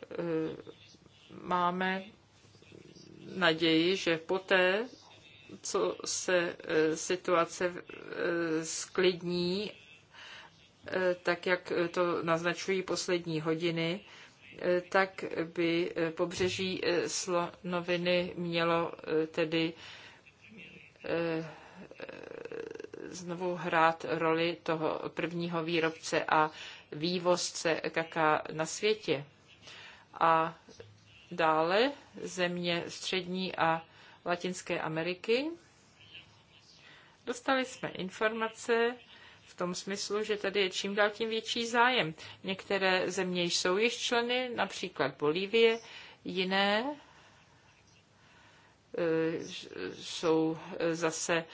Eh, máme naději, že poté, co se eh, situace sklidní, eh, tak jak to naznačují poslední hodiny, Eh, tak by eh, pobřeží eh, slonoviny mělo tedy znovu hrát roli toho prvního výrobce a vývozce kaká na světě. A dále země Střední a Latinské Ameriky. Dostali jsme informace, v tom smyslu, že tady je čím dál tím větší zájem. Některé země jsou již členy, například Bolívie, jiné eh, jsou zase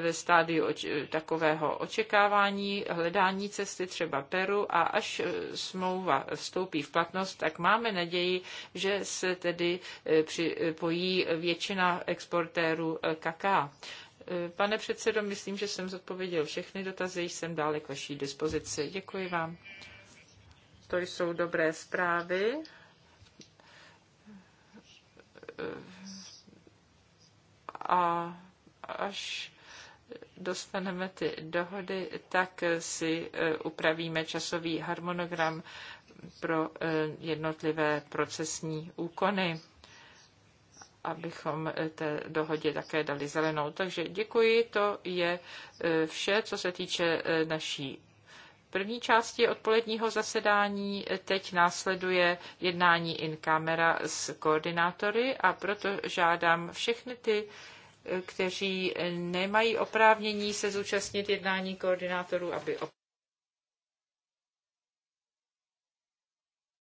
ve stádiu takového očekávání, hledání cesty třeba Peru a až eh, smlouva vstoupí v platnost, tak máme naději, že se tedy eh, připojí většina exportérů kaká. Pane předsedo, myslím, že jsem zodpověděl všechny dotazy, jsem dále k vaší dispozici. Děkuji vám. To jsou dobré zprávy. A až dostaneme ty dohody, tak si e, upravíme časový harmonogram pro e, jednotlivé procesní úkony abychom eh, té dohodě také dali zelenou. Takže děkuji, to je eh, vše, co se týče eh, naší první části odpoledního zasedání. Teď následuje jednání in camera s koordinátory a proto žádám všechny ty, kteří nemají oprávnění se zúčastnit
jednání koordinátorů, aby